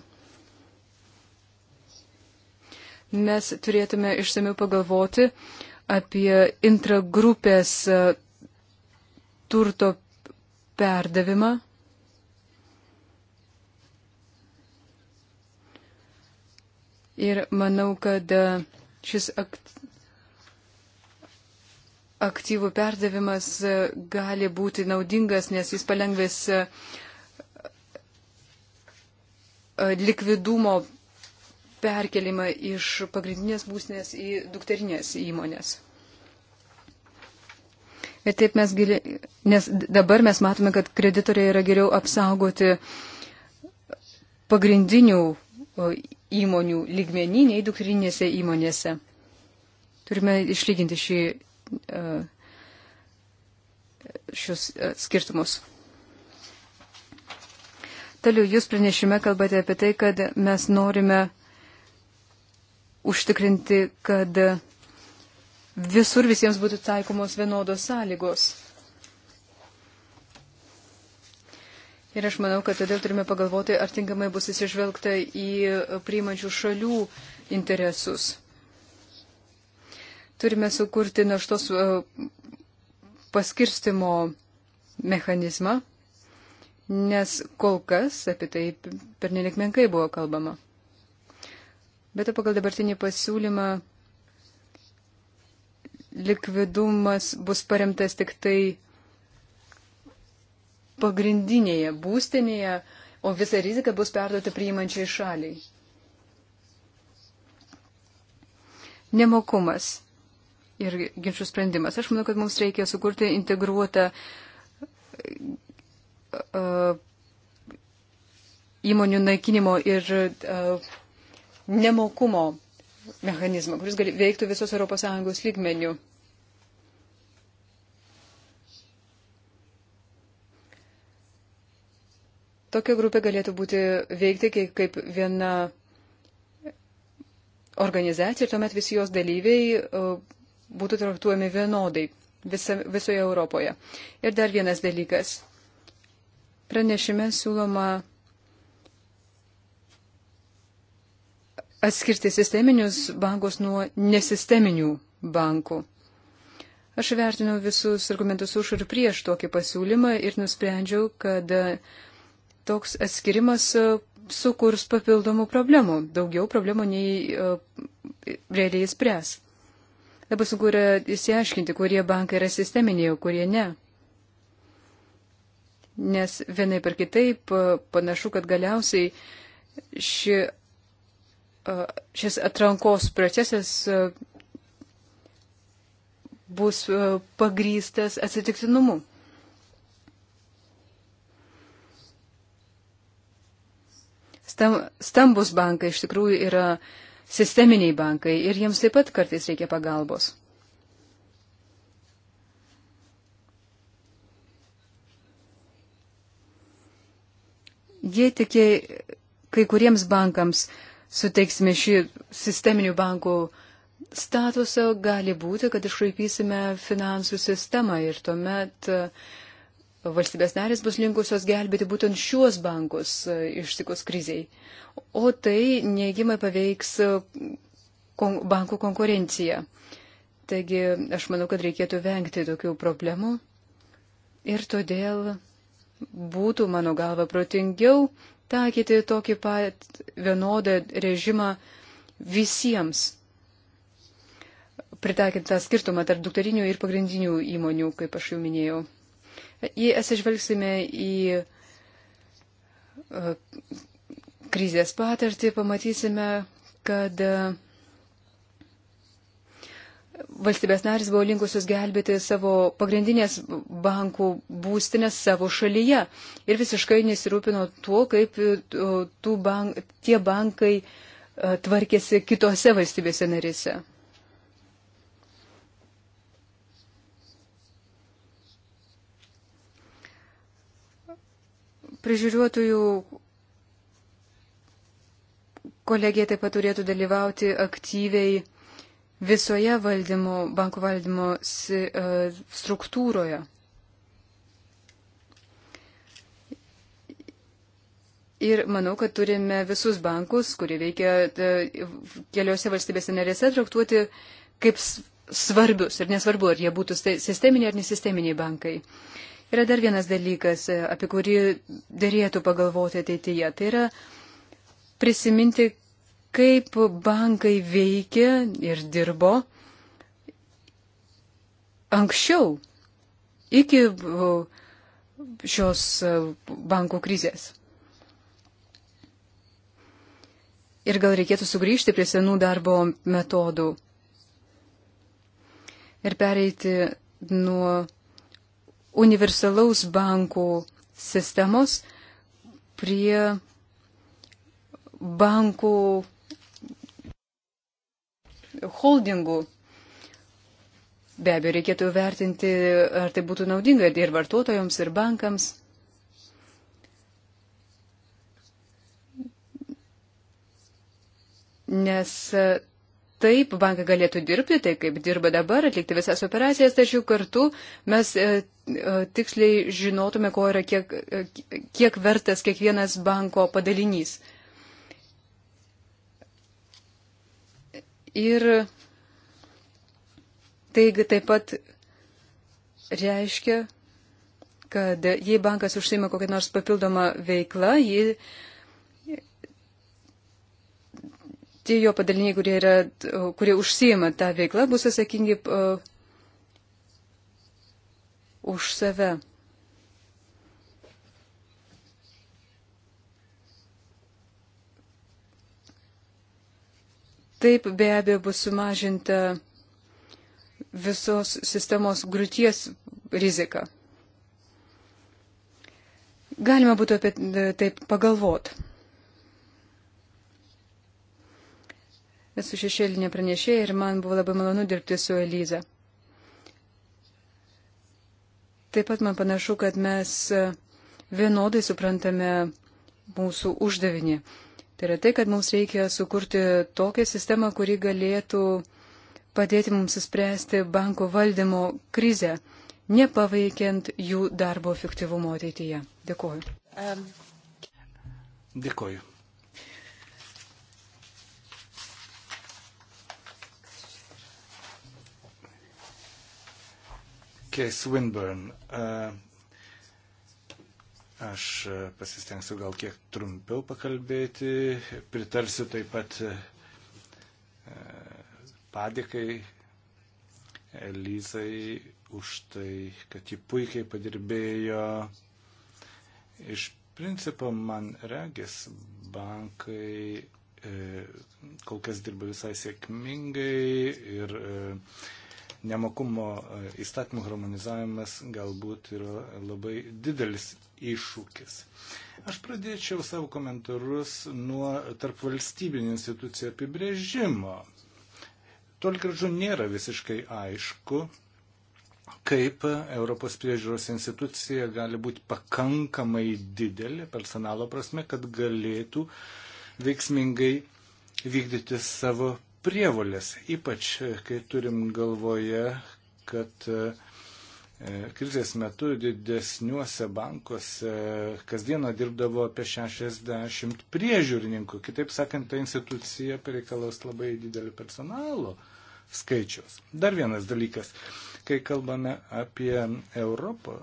mes turėtume išsamiu pagalvoti apie intragrupės e, turto perdavimą Ir manau, kad e, šis aktyvų perdavimas e, gali būti naudingas, nes jis palengvės e, likvidumo perkelimą iš pagrindinės būsnės į dukterinės įmonės. Bet taip mes gili, nes dabar mes matome, kad kreditoriai yra geriau apsaugoti pagrindinių įmonių lygmenį nei dukterinėse įmonėse. Turime išlyginti šį, e, šios e, skirtumus. Toliau jūs pranešime kalbate apie tai, kad mes norime užtikrinti, kad visur visiems būtų taikomos vienodos sąlygos. Ir aš manau, kad todėl turime pagalvoti, ar tinkamai bus įsižvelgta į priimančių šalių interesus. Turime sukurti naštos e, paskirstimo mechanizmą, nes kol kas apie tai per nelik menkai buvo kalbama. Bet pagal dabartinį pasiūlymą likvidumas bus paremtas tik tai pagrindinėje būstinėje, o visa rizika bus perduota priimančiai šaliai. Nemokumas ir ginčių sprendimas. Aš manau, kad mums reikia sukurti integruotą uh, įmonių naikinimo ir uh, nemokumo mechanizmą, kuris gali, veiktų visos ES lygmenių. Tokia grupė galėtų būti veikti kaip viena organizacija ir tuomet visi jos dalyviai e, būtų traktuojami vienodai visa, visoje Europoje. Ir dar vienas dalykas. Pranešime siūloma atskirti sisteminius bankus nuo nesisteminių bankų. Aš vertinau visus argumentus už ir prieš tokį pasiūlymą ir nusprendžiau, kad toks atskirimas e, sukurs papildomų problemų, daugiau problemų nei e, realiai spręs. Labai sunku yra įsiaiškinti, kurie bankai yra sisteminiai, o kurie ne. Nes vienai per kitaip e, panašu, kad galiausiai ši, šis atrankos procesas bus pagrystas atsitiktinumu. Stambus bankai iš tikrųjų yra sisteminiai bankai ir jiems taip pat kartais reikia pagalbos. Jei tik kai kuriems bankams suteiksime šį sisteminių bankų statusą, gali būti, kad išraipysime finansų sistemą ir tuomet uh, valstybės narės bus linkusios gelbėti būtent šiuos bankus e, ištikus kriziai. O tai neįgimai paveiks e, kon bankų konkurenciją. Taigi aš manau, kad reikėtų vengti tokių problemų ir todėl būtų, mano galva, protingiau taikyti tokį pat vienodą režimą visiems pritaikint tą skirtumą tarp dukterinių ir pagrindinių įmonių, kaip aš jau minėjau. Jei atsižvelgsime į e, krizės patirtį, pamatysime, kad e, valstybės narys buvo linkusios gelbėti savo pagrindinės bankų būstinės savo šalyje ir visiškai nesirūpino tuo, kaip e, bank, tie bankai tvarkėsi kitose valstybėse narėse. Prižiūriuotojų kolegija taip pat turėtų dalyvauti aktyviai visoje valdymo, bankų valdymo e, struktūroje. Ir manau, kad turime visus bankus, kurie veikia e, keliose valstybėse narėse, traktuoti kaip svarbius. Ir nesvarbu, ar jie būtų sisteminiai ar nesisteminiai bankai. Uh, Yra dar vienas dalykas, e, apie kurį dėrėtų pagalvoti ateityje. Tai yra prisiminti, kaip bankai veikė ir dirbo anksčiau, iki e, šios e, bankų krizės. Ir gal reikėtų sugrįžti prie senų darbo metodų ir pereiti nuo universalaus bankų sistemos prie bankų holdingų. Be abejo, reikėtų vertinti, ar tai būtų naudinga ir vartotojams, ir bankams. Nes taip bankai galėtų dirbti, taip kaip dirba dabar, atlikti visas operacijas, tačiau kartu mes e, e, tiksliai žinotume, ko yra kiek, e, kiek vertas kiekvienas banko padalinys. Ir taigi taip pat reiškia, kad jei bankas užsima kokią nors papildomą veiklą, jį tie jo padaliniai, kurie, yra, kurie užsijima tą veiklą, bus atsakingi uh, už save. Taip be abejo bus sumažinta visos sistemos grūties rizika. Galima būtų apie e, taip pagalvoti. esu šešėlinė pranešėja ir man buvo labai malonu dirbti su Eliza. Taip pat man panašu, kad mes e, vienodai suprantame mūsų uždavinį. Tai yra tai, kad mums reikia sukurti tokią sistemą, kuri galėtų padėti mums įspręsti bankų valdymo krizę, nepaveikiant jų darbo efektyvumo ateityje. Dėkoju. Um. Dėkoju. Kay Swinburne. Uh, aš uh, pasistengsiu gal kiek trumpiau pakalbėti, pritarsiu taip pat uh, padėkai Elizai už tai, kad ji puikiai padirbėjo. Iš principo, man regis, bankai kol kas dirba visai sėkmingai ir nemokumo e, įstatymų harmonizavimas galbūt yra labai didelis iššūkis. Aš pradėčiau savo komentarus nuo tarp valstybinio institucijų apibrėžimo. Tol gražu nėra visiškai aišku, kaip Europos priežiūros institucija gali būti pakankamai didelė personalo prasme, kad galėtų veiksmingai vykdyti savo prievolės, ypač e, kai turim galvoje, kad e, e, krizės metu didesniuose bankuose kasdieną dirbdavo apie 60 priežiūrininkų. Kitaip sakant, ta institucija pareikalaus labai didelį personalo skaičiaus. Dar vienas dalykas, kai kalbame apie Europą,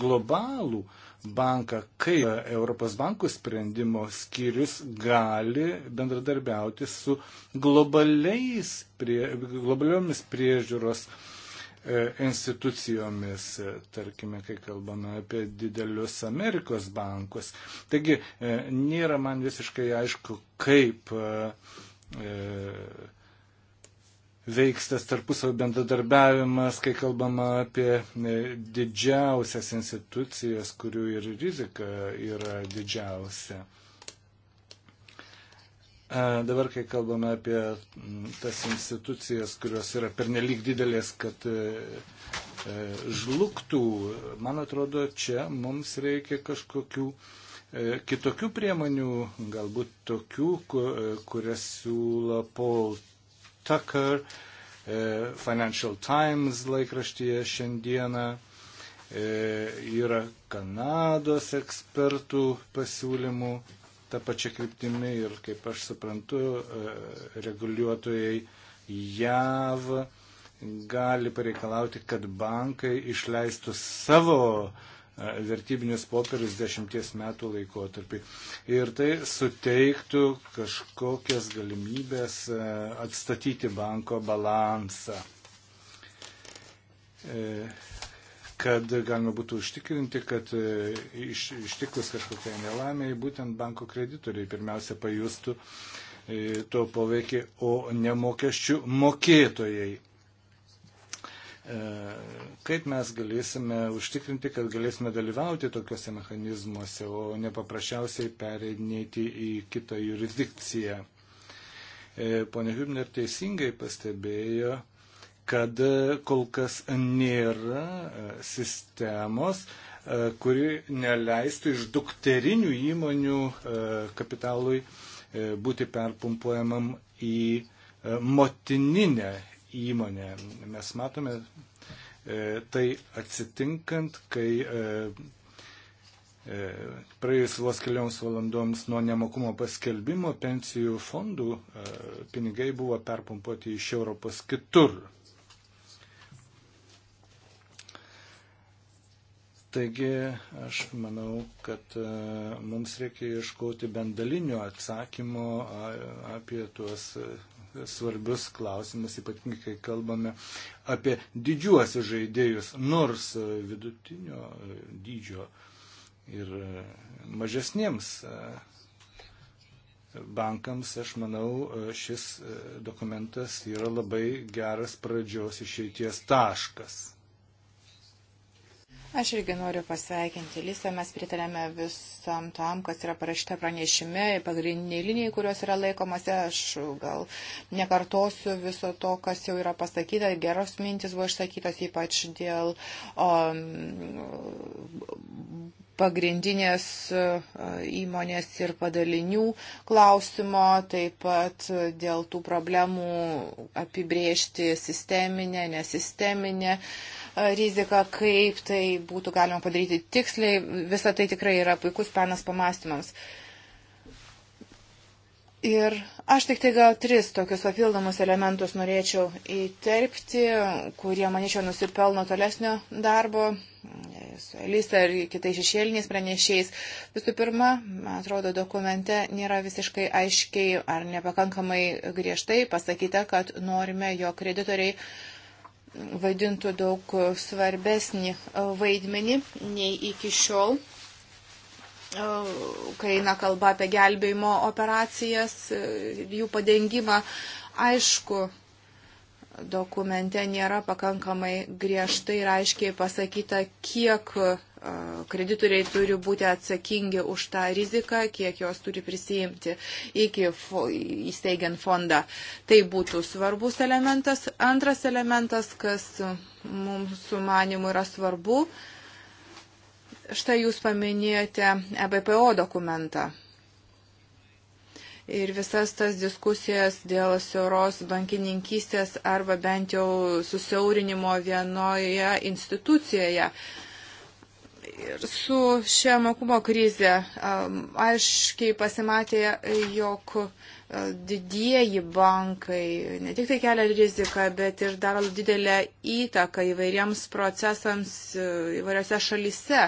globalų banką, kai Europos bankų sprendimo skyrius gali bendradarbiauti su prie, globaliomis priežiūros e, institucijomis, tarkime, kai kalbame apie didelius Amerikos bankus. Taigi, e, nėra man visiškai aišku, kaip e, e veiks tas tarpusavio bendradarbiavimas, kai kalbama apie e, didžiausias institucijas, kurių ir rizika yra didžiausia. E, dabar, kai kalbame apie tas institucijas, kurios yra pernelyg didelės, kad e, žlugtų, man atrodo, čia mums reikia kažkokių kitokių priemonių, galbūt tokių, kurias siūlo Paul Tucker e, Financial Times laikraštyje šiandieną. E, yra Kanados ekspertų pasiūlymų tą pačią kryptimį ir, kaip aš suprantu, e, reguliuotojai JAV gali pareikalauti, kad bankai išleistų savo uh, vertybinius popierius dešimties metų laikotarpį. Ir tai suteiktų kažkokias galimybės atstatyti banko balansą, e, kad galima būtų užtikrinti, kad e, iš, ištikus kažkokiai nelaimiai, būtent banko kreditoriai pirmiausia pajustų e, to poveikį, o ne mokesčių mokėtojai. E, kaip mes galėsime užtikrinti, kad galėsime dalyvauti tokiuose mechanizmuose, o ne paprasčiausiai pereidinėti į kitą jurisdikciją. E, pone Hübner teisingai pastebėjo, kad kol kas nėra e, sistemos, kuri neleistų iš dukterinių įmonių kapitalui būti perpumpuojamam į motininę įmonę. Mes matome e, tai atsitinkant, kai e, e, praėjus vos kelioms valandoms nuo nemokumo paskelbimo pensijų fondų pinigai buvo perpumpuoti iš Europos kitur. Taigi aš manau, kad e, mums reikia ieškoti bendalinio atsakymo apie tuos e, svarbius klausimus, ypatingai kai kalbame apie didžiuosius žaidėjus, nors e, vidutinio dydžio ir mažesniems bankams, aš manau, šis dokumentas yra labai geras pradžios išeities taškas. Aš irgi noriu pasveikinti Lysą, mes pritarėme visam tam, kas yra parašyta pranešime, pagrindiniai linijai, kurios yra laikomasi. Aš gal nekartosiu viso to, kas jau yra pasakyta, geros mintis buvo išsakytos, ypač dėl. Um, pagrindinės uh, įmonės ir padalinių klausimo, taip pat dėl tų problemų apibriežti sisteminę, nesisteminę. Uh, riziką, kaip tai būtų galima padaryti tiksliai. Visa tai tikrai yra puikus penas pamastymams. Ir aš tik tai gal tris tokius papildomus elementus norėčiau įterpti, kurie, manyčiau, nusipelno tolesnio darbo su Elisa ir kitais šešėliniais pranešiais. Visų pirma, man atrodo, dokumente nėra visiškai aiškiai ar nepakankamai griežtai pasakyta, kad norime, jog kreditoriai uh, vaidintų daug svarbesnį e, vaidmenį nei iki šiol, e, kai eina kalba apie gelbėjimo operacijas e, ir jų padengimą. Aišku, dokumente nėra pakankamai griežtai ir aiškiai pasakyta, kiek kreditoriai turi būti atsakingi už tą riziką, kiek jos turi prisijimti iki įsteigiant fondą. Tai būtų svarbus elementas. Antras elementas, kas mums su manimu yra svarbu, štai jūs paminėjote EBPO dokumentą. Ir visas tas diskusijas dėl siauros bankininkystės arba bent jau susiaurinimo vienoje institucijoje. Uh, Ir su šia mokumo krize aiškiai pasimatė, jog e, didieji bankai ne tik tai kelia riziką, bet ir daro didelę įtaką įvairiems procesams e, įvairiose šalise.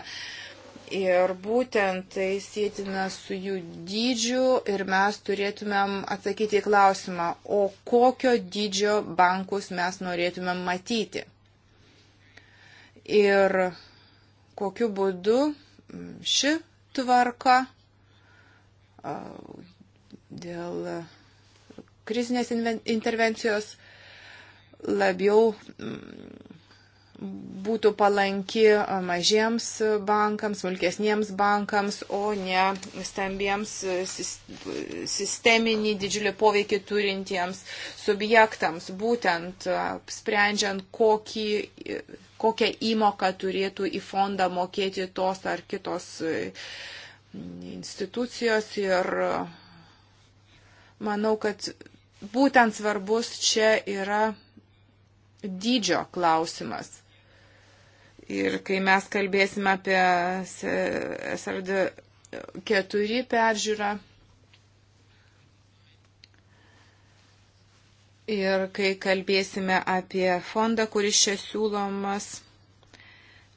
Ir būtent tai sėtina su jų dydžiu ir mes turėtumėm atsakyti į klausimą, o kokio dydžio bankus mes norėtumėm matyti. Ir kokiu būdu mm, ši tvarka dėl krizinės intervencijos labiau mm, būtų palanki mažiems bankams, smulkesniems bankams, o ne stambiems e, sisteminį didžiulį poveikį turintiems subjektams, būtent sprendžiant, kokį kokią įmoką turėtų į fondą mokėti tos ar kitos e, institucijos. Ir e, manau, kad būtent svarbus čia yra dydžio klausimas. Ir kai mes kalbėsime apie SRD 4 peržiūrą, Ir kai kalbėsime apie fondą, kuris čia siūlomas,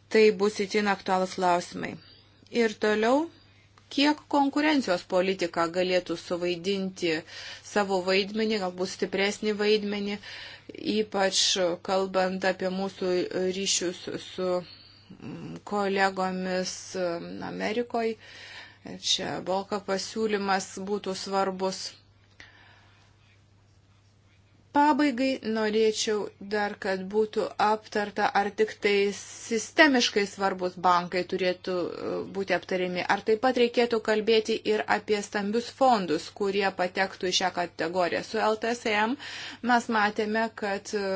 tai bus įtin aktualus klausimai. Ir toliau, kiek konkurencijos politika galėtų suvaidinti savo vaidmenį, galbūt stipresnį vaidmenį, ypač kalbant apie mūsų ryšius su mm, kolegomis mm, Amerikoje. Čia Bolka pasiūlymas būtų svarbus Pabaigai norėčiau dar, kad būtų aptarta, ar tik tai sistemiškai svarbus bankai turėtų e, būti aptariami, ar taip pat reikėtų kalbėti ir apie stambius fondus, kurie patektų į šią kategoriją. Su LTSM mes matėme, kad e,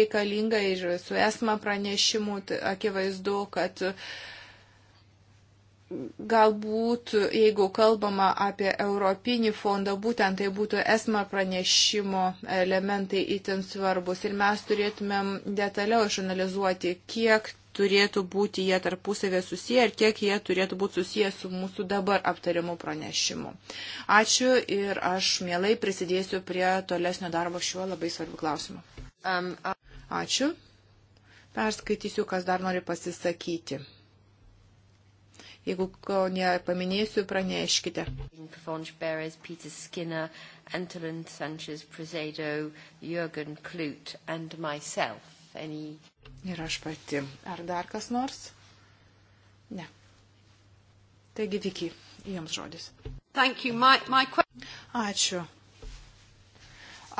reikalinga ir su esma pranešimu akivaizdu, kad uh, Galbūt, jeigu kalbama apie Europinį fondą, būtent tai būtų esma pranešimo elementai itin svarbus ir mes turėtumėm detaliau išanalizuoti, kiek turėtų būti jie tarpusavė susiję ir kiek jie turėtų būti susiję su mūsų dabar aptariamu pranešimu. Ačiū ir aš mielai prisidėsiu prie tolesnio darbo šiuo labai svarbiu klausimu. Um, uh, Ačiū. Perskaitysiu, kas dar nori pasisakyti. Jeigu ko nepaminėsiu, praneškite. Antolin Sanchez Prezedo, Jürgen Klut and myself. Any... Ir aš pati. Ar dar kas nors? Ne. Taigi, Viki, jums žodis. Thank you. My, my... Ačiū.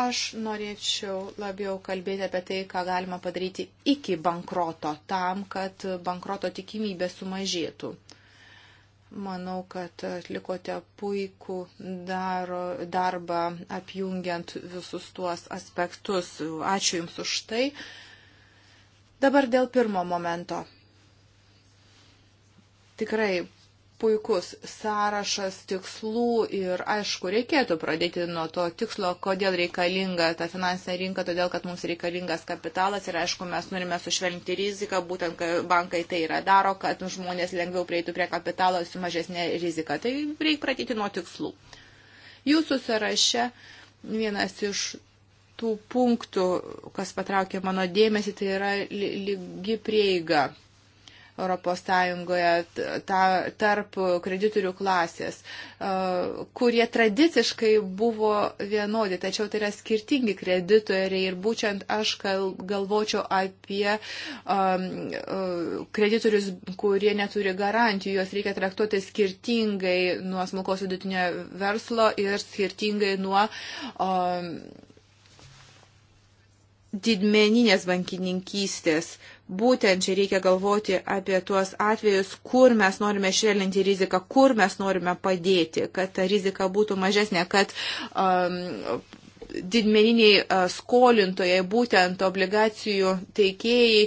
Aš norėčiau labiau kalbėti apie tai, ką galima padaryti iki bankroto, tam, kad bankroto tikimybė sumažėtų. Manau, kad atlikote puikų daro, darbą apjungiant visus tuos aspektus. Ačiū Jums už tai. Dabar dėl pirmo momento. Tikrai puikus sąrašas tikslų ir aišku, reikėtų pradėti nuo to tikslo, kodėl reikalinga ta finansinė rinka, todėl kad mums reikalingas kapitalas ir aišku, mes norime sušvelninti riziką, būtent bankai tai yra daro, kad žmonės lengviau prieitų prie kapitalo su mažesnė rizika. Tai reikia pradėti nuo tikslų. Jūsų sąraše vienas iš tų punktų, kas patraukė mano dėmesį, tai yra lygi prieiga ES ta, tarp kreditorių klasės, e, kurie tradiciškai buvo vienodi, tačiau tai yra skirtingi kreditoriai ir būtent aš galvočiau apie e, kreditorius, kurie neturi garantijų, juos reikia traktuoti skirtingai nuo smulkos vidutinio verslo ir skirtingai nuo didmeninės bankininkystės Būtent čia reikia galvoti apie tuos atvejus, kur mes norime švelninti riziką, kur mes norime padėti, kad ta rizika būtų mažesnė, kad um, didmeniniai uh, skolintojai, būtent obligacijų teikėjai,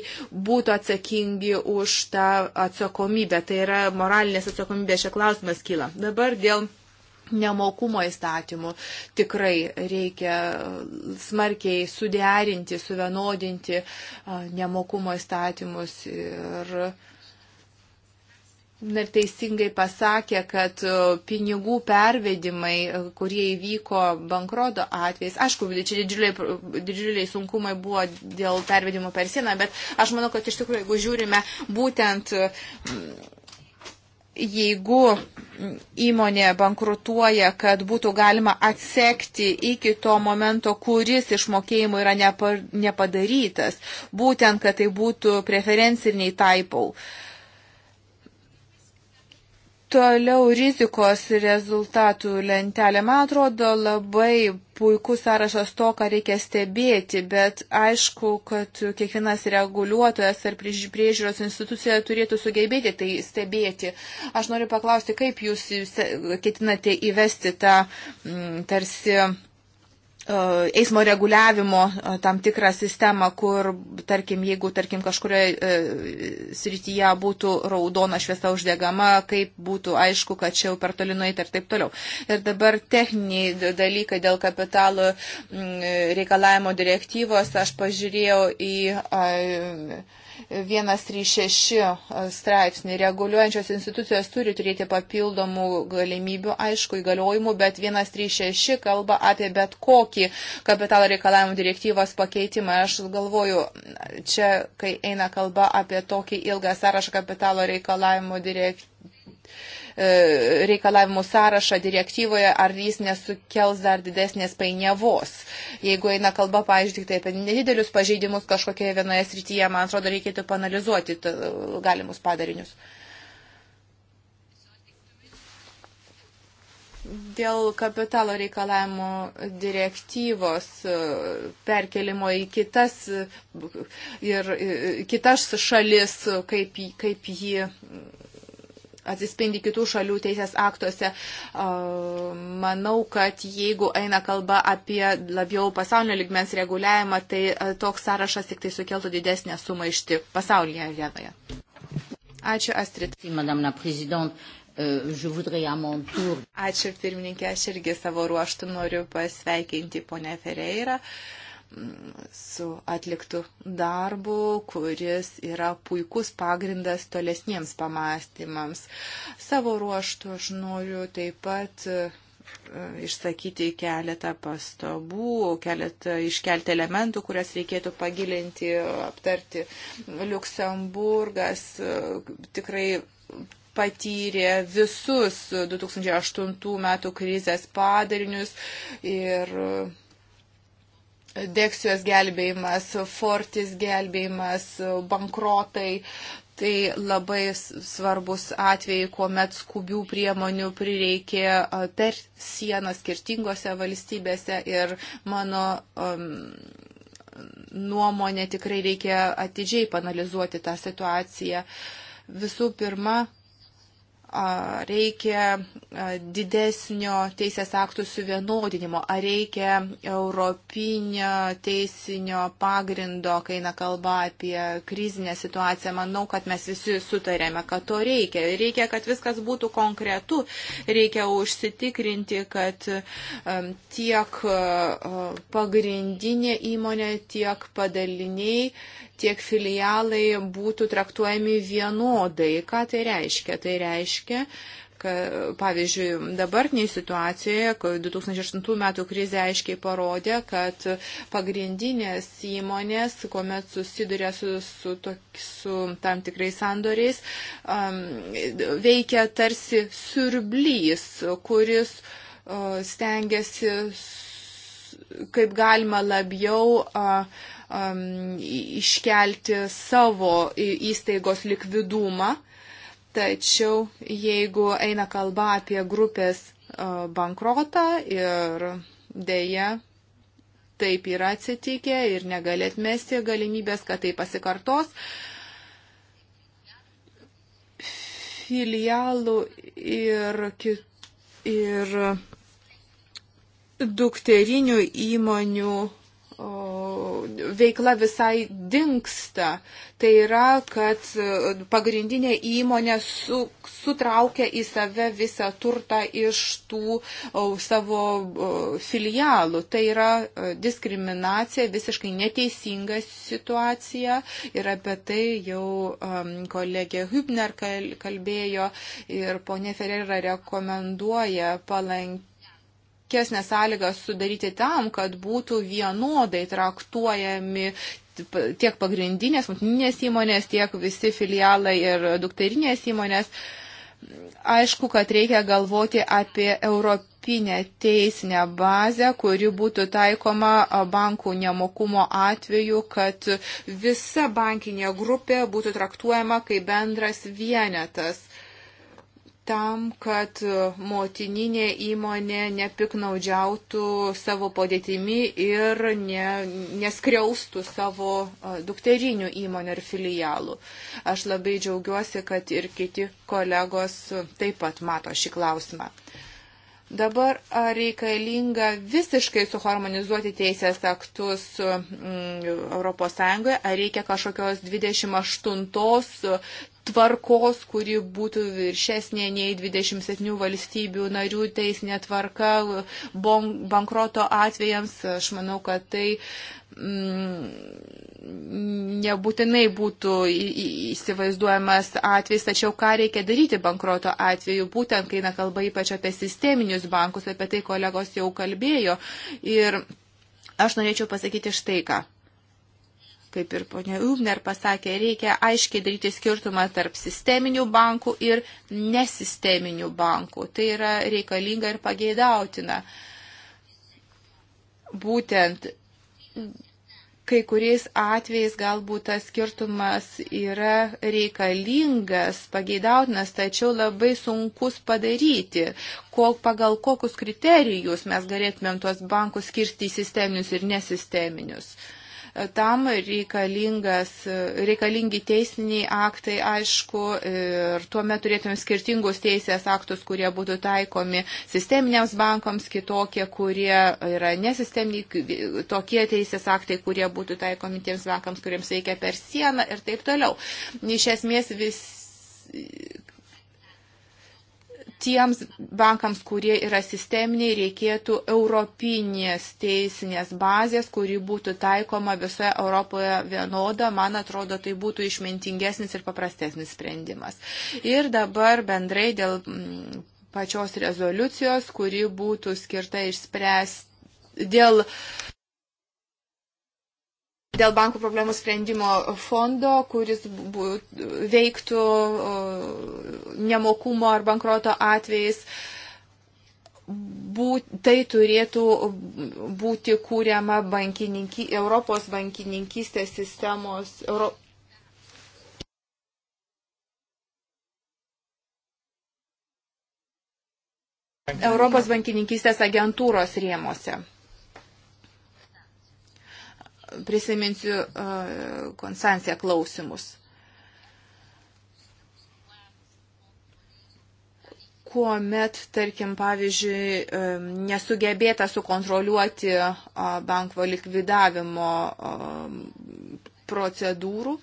būtų atsakingi už tą atsakomybę. Tai yra moralinės atsakomybės šia klausimas kyla. Dabar dėl nemokumo įstatymų. Tikrai reikia smarkiai suderinti, suvienodinti nemokumo įstatymus ir ir teisingai pasakė, kad pinigų pervedimai, kurie įvyko bankroto atvejais, aišku, čia didžiuliai, didžiuliai sunkumai buvo dėl pervedimų per sieną, bet aš manau, kad iš tikrųjų, jeigu žiūrime būtent jeigu įmonė bankrutuoja, kad būtų galima atsekti iki to momento, kuris išmokėjimų yra nepadarytas, būtent, kad tai būtų preferenciniai taipau. Uh, Toliau rizikos rezultatų lentelė. Man atrodo labai puikus sąrašas to, ką reikia stebėti, bet aišku, kad kiekvienas reguliuotojas ar priežiūros institucija turėtų sugebėti tai stebėti. Aš noriu paklausti, kaip jūs ketinate įvesti tą tarsi E, eismo reguliavimo e, tam tikrą sistemą, kur, tarkim, jeigu, tarkim, kažkurioje e, srityje būtų raudona šviesa uždegama, kaip būtų aišku, kad čia jau per toli nueiti ir taip toliau. Ir dabar techniniai dalykai dėl kapitalo reikalavimo direktyvos, aš pažiūrėjau į. A, 136 e, straipsnį. Reguliuojančios institucijos turi turėti papildomų galimybių, aišku, įgaliojimų, bet 136 kalba apie bet kokį kapitalo reikalavimų direktyvos pakeitimą. Aš galvoju, čia, kai eina kalba apie tokį ilgą sąrašą kapitalo reikalavimų direktyvos E, reikalavimų sąrašą direktyvoje, ar jis nesukels dar didesnės painiavos. Jeigu eina kalba, pavyzdžiui, tik tai apie nedidelius pažeidimus kažkokioje vienoje srityje, man atrodo, reikėtų panalizuoti galimus padarinius. dėl kapitalo reikalavimo direktyvos e, perkelimo į kitas, e, ir, kitas šalis, kaip, kaip jį atsispindi kitų šalių teisės aktuose. Manau, kad jeigu eina kalba apie labiau pasaulinio ligmens reguliavimą, tai toks sąrašas tik tai sukeltų didesnę sumaištį pasaulyje vienoje. Ačiū, Astrid. Euh, Ačiū, pirmininkė, aš irgi savo ruoštų noriu pasveikinti ponę Ferreirą. Uh, su atliktu darbu, kuris yra puikus pagrindas tolesniems pamastymams. Savo ruoštų aš noriu taip pat e, išsakyti keletą pastabų, keletą iškelti elementų, kurias reikėtų pagilinti, aptarti. Luksemburgas e, tikrai patyrė visus 2008 metų krizės padarinius ir Deksijos gelbėjimas, Fortis gelbėjimas, bankrotai. Tai labai svarbus atvejai, kuomet skubių priemonių prireikė per sieną skirtingose valstybėse ir mano um, nuomonė tikrai reikia atidžiai panalizuoti tą situaciją. Visų pirma, reikia didesnio teisės aktų suvienodinimo, ar reikia europinio teisinio pagrindo, kai eina kalba apie krizinę situaciją. Manau, kad mes visi sutarėme, kad to reikia. Reikia, kad viskas būtų konkretu. Reikia užsitikrinti, kad tiek pagrindinė įmonė, tiek padaliniai tiek filialai būtų traktuojami vienodai. Ką tai reiškia? Tai reiškia, kad, pavyzdžiui, dabartinėje situacijoje, 2008 metų krizė aiškiai parodė, kad pagrindinės įmonės, kuomet susiduria su, su, su, su tam tikrais sandoriais, um, veikia tarsi surblys, kuris uh, stengiasi kaip galima labiau uh, um, iškelti savo įstaigos likvidumą. Tačiau jeigu eina kalba apie grupės uh, bankrotą ir dėja taip yra atsitikę ir negalėt mesti galimybės, kad tai pasikartos, filialų ir kitų. Ir dukterinių įmonių veikla visai dinksta. Tai yra, kad e, pagrindinė įmonė su, sutraukia į save visą turtą iš tų o, savo o, filialų. Tai yra e, diskriminacija, visiškai neteisinga situacija ir apie tai jau um, kolegė Hübner kalbėjo ir ponė Ferreira rekomenduoja palankiai palankesnės sąlygas sudaryti tam, kad būtų vienodai traktuojami tiek pagrindinės, mūtinės įmonės, tiek visi filialai ir dukterinės įmonės. Aišku, kad reikia galvoti apie europinę teisinę bazę, kuri būtų taikoma bankų nemokumo atveju, kad visa bankinė grupė būtų traktuojama kaip bendras vienetas. Uh, tam, kad motininė įmonė nepiknaudžiautų savo padėtimi ir ne, neskriaustų savo dukterinių įmonių ir filialų. Aš labai džiaugiuosi, kad ir kiti kolegos taip pat mato šį klausimą. Dabar reikalinga visiškai suharmonizuoti teisės aktus ES, ar reikia kažkokios 28 tvarkos, kuri būtų viršesnė nei 27 valstybių narių teisinė tvarka bon, bankroto atvejams. Aš manau, kad tai mm, nebūtinai būtų įsivaizduojamas atvejs, tačiau ką reikia daryti bankroto atveju, būtent kai na kalba ypač apie sisteminius bankus, apie tai kolegos jau kalbėjo. Ir aš norėčiau pasakyti štai ką kaip ir ponia Ubner pasakė, reikia aiškiai daryti skirtumą tarp sisteminių bankų ir nesisteminių bankų. Tai yra reikalinga ir pageidautina. Būtent kai kuriais atvejais galbūt tas skirtumas yra reikalingas, pageidautinas, tačiau labai sunkus padaryti, kol, pagal kokius kriterijus mes galėtumėm tuos bankus skirsti į sisteminius ir nesisteminius. Uh, Tam reikalingi teisiniai aktai, aišku, ir tuomet turėtume skirtingus teisės aktus, kurie būtų taikomi sisteminiams bankams, kitokie, kurie yra nesisteminiai, tokie teisės aktai, kurie būtų taikomi tiems bankams, kuriems veikia per sieną ir taip toliau. Iš esmės vis tiems bankams, kurie yra sisteminiai, reikėtų europinės teisinės bazės, kuri būtų taikoma visoje Europoje vienoda. Man atrodo, tai būtų išmintingesnis ir paprastesnis sprendimas. Ir dabar bendrai dėl mm, pačios rezoliucijos, kuri būtų skirta išspręsti dėl dėl bankų problemų sprendimo fondo, kuris veiktų uh, nemokumo ar bankroto atvejais. Būt, tai turėtų būti kūriama bankininky, Europos bankininkystės sistemos, Euro, Europos bankininkystės agentūros rėmose prisiminsiu e, Konstanciją klausimus. kuomet, tarkim, pavyzdžiui, e, nesugebėta sukontroliuoti e, bankvo likvidavimo procedūrų,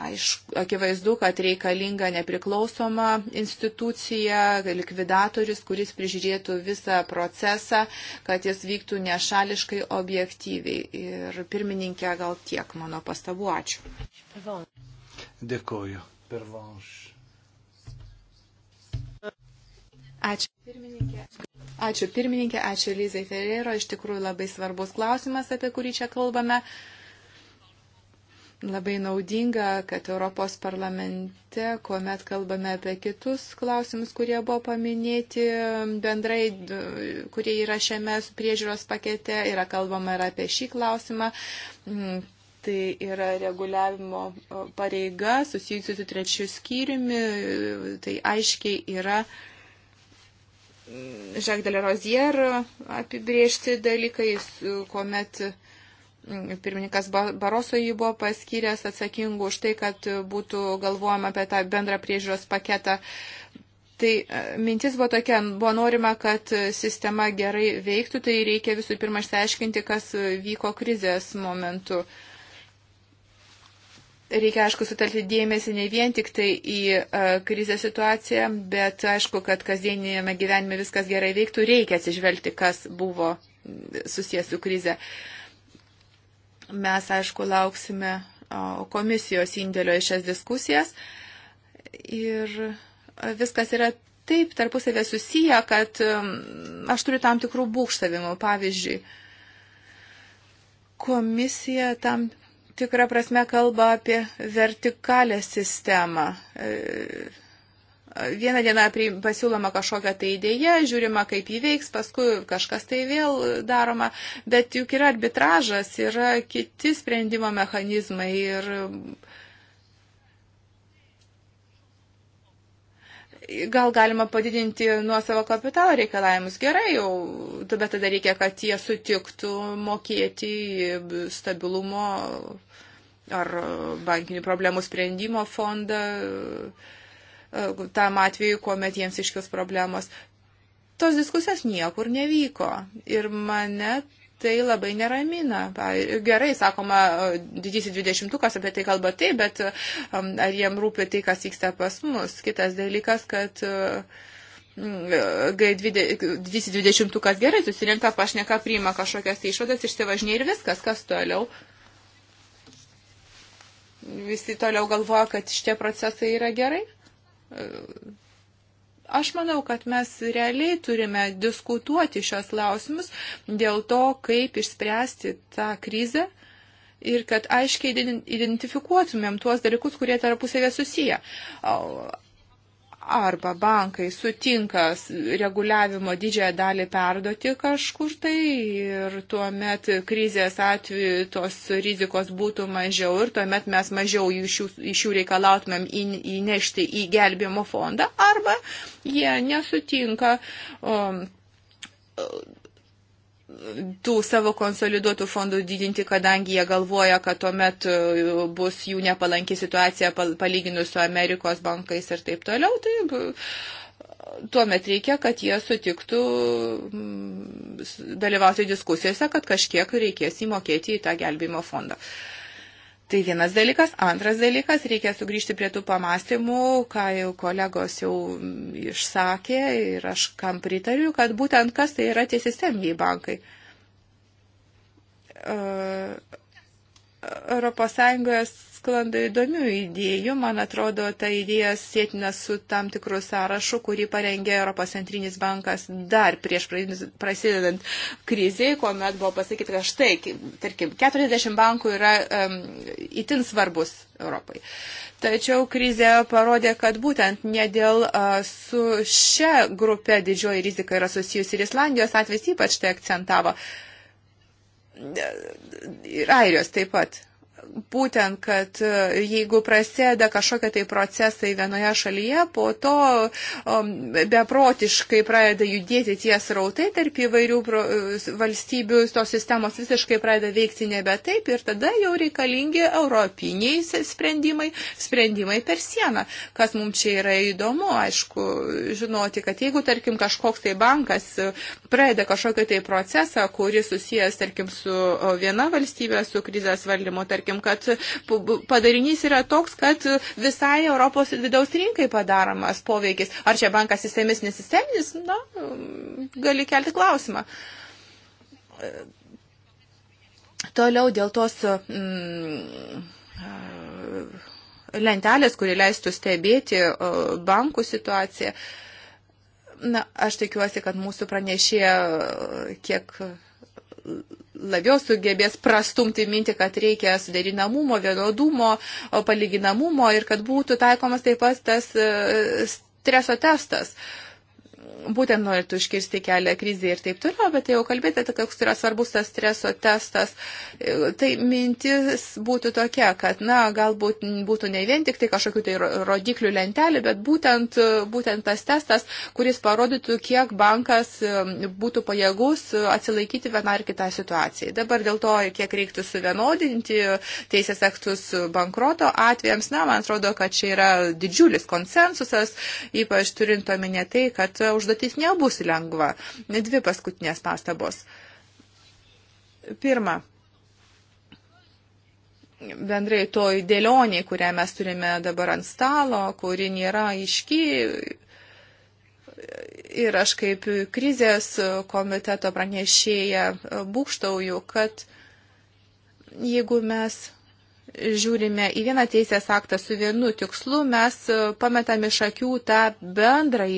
Aišku, akivaizdu, kad reikalinga nepriklausoma institucija, likvidatorius, kuris prižiūrėtų visą procesą, kad jis vyktų nešališkai objektyviai. Ir pirmininkė gal tiek mano pastabų. Ačiū. Dėkoju. Pervanš. Ačiū pirmininkė. Ačiū pirmininkė, ačiū Lizai Ferrero. Iš tikrųjų labai svarbus klausimas, apie kurį čia kalbame labai naudinga, kad Europos parlamente, kuomet kalbame apie kitus klausimus, kurie buvo paminėti bendrai, kurie yra šiame priežiūros pakete, yra kalbama ir apie šį klausimą. Mm, tai yra reguliavimo pareiga susijusi su trečiu skyriumi, tai aiškiai yra. Žak mm, Delerozier apibriežti dalykai, kuomet pirmininkas Baroso jį buvo paskyręs atsakingų už tai, kad būtų galvojama apie tą bendrą priežiūros paketą. Tai e, mintis buvo tokia, buvo norima, kad sistema gerai veiktų, tai reikia visų pirma išsiaiškinti, kas vyko krizės momentu reikia, aišku, sutelkti dėmesį ne vien tik tai į e, krizę situaciją, bet aišku, kad kasdieninėme gyvenime viskas gerai veiktų, reikia atsižvelgti, kas buvo susijęs su krize. Uh, Mes, aišku, lauksime komisijos indėlio į šias diskusijas. Ir viskas yra taip tarpusavė susiję, kad aš turiu tam tikrų būkštavimų. Pavyzdžiui, komisija tam tikrą prasme kalba apie vertikalę sistemą. E, vieną dieną pasiūloma kažkokia tai idėja, žiūrima, kaip jį veiks, paskui kažkas tai vėl daroma, bet juk yra arbitražas, yra kiti sprendimo mechanizmai ir gal galima padidinti nuo savo kapitalo reikalavimus. Gerai, jau, bet tada reikia, kad jie sutiktų mokėti stabilumo ar bankinių problemų sprendimo fondą. Uh, tam atveju, kuomet jiems iškils problemos. Tos diskusijos niekur nevyko ir mane tai labai neramina. Gerai, sakoma, didysis dvidešimtukas apie tai kalba taip, bet um, ar jiem rūpi tai, kas vyksta pas mus? Kitas dalykas, kad uh, didysis dvidešimtukas gerai susirinka, pašneka, priima kažkokias tai išvadas, išsivažinė ir viskas, kas toliau. Visi toliau galvoja, kad šitie procesai yra gerai. Aš manau, kad mes realiai turime diskutuoti šios klausimus dėl to, kaip išspręsti tą krizę ir kad aiškiai identifikuotumėm tuos dalykus, kurie tarpusavė susiję arba bankai sutinka reguliavimo didžiąją dalį perduoti kažkur tai ir tuomet krizės atveju tos rizikos būtų mažiau ir tuomet mes mažiau iš jų, iš jų reikalautumėm įnešti į gelbėjimo fondą arba jie nesutinka. Um, tų savo konsoliduotų fondų didinti, kadangi jie galvoja, kad tuomet e, bus jų nepalanki situacija palyginus su Amerikos bankais ir taip toliau. Tai, tuomet reikia, kad jie sutiktų dalyvauti diskusijose, kad kažkiek reikės įmokėti į tą gelbimo fondą. Uh, Tai vienas dalykas. Antras dalykas, reikia sugrįžti prie tų pamastymų, ką jau kolegos jau išsakė ir aš kam pritariu, kad būtent kas tai yra tie sisteminiai bankai. Uh, Europos Sąjungos sklando įdomių idėjų. Man atrodo, ta idėja sėtina su tam tikru sąrašu, kurį parengė Europos centrinis bankas dar prieš prasidedant kriziai, kuomet buvo pasakyti, kad štai, tarkim, 40 bankų yra um, itin svarbus Europai. Tačiau krizė parodė, kad būtent ne dėl uh, su šia grupė didžioji rizika yra susijusi ir Islandijos atvejs ypač tai akcentavo. Ir Airijos taip pat būtent, kad e, jeigu prasideda kažkokie tai procesai vienoje šalyje, po to um, beprotiškai pradeda judėti tie srautai tarp įvairių e, valstybių, tos sistemos visiškai pradeda veikti nebe taip ir tada jau reikalingi europiniai sprendimai, sprendimai per sieną. Kas mums čia yra įdomu, aišku, žinoti, kad jeigu, tarkim, kažkoks tai bankas e, pradeda kažkokį tai procesą, kuris susijęs, tarkim, su viena valstybė, su krizės valdymu, tarkim, matėm, kad padarinys yra toks, kad visai Europos vidaus rinkai padaromas poveikis. Ar čia bankas sistemis, nesisteminis, na, gali kelti klausimą. Toliau dėl tos. Mm, lentelės, kuri leistų stebėti bankų situaciją. Na, aš tikiuosi, kad mūsų pranešė kiek labiau sugebės prastumti mintį, kad reikia suderinamumo, vienodumo, palyginamumo ir kad būtų taikomas taip pat tas e, streso testas. Uh, būtent norėtų iškirsti kelią krizį ir taip toliau, bet jau kalbėjote, tai, koks yra svarbus tas streso testas, tai mintis būtų tokia, kad, na, galbūt būtų ne vien tik tai kažkokių tai rodiklių lentelė, bet būtent, būtent tas testas, kuris parodytų, kiek bankas um, būtų pajėgus atsilaikyti vieną ar kitą situaciją. Dabar dėl to, kiek reiktų suvienodinti teisės aktus bankroto atvejams, na, man atrodo, kad čia yra didžiulis konsensusas, ypač turint omenyje tai, kad uh, užduotis užduotis nebus lengva. Dvi paskutinės pastabos. Pirma, bendrai toj dėlioniai, kurią mes turime dabar ant stalo, kuri nėra iški. Ir aš kaip krizės komiteto pranešėja būkštauju, kad jeigu mes žiūrime į vieną teisės aktą su vienu tikslu, mes e, pametame iš akių tą bendrą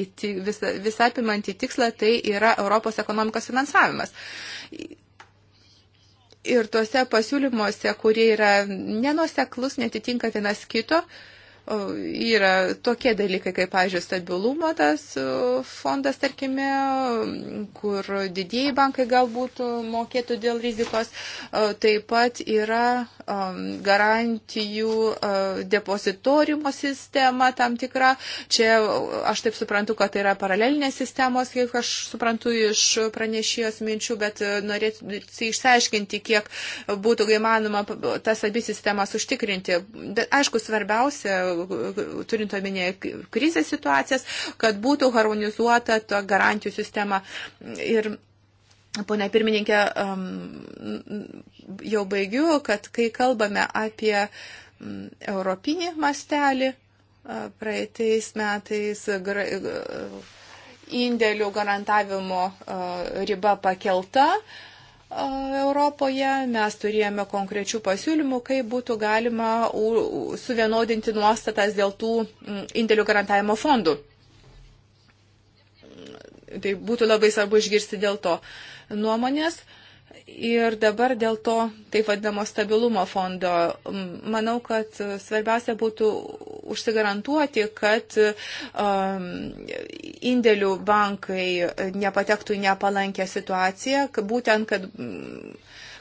visapimantį tikslą, tai yra Europos ekonomikos finansavimas. Ir tuose pasiūlymuose, kurie yra nenuseklus, netitinka vienas kito, uh, yra tokie dalykai, kaip, pavyzdžiui, stabilumo tas fondas, tarkime, kur didieji bankai galbūt mokėtų dėl rizikos. Taip pat yra garantijų depozitoriumo sistema tam tikra. Čia aš taip suprantu, kad tai yra paralelinės sistemos, kaip aš suprantu iš pranešėjos minčių, bet norėtų išsiaiškinti, kiek būtų įmanoma tas abi sistemas užtikrinti. Bet aišku, svarbiausia turint omenyje krizės situacijas, kad būtų harmonizuota ta garantijų sistema. Ir Pone pirmininkė, um, jau baigiu, kad kai kalbame apie um, europinį mastelį, uh, praeitais metais uh, indėlių garantavimo uh, riba pakelta, Europoje. Mes turėjome konkrečių pasiūlymų, kaip būtų galima suvienodinti nuostatas dėl tų indėlių garantavimo fondų. Tai būtų labai svarbu išgirsti dėl to nuomonės. Uh, Ir dabar dėl to taip vadinamo stabilumo fondo, manau, kad svarbiausia būtų užsigarantuoti, kad um, indėlių bankai nepatektų į nepalankę situaciją, būtent, kad. Um,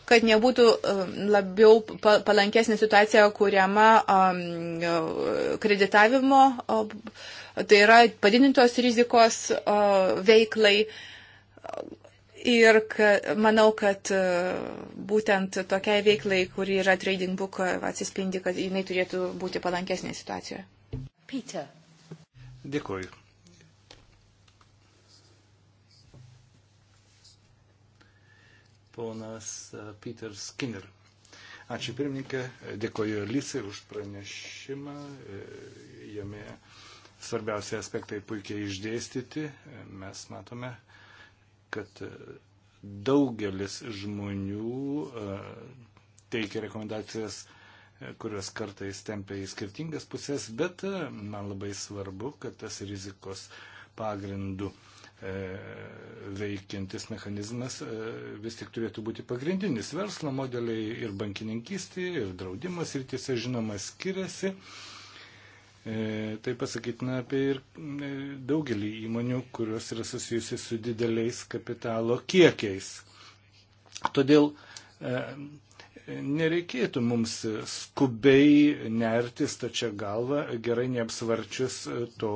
kad nebūtų um, labiau palankesnė situacija kuriama um, kreditavimo, tai yra padidintos rizikos veiklai Ir ka, manau, kad e, būtent tokiai veiklai, kuri yra trading book, e, atsispindi, kad jinai turėtų būti palankesnė situacijoje. Peter. Dėkuoju. Ponas e, Peter Skinner. Ačiū pirmininkė, dėkoju Lysai už pranešimą. Jame svarbiausi aspektai puikiai išdėstyti. Mes matome, kad e, daugelis žmonių e, teikia rekomendacijas, e, kurios kartais tempia į skirtingas pusės, bet man labai svarbu, kad tas rizikos pagrindų veikiantis mechanizmas vis tik turėtų būti pagrindinis. Verslo modeliai ir bankininkystė, ir draudimas ir tiesa žinoma skiriasi. E, tai pasakytina apie ir e, daugelį įmonių, kurios yra susijusi su dideliais kapitalo kiekiais. Todėl e, nereikėtų mums skubiai nertis tačia galva, gerai neapsvarčius to,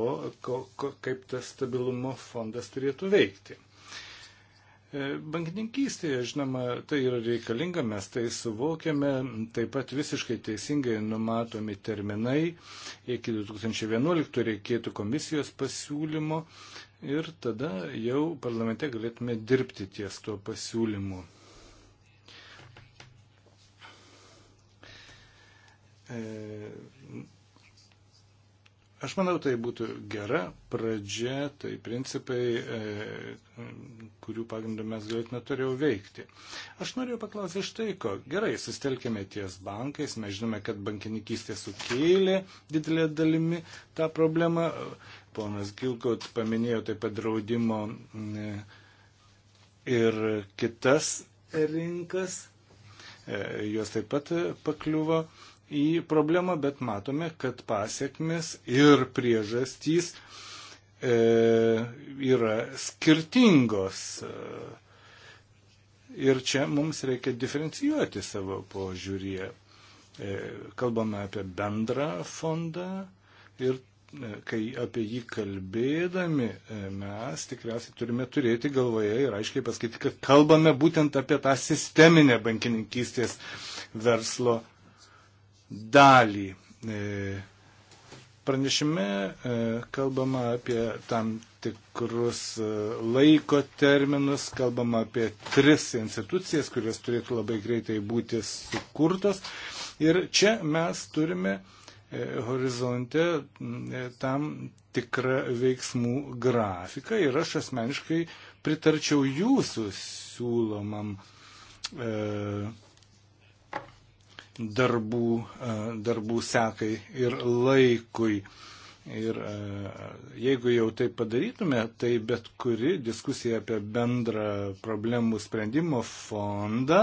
kaip tas stabilumo fondas turėtų veikti. E, bankininkystėje, žinoma, tai yra reikalinga, mes tai suvokiame, taip pat visiškai teisingai numatomi terminai, iki 2011 reikėtų komisijos pasiūlymo ir tada jau parlamente galėtume dirbti ties tuo pasiūlymu. E, Aš manau, tai būtų gera pradžia, tai principai, e, kurių pagrindu mes galėtume turėjau veikti. Aš noriu paklausyti štai ko. Gerai, sustelkėme ties bankais, mes žinome, kad bankininkystė sukėlė didelė dalimi tą problemą. Ponas Gilkot paminėjo taip pat draudimo e, ir kitas rinkas, e, jos taip pat pakliuvo į problemą, bet matome, kad pasiekmes ir priežastys e, yra skirtingos. Ir čia mums reikia diferencijuoti savo požiūrį. E, kalbame apie bendrą fondą ir e, kai apie jį kalbėdami e, mes tikriausiai turime turėti galvoje ir aiškiai pasakyti, kad kalbame būtent apie tą sisteminę bankininkystės verslo dalį. E, pranešime e, kalbama apie tam tikrus e, laiko terminus, kalbama apie tris institucijas, kurios turėtų labai greitai būti sukurtos. Ir čia mes turime horizonte tam tikrą veiksmų grafiką ir aš asmeniškai pritarčiau jūsų siūlomam e, darbų, e, darbų sekai ir laikui. Ir e, jeigu jau tai padarytume, tai bet kuri diskusija apie bendrą problemų sprendimo fondą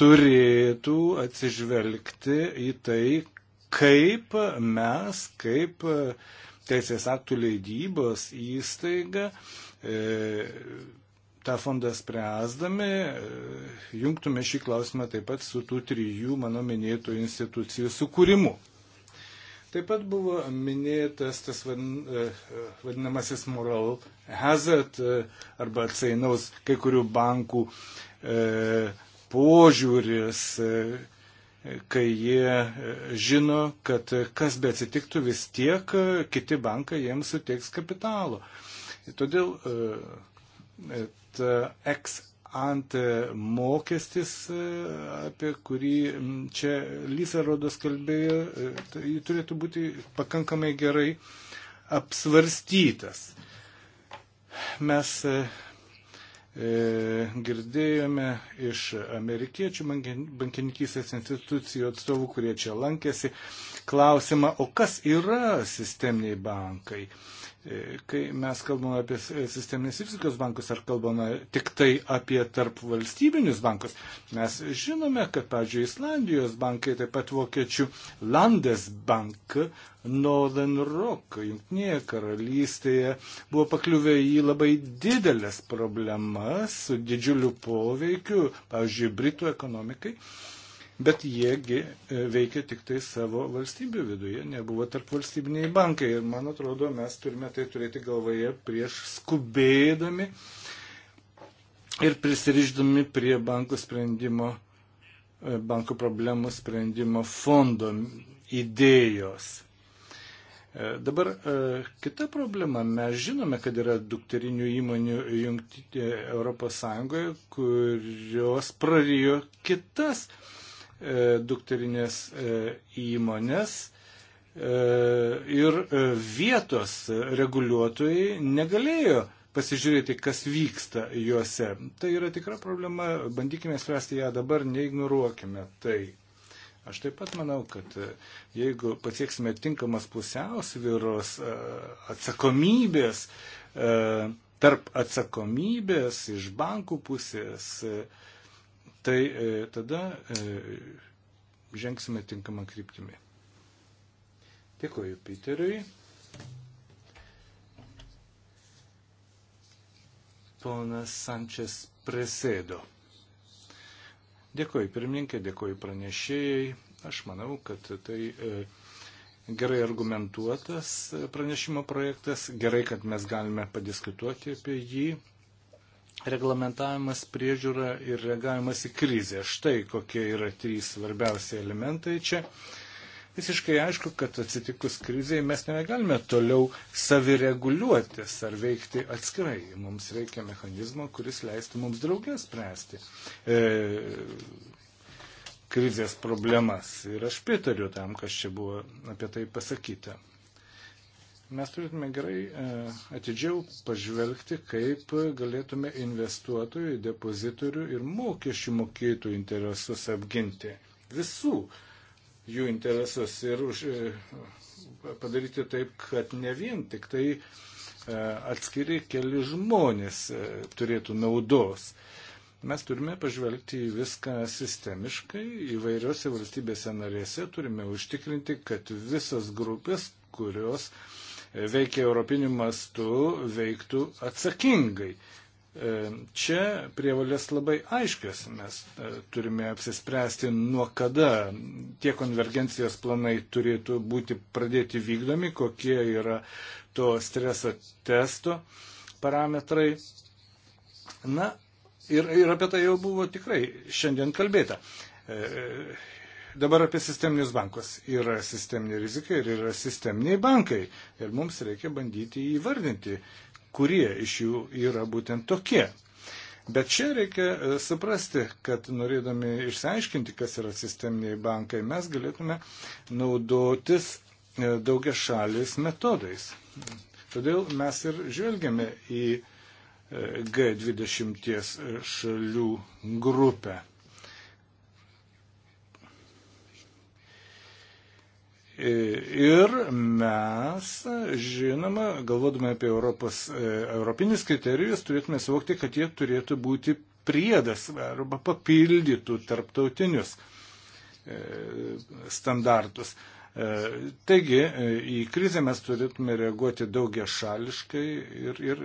turėtų atsižvelgti į tai, kaip mes, kaip teisės aktų leidybos įstaiga, e, tą fondą spręsdami jungtume šį klausimą taip pat su tų trijų mano minėtų institucijų sukūrimu. Taip pat buvo minėtas tas e, vadinamasis moral hazard e, arba atsainaus kai kurių bankų e, požiūris, kai jie žino, kad kas be atsitiktų vis tiek kiti bankai jiems suteiks kapitalo. Todėl eks ante mokestis, e, apie kurį čia Lysa Rodas kalbėjo, e, tai turėtų būti pakankamai gerai apsvarstytas. Mes e, girdėjome iš amerikiečių bankininkysės institucijų atstovų, kurie čia lankėsi, klausimą, o kas yra sisteminiai bankai? E, kai mes kalbame apie e, sisteminės rizikos bankus ar kalbame tik tai apie tarp valstybinius bankus, mes žinome, kad, pavyzdžiui, Islandijos bankai, taip pat vokiečių Landesbank, Northern Rock, Junktinėje karalystėje buvo pakliuvę į labai didelės problemas su didžiuliu poveikiu, pavyzdžiui, Britų ekonomikai. E, bet jiegi e, veikia tik tai savo valstybių viduje, nebuvo tarp valstybiniai bankai. Ir man atrodo, mes turime tai turėti galvoje prieš skubėdami ir prisiriždami prie bankų sprendimo, e, bankų problemų sprendimo fondo idėjos. E, dabar kita problema. Mes žinome, kad yra dukterinių įmonių Europos Sąjungoje, kurios prarijo kitas E, dukterinės e, įmonės e, ir vietos reguliuotojai negalėjo pasižiūrėti, kas vyksta juose. Tai yra tikra problema, bandykime spręsti ją dabar, neignoruokime tai. Aš taip pat manau, kad jeigu pasieksime tinkamas pusiausvyros atsakomybės, tarp atsakomybės iš bankų pusės, tai e, tada e, žengsime tinkamą kryptimį. Dėkoju Piteriui. Ponas Sančias Presėdo. Dėkoju pirmininkė, dėkoju pranešėjai. Aš manau, kad tai e, gerai argumentuotas pranešimo projektas. Gerai, kad mes galime padiskutuoti apie jį. Reglamentavimas, priežiūra ir reagavimas į krizę. Štai kokie yra trys svarbiausi elementai čia. Visiškai aišku, kad atsitikus kriziai mes negalime toliau savireguliuotis ar veikti atskirai. Mums reikia mechanizmo, kuris leistų mums draugės spręsti. E, krizės problemas. Ir aš pritariu tam, kas čia buvo apie tai pasakyta. Mes turėtume gerai e, atidžiau pažvelgti, kaip galėtume investuotojų, depozitorių ir mokesčių mokėtų interesus apginti. Visų jų interesus ir už, e, padaryti taip, kad ne vien tik tai e, atskiri keli žmonės turėtų naudos. Mes turime pažvelgti į viską sistemiškai, įvairiose valstybėse narėse turime užtikrinti, kad visas grupės, kurios uh, veikia europiniu mastu, veiktų atsakingai. E, čia prievalės labai aiškios, mes e, turime apsispręsti, nuo kada tie konvergencijos planai turėtų būti pradėti vykdomi, kokie yra to streso testo parametrai. Na, ir, ir apie tai jau buvo tikrai šiandien kalbėta. E, Dabar apie sisteminius bankus. Yra sisteminė rizika ir yra sisteminiai bankai. Ir mums reikia bandyti įvardinti, kurie iš jų yra būtent tokie. Bet čia reikia e, suprasti, kad norėdami išsiaiškinti, kas yra sisteminiai bankai, mes galėtume naudotis e, daugia šalis metodais. Todėl mes ir žvelgiame į e, G20 šalių grupę. Ir mes, žinoma, galvodami apie Europos, e, europinius kriterijus, turėtume suvokti, kad jie turėtų būti priedas arba papildytų tarptautinius e, standartus. E, taigi, į krizę mes turėtume reaguoti daugia šališkai ir, ir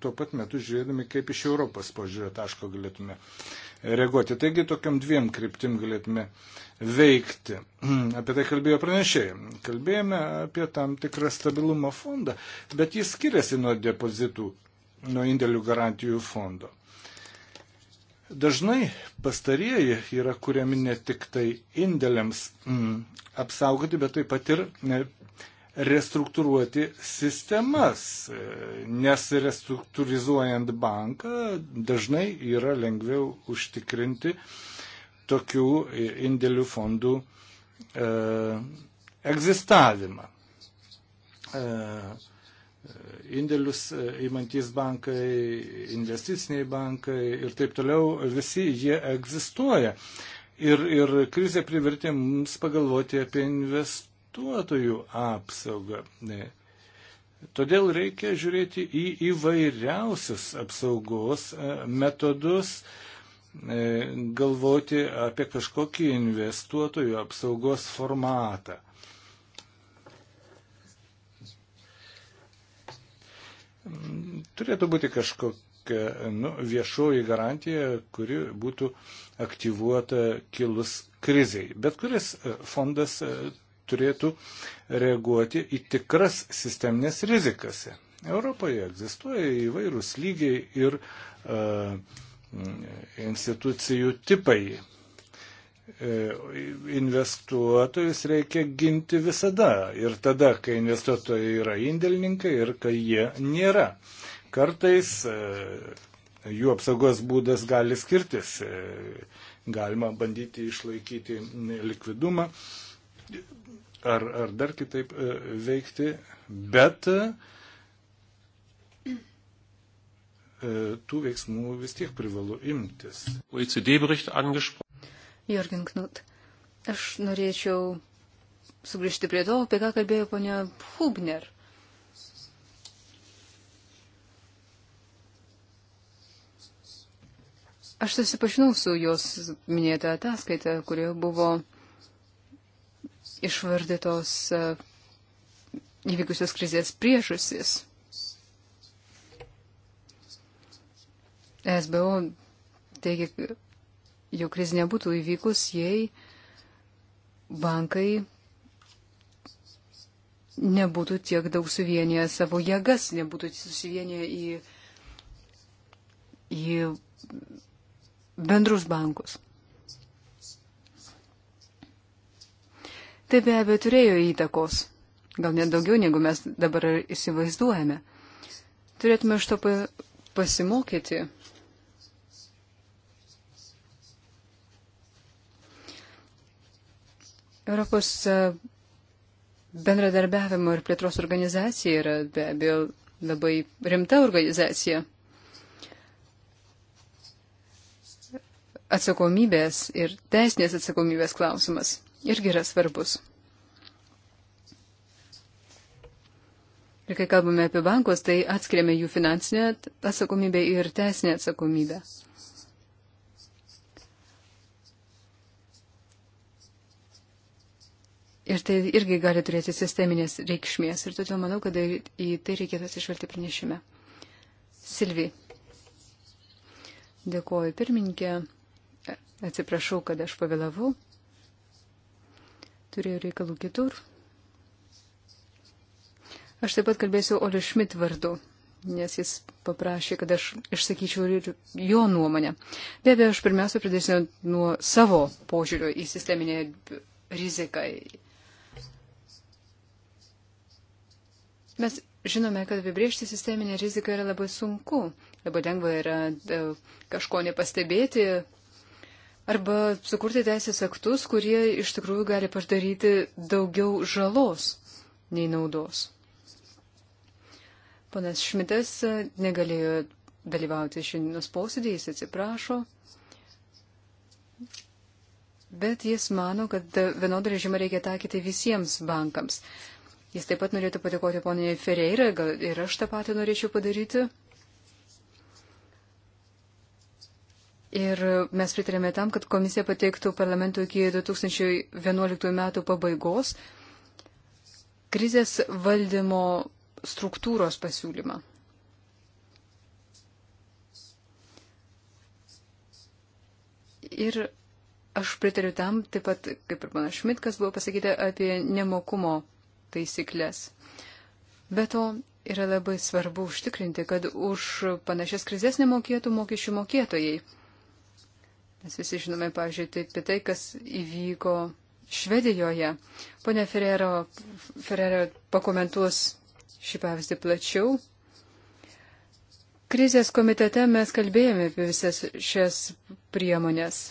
tuo pat metu žiūrėdami, kaip iš Europos požiūrio taško galėtume reaguoti. Taigi tokiam dviem kryptim galėtume veikti. Apie tai kalbėjo pranešėjai. Kalbėjome apie tam tikrą stabilumo fondą, bet jis skiriasi nuo depozitų, nuo indėlių garantijų fondo. Dažnai pastarieji yra kuriami ne tik tai indėliams m, mm, apsaugoti, bet taip pat ir restruktūruoti sistemas, e, nes restruktūrizuojant banką dažnai yra lengviau užtikrinti tokių indėlių fondų e, egzistavimą. E, indėlius įmantys bankai, investiciniai bankai ir taip toliau, visi jie egzistuoja. Ir, ir krizė privertė mums pagalvoti apie investuotojus investuotojų apsaugą. Todėl reikia žiūrėti į įvairiausius apsaugos e, metodus, e, galvoti apie kažkokį investuotojų apsaugos formatą. Turėtų būti kažkokia nu, viešoji garantija, kuri būtų aktyvuota kilus kriziai. Bet kuris e, fondas turėtų reaguoti į tikras sisteminės rizikas. Europoje egzistuoja įvairūs lygiai ir e, institucijų tipai. E, investuotojus reikia ginti visada ir tada, kai investuotojai yra indėlininkai ir kai jie nėra. Kartais e, jų apsaugos būdas gali skirtis. E, galima bandyti išlaikyti likvidumą ar, ar dar kitaip e, veikti, bet e, tų veiksmų vis tiek privalu imtis. Jorgen Knut, aš norėčiau sugrįžti prie to, apie ką kalbėjo ponia Hubner. Aš susipažinau su jos minėta ataskaita, kurioje buvo išvardytos e, įvykusios krizės priežasys. SBO teigia, jo krizė nebūtų įvykus, jei bankai nebūtų tiek daug suvienyje savo jėgas, nebūtų susivienyje į, į bendrus bankus. Tai be abejo turėjo įtakos, gal net daugiau, negu mes dabar įsivaizduojame. Turėtume iš to pasimokyti. Europos e, bendradarbiavimo ir plėtros organizacija yra be abejo labai rimta organizacija. Atsakomybės ir teisinės atsakomybės klausimas irgi yra svarbus. Ir kai kalbame apie bankus, tai atskiriame jų finansinę atsakomybę ir teisinę atsakomybę. Ir tai irgi gali turėti sisteminės reikšmės. Ir todėl manau, kad tai, į tai reikėtų atsižvelgti pranešime. Silvi. Dėkuoju pirmininkė. Atsiprašau, kad aš pavėlavau turėjo reikalų kitur. Aš taip pat kalbėsiu Olio Šmit vardu, nes jis paprašė, kad aš išsakyčiau ir jo nuomonę. Be abejo, aš pirmiausia pradėsiu nuo savo požiūrio į sisteminę riziką. Mes žinome, kad apibriežti sisteminę riziką yra labai sunku. Labai lengva yra e, kažko nepastebėti, Arba sukurti teisės aktus, kurie iš tikrųjų gali padaryti daugiau žalos nei naudos. Ponas Šmitas negalėjo dalyvauti šiandienos posėdėje, jis atsiprašo. Bet jis mano, kad vienodą režimą reikia taikyti visiems bankams. Jis taip pat norėtų patikoti poniai Ferreira, gal ir aš tą patį norėčiau padaryti. Ir mes pritarėme tam, kad komisija pateiktų parlamentų iki 2011 metų pabaigos krizės valdymo struktūros pasiūlymą. Ir aš pritariu tam, taip pat kaip ir pana Šmit, kas buvo pasakyta apie nemokumo taisyklės. Be to, yra labai svarbu užtikrinti, kad už panašias krizės nemokėtų mokesčių mokėtojai. Mes visi žinome, pažiūrėjau, tai apie tai, kas įvyko Švedijoje. Pone Ferrero, Ferrero pakomentuos šį pavyzdį plačiau. Krizės komitete mes kalbėjome apie visas šias priemonės.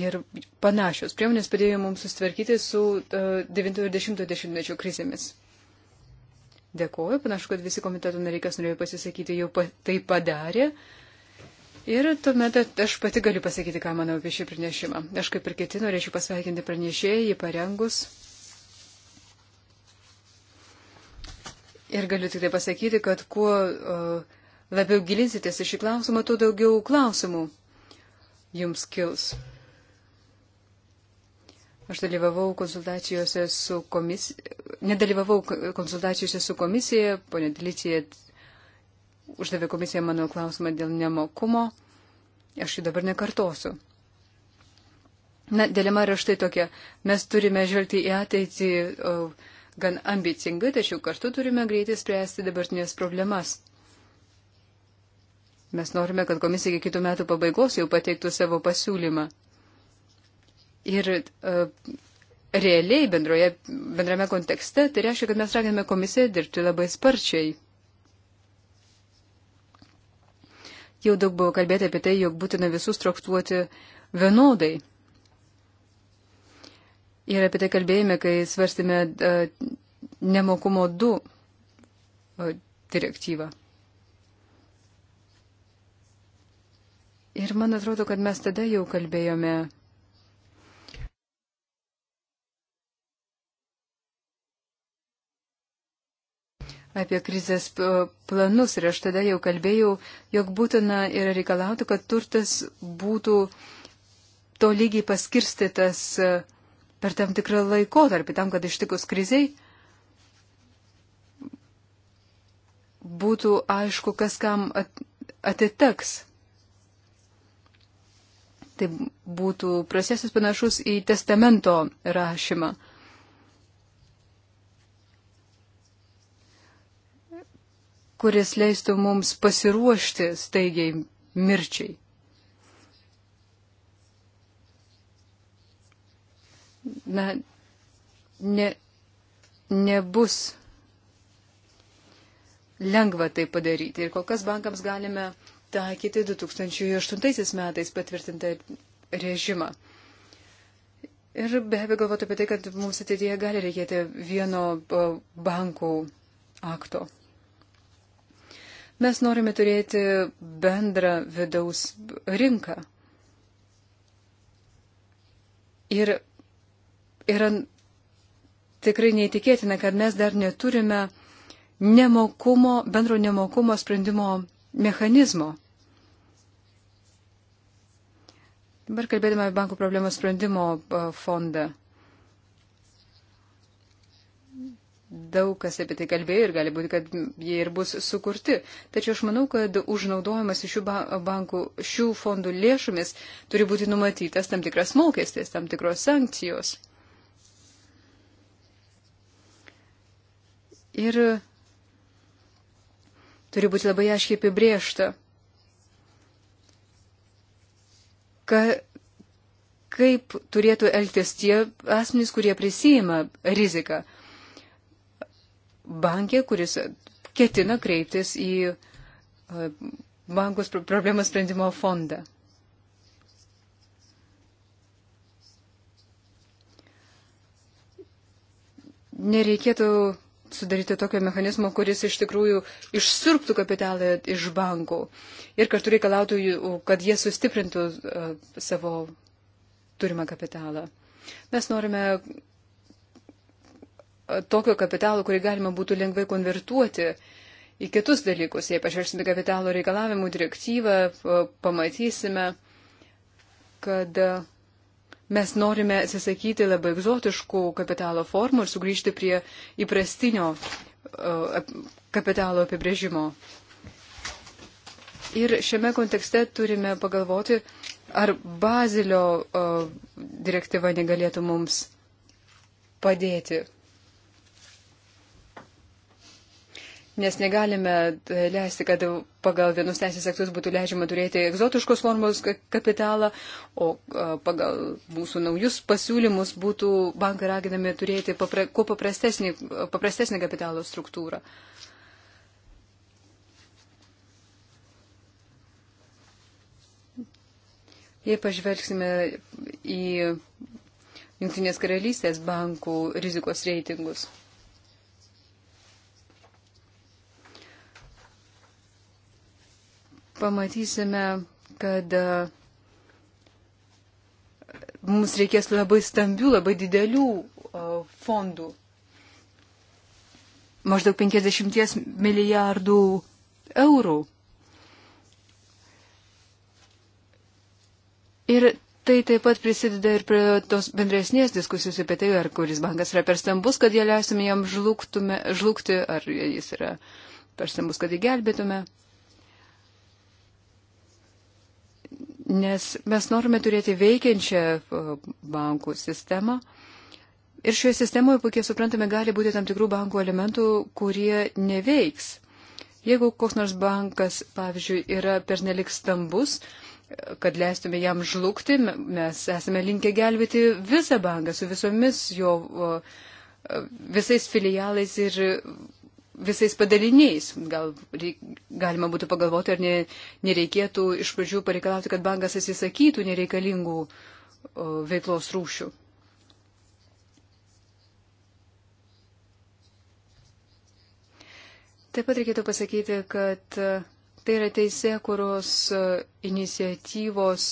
Ir panašios priemonės padėjo mums sustvarkyti su uh, e, 90-mečio krizėmis. Dėkuoju, panašu, kad visi komiteto nariai, kas norėjo pasisakyti, jau pa tai padarė. Uh, Ir tuomet aš pati galiu pasakyti, ką manau apie šį pranešimą. Aš kaip ir kiti norėčiau pasveikinti pranešėją, jį parengus. Ir galiu tik tai pasakyti, kad kuo uh, labiau gilinsitės į šį klausimą, tuo daugiau klausimų jums kils. Aš dalyvavau konsultacijose su komisija, nedalyvavau konsultacijose su komisija, ponė Dilicija uždavė komisija mano klausimą dėl nemokumo. Aš jį dabar nekartosiu. Na, dilema yra štai tokia. Mes turime žvelgti į ateitį o, gan ambicingai, tačiau kartu turime greitai spręsti dabartinės problemas. Mes norime, kad komisija iki kitų metų pabaigos jau pateiktų savo pasiūlymą. Ir uh, realiai bendroje, bendrame kontekste tai reiškia, kad mes raginame komisiją dirbti labai sparčiai. Jau daug buvo kalbėti apie tai, jog būtina visus traktuoti vienodai. Ir apie tai kalbėjome, kai svarstėme e, nemokumo 2 e, direktyvą. Ir man atrodo, kad mes tada jau kalbėjome apie krizės planus ir aš tada jau kalbėjau, jog būtina yra reikalauti, kad turtas būtų to lygiai paskirstytas e, per tam tikrą laikotarpį, tam, kad ištikus kriziai būtų aišku, kas kam atiteks. Tai būtų procesas panašus į testamento rašymą. kuris leistų mums pasiruošti staigiai mirčiai. Na, ne, nebus lengva tai padaryti. Ir kol kas bankams galime taikyti 2008 metais patvirtintą režimą. Ir be abejo galvoti apie tai, kad mums ateityje gali reikėti vieno bankų akto. Mes norime turėti bendrą vidaus rinką. Ir yra tikrai neįtikėtina, kad mes dar neturime nemokumo, bendro nemokumo sprendimo mechanizmo. Dabar kalbėdama apie bankų problemos sprendimo fondą. daug kas apie tai kalbėjo ir gali būti, kad jie ir bus sukurti. Tačiau aš manau, kad užnaudojimas šių bankų, šių fondų lėšomis turi būti numatytas tam tikras mokestis, tam tikros sankcijos. Ir turi būti labai aiškiai apibriešta, ka, kaip turėtų elgtis tie asmenys, kurie prisijima riziką bankė, kuris ketina kreiptis į e, bankos problemos sprendimo fondą. Nereikėtų sudaryti tokio mechanizmo, kuris iš tikrųjų išsirptų kapitalą iš bankų ir kartu reikalautų, kad jie sustiprintų e, savo turimą kapitalą. Mes norime tokio kapitalo, kurį galima būtų lengvai konvertuoti į kitus dalykus. Jei pažvelgsime kapitalo reikalavimų direktyvą, pamatysime, kad mes norime atsisakyti labai egzotiškų kapitalo formų ir sugrįžti prie įprastinio e, kapitalo apibrėžimo. Ir šiame kontekste turime pagalvoti, ar Bazilio e, direktyva negalėtų mums padėti. Nes negalime leisti, kad pagal vienus teisės aktus būtų leidžiama turėti egzotiškos formos kapitalą, o pagal mūsų naujus pasiūlymus būtų bankai raginami turėti papra, kuo paprastesnį, paprastesnį kapitalo struktūrą. Jei pažvelgsime į Junktinės karalystės bankų rizikos reitingus. pamatysime, kad e, mums reikės labai stambių, labai didelių e, fondų. Maždaug 50 milijardų eurų. Ir tai taip pat prisideda ir prie tos bendresnės diskusijos apie tai, ar kuris bankas yra per stambus, kad jie leistume jam žlugtume, žlugti, ar jis yra per stambus, kad jį gelbėtume. Uh, nes mes norime turėti veikiančią e, bankų sistemą. Ir šioje sistemoje, puikiai suprantame, gali būti tam tikrų bankų elementų, kurie neveiks. Jeigu koks nors bankas, pavyzdžiui, yra pernelik stambus, kad leistume jam žlugti, mes esame linkę gelbėti visą banką su visomis jo visais filialais ir visais padaliniais. Gal reik, galima būtų pagalvoti, ar ne, nereikėtų iš pradžių pareikalauti, kad bankas atsisakytų nereikalingų o, veiklos rūšių. Taip pat reikėtų pasakyti, kad e, tai yra teisė, kurios e, iniciatyvos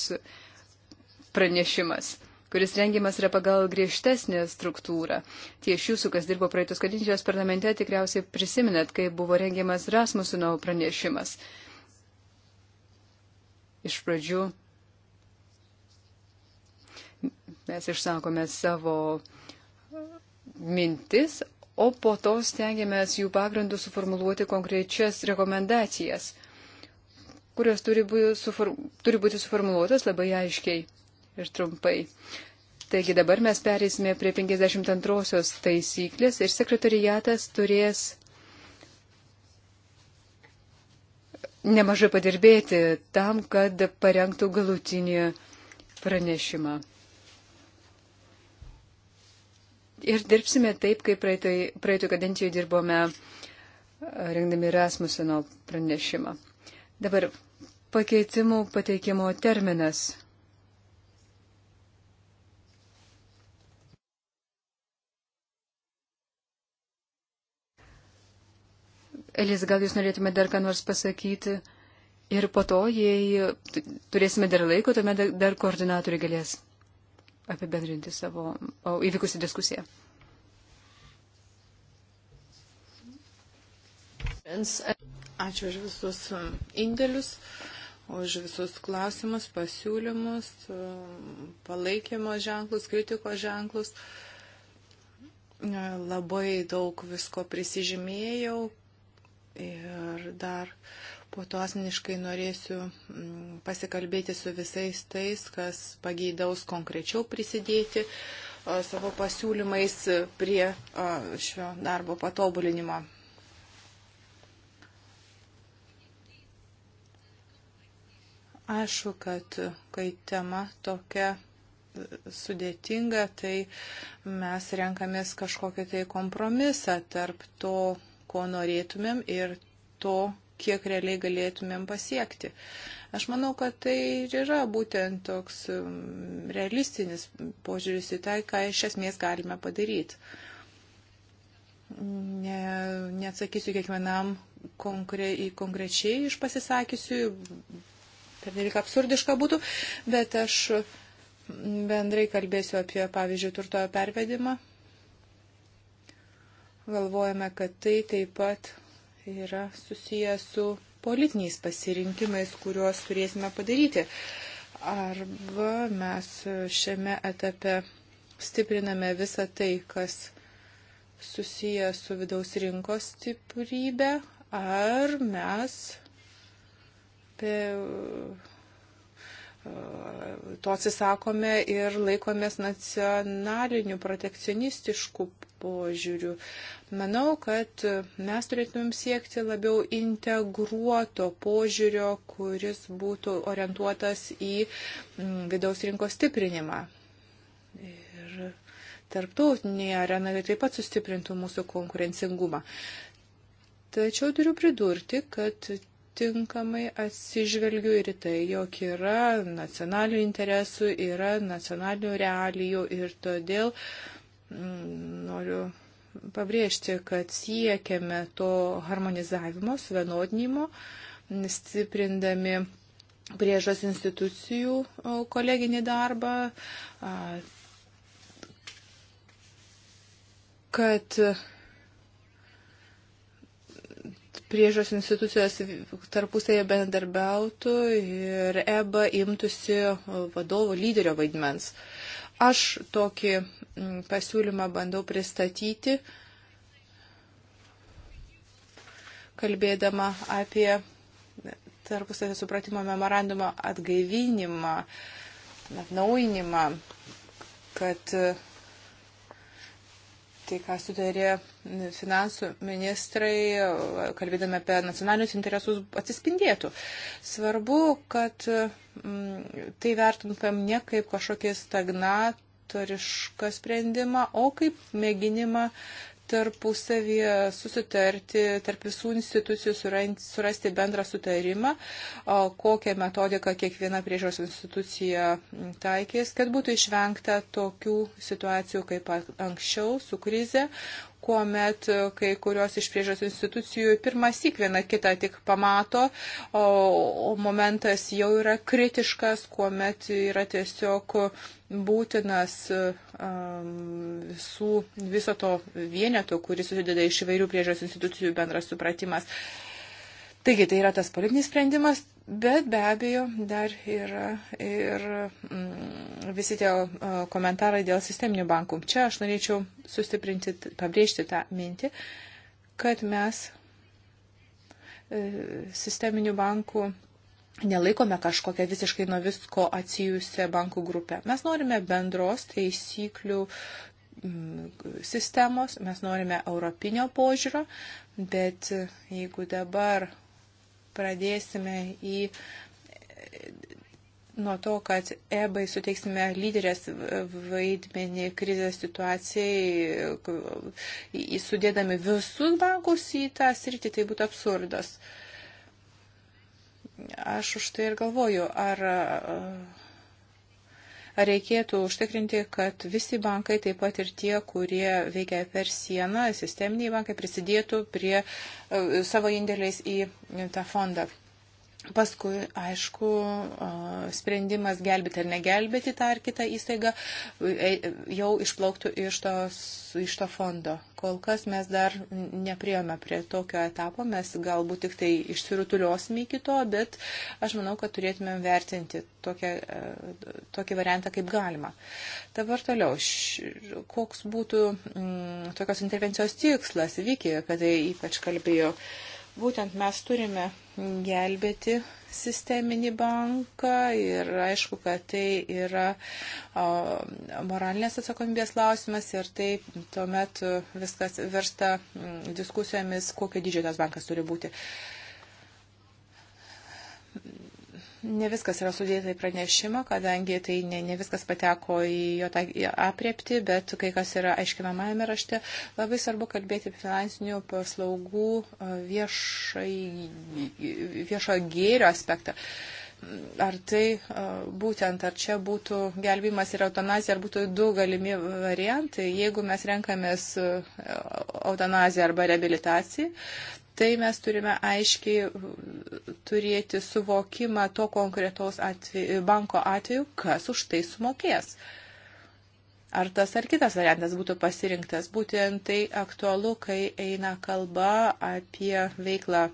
pranešimas kuris rengiamas yra pagal griežtesnę struktūrą. Tie iš jūsų, kas dirbo praeitus kadencijos parlamente, tikriausiai prisiminat, kai buvo rengiamas Rasmusino pranešimas. Iš pradžių mes išsakome savo mintis, o po to stengiamės jų pagrindų suformuluoti konkrečias rekomendacijas, kurios turi būti, suform, turi būti suformuluotas labai aiškiai ir trumpai. Taigi dabar mes perėsime prie 52-osios taisyklės ir sekretariatas turės nemažai padirbėti tam, kad parengtų galutinį pranešimą. Ir dirbsime taip, kaip praeitų kadencijų dirbome rengdami Rasmuseno pranešimą. Dabar pakeitimų pateikimo terminas Elis, gal jūs norėtume dar ką nors pasakyti? Ir po to, jei turėsime dar laiko, tuomet dar koordinatoriai galės apibendrinti savo o, įvykusią diskusiją. Ačiū už visus um, indėlius, už visus klausimus, pasiūlymus, um, palaikymo ženklus, kritiko ženklus. Labai daug visko prisižymėjau, Ir dar po to asmeniškai norėsiu mm, pasikalbėti su visais tais, kas pageidaus konkrečiau prisidėti savo pasiūlymais prie šio darbo patobulinimo. Aišku, kad kai tema tokia e, sudėtinga, tai mes renkamės kažkokį tai kompromisą tarp to, ko norėtumėm ir to, kiek realiai galėtumėm pasiekti. Aš manau, kad tai ir yra būtent toks um, realistinis požiūris į tai, ką iš esmės galime padaryti. Ne, neatsakysiu kiekvienam konkre, konkrečiai iš pasisakysiu, per nelik absurdiška būtų, bet aš bendrai kalbėsiu apie, pavyzdžiui, turto pervedimą galvojame, kad tai taip pat yra susijęs su politiniais pasirinkimais, kuriuos turėsime padaryti. Arba mes šiame etape stipriname visą tai, kas susiję su vidaus rinkos stiprybė, ar mes be to atsisakome ir laikomės nacionalinių protekcionistiškų požiūrių. Manau, kad mes turėtumėm siekti labiau integruoto požiūrio, kuris būtų orientuotas į mm, vidaus rinkos stiprinimą. Ir tarptautinėje arenoje taip pat sustiprintų mūsų konkurencingumą. Tačiau turiu pridurti, kad tinkamai atsižvelgiu ir tai, jog yra nacionalinių interesų, yra nacionalinių realijų ir todėl mm, noriu pabrėžti, kad siekiame to harmonizavimo, suvienodinimo, stiprindami priežas institucijų koleginį darbą, kad priežos institucijos tarpusėje bendarbiautų ir EBA imtųsi vadovo lyderio vaidmens. Aš tokį mm, pasiūlymą bandau pristatyti, kalbėdama apie tarpusavio supratimo memorandumo atgaivinimą, atnaujinimą, kad uh, tai, ką sudarė finansų ministrai, kalbėdami apie nacionalinius interesus, atsispindėtų. Svarbu, kad mm, tai vertintumėm ne kaip kažkokį stagnatorišką sprendimą, o kaip mėginimą tarpusavėje susitarti, tarp visų institucijų surasti bendrą sutarimą, kokią metodiką kiekviena priežiūros institucija taikys, kad būtų išvengta tokių situacijų kaip anksčiau su krize, kuomet e, kai kurios iš priežos institucijų pirmas tik viena kitą tik pamato, o, o momentas jau yra kritiškas, kuomet yra tiesiog būtinas um, visų, viso to vieneto, kuris susideda iš įvairių priežos institucijų bendras supratimas. Uh, Taigi tai yra tas politinis sprendimas, bet be abejo dar yra ir mm, visi tie e, komentarai dėl sisteminių bankų. Čia aš norėčiau sustiprinti, pabrėžti tą mintį, kad mes e, sisteminių bankų nelaikome kažkokią visiškai nuo visko atsijusią bankų grupę. Mes norime bendros taisyklių mm, sistemos, mes norime europinio požiūrio, bet e, jeigu dabar pradėsime į nuo to, kad EBAI suteiksime lyderės vaidmenį krizės situacijai, sudėdami visus bankus į tą sritį, tai būtų absurdas. Aš už tai ir galvoju, ar. Uh, reikėtų užtikrinti, kad visi bankai, taip pat ir tie, kurie veikia per sieną, sisteminiai bankai prisidėtų prie e, savo indėliais į tą fondą. Paskui, aišku, sprendimas gelbėti ar negelbėti tą ar kitą įstaigą e, jau išplauktų iš, tos, iš to fondo. Kol kas mes dar neprijome prie tokio etapo, mes galbūt tik tai išsirutuliosime iki to, bet aš manau, kad turėtumėm vertinti tokią, e, tokį variantą kaip galima. Dabar toliau, koks būtų m, mm, tokios intervencijos tikslas, Viki, kad tai ypač kalbėjo būtent mes turime gelbėti sisteminį banką ir aišku, kad tai yra o, moralinės atsakomybės klausimas ir tai tuomet viskas virsta diskusijomis, kokio dydžio tas bankas turi būti. O, ne viskas yra sudėta į pranešimą, kadangi tai ne, ne viskas pateko į jo tą apriepti, bet kai kas yra aiškinamajame rašte, labai svarbu kalbėti apie finansinių paslaugų viešai, viešo gėrio aspektą. Ar tai būtent, ar čia būtų gelbimas ir eutanazija, ar būtų du galimi variantai, jeigu mes renkamės eutanaziją arba reabilitaciją, tai mes turime aiškiai uh, turėti suvokimą to konkretaus atveju, banko atveju, kas už tai sumokės. Ar tas ar kitas variantas būtų pasirinktas. Būtent tai aktualu, kai eina kalba apie veiklą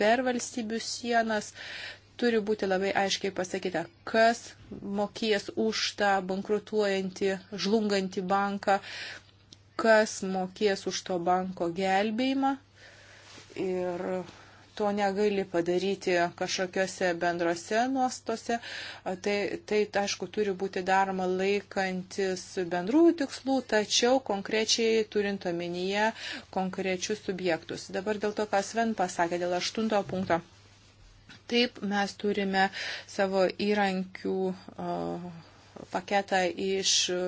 per valstybių sienas. Turi būti labai aiškiai pasakyta, kas mokės už tą bankrutuojantį, žlungantį banką, kas mokės už to banko gelbėjimą, Ir to negali padaryti kažkokiuose bendrose nuostose. Tai, tai, aišku, turi būti daroma laikantis bendrųjų tikslų, tačiau konkrečiai turint omenyje konkrečius subjektus. Dabar dėl to, ką Sven pasakė, dėl aštunto punkto. Taip, mes turime savo įrankių. Uh, paketą iš, e,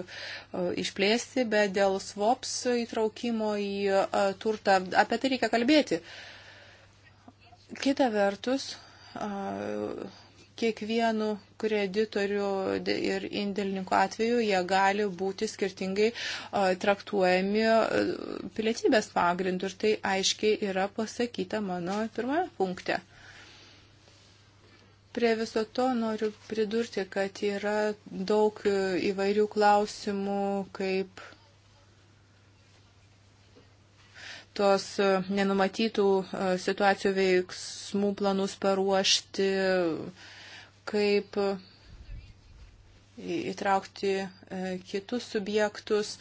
išplėsti, bet dėl swaps įtraukimo į e, turtą apie tai reikia kalbėti. Kita vertus, e, kiekvienu kreditoriu ir indėlininku atveju jie gali būti skirtingai traktuojami pilietybės pagrindu ir tai aiškiai yra pasakyta mano pirmame punkte. Prie viso to noriu pridurti, kad yra daug įvairių klausimų, kaip tos nenumatytų e, situacijų veiksmų planus paruošti, kaip įtraukti e, kitus subjektus,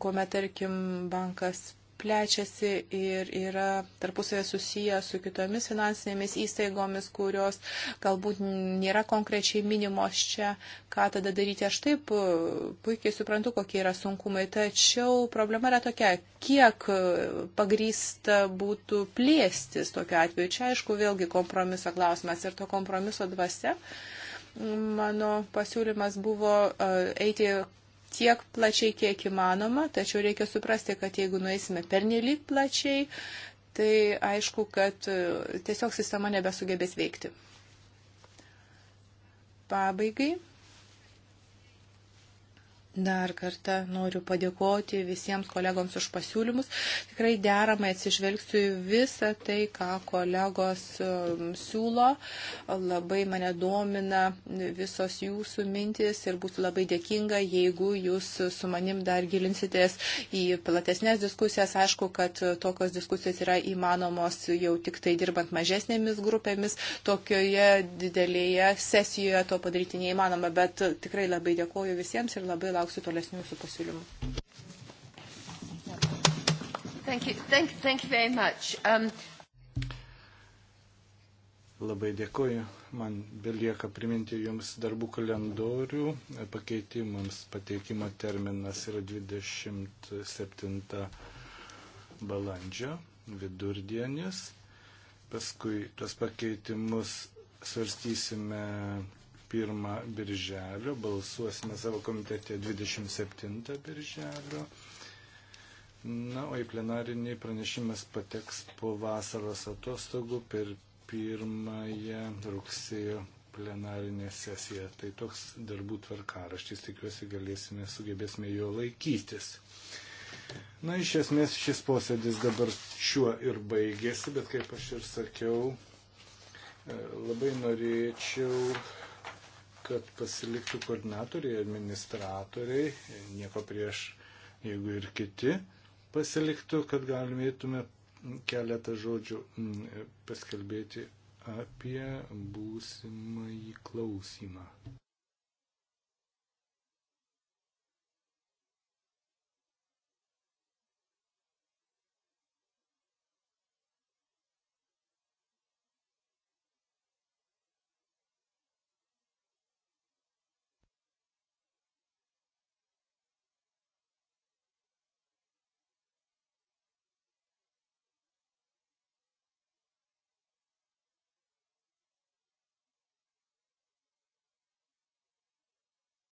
kuomet, tarkim, bankas plečiasi ir yra tarpusavė susiję su kitomis finansinėmis įstaigomis, kurios galbūt nėra konkrečiai minimos čia, ką tada daryti. Aš taip e, puikiai suprantu, kokie yra sunkumai, tačiau problema yra tokia, kiek e, pagrysta būtų plėstis tokiu atveju. Čia aišku vėlgi kompromiso klausimas ir to kompromiso dvasia. Mano pasiūlymas buvo e, eiti tiek plačiai, kiek įmanoma, tačiau reikia suprasti, kad jeigu nueisime pernelyg plačiai, tai aišku, kad e, tiesiog sistema nebesugebės veikti. Pabaigai Dar kartą noriu padėkoti visiems kolegoms už pasiūlymus. Tikrai deramai atsižvelgsiu į visą tai, ką kolegos um, siūlo. Labai mane domina visos jūsų mintis ir būsiu labai dėkinga, jeigu jūs su manim dar gilinsitės į platesnės diskusijas. Aišku, kad tokios diskusijos yra įmanomos jau tik tai dirbant mažesnėmis grupėmis. Tokioje didelėje sesijoje to padaryti neįmanoma, bet tikrai labai dėkoju visiems ir labai laukiu lauksiu tolesnių jūsų pasiūlymų. Thank you, thank, thank you very much. Um... Labai dėkuoju. Man belieka priminti Jums darbų kalendorių. Pakeitimams pateikimo terminas yra 27 balandžio vidurdienis. Paskui tuos pakeitimus svarstysime 21 birželio, balsuosime savo komitete 27 birželio. Na, o į plenarinį pranešimas pateks po vasaros atostogų per pirmąją rugsėjo plenarinė sesija. Tai toks darbų tvarkaraštis, tikiuosi galėsime, sugebėsime jo laikytis. Na, iš esmės šis posėdis dabar šiuo ir baigėsi, bet kaip aš ir sakiau, e, labai norėčiau kad pasiliktų koordinatoriai, administratoriai, nieko prieš, jeigu ir kiti pasiliktų, kad galimėtume keletą žodžių mm, paskelbėti apie būsimąjį klausimą.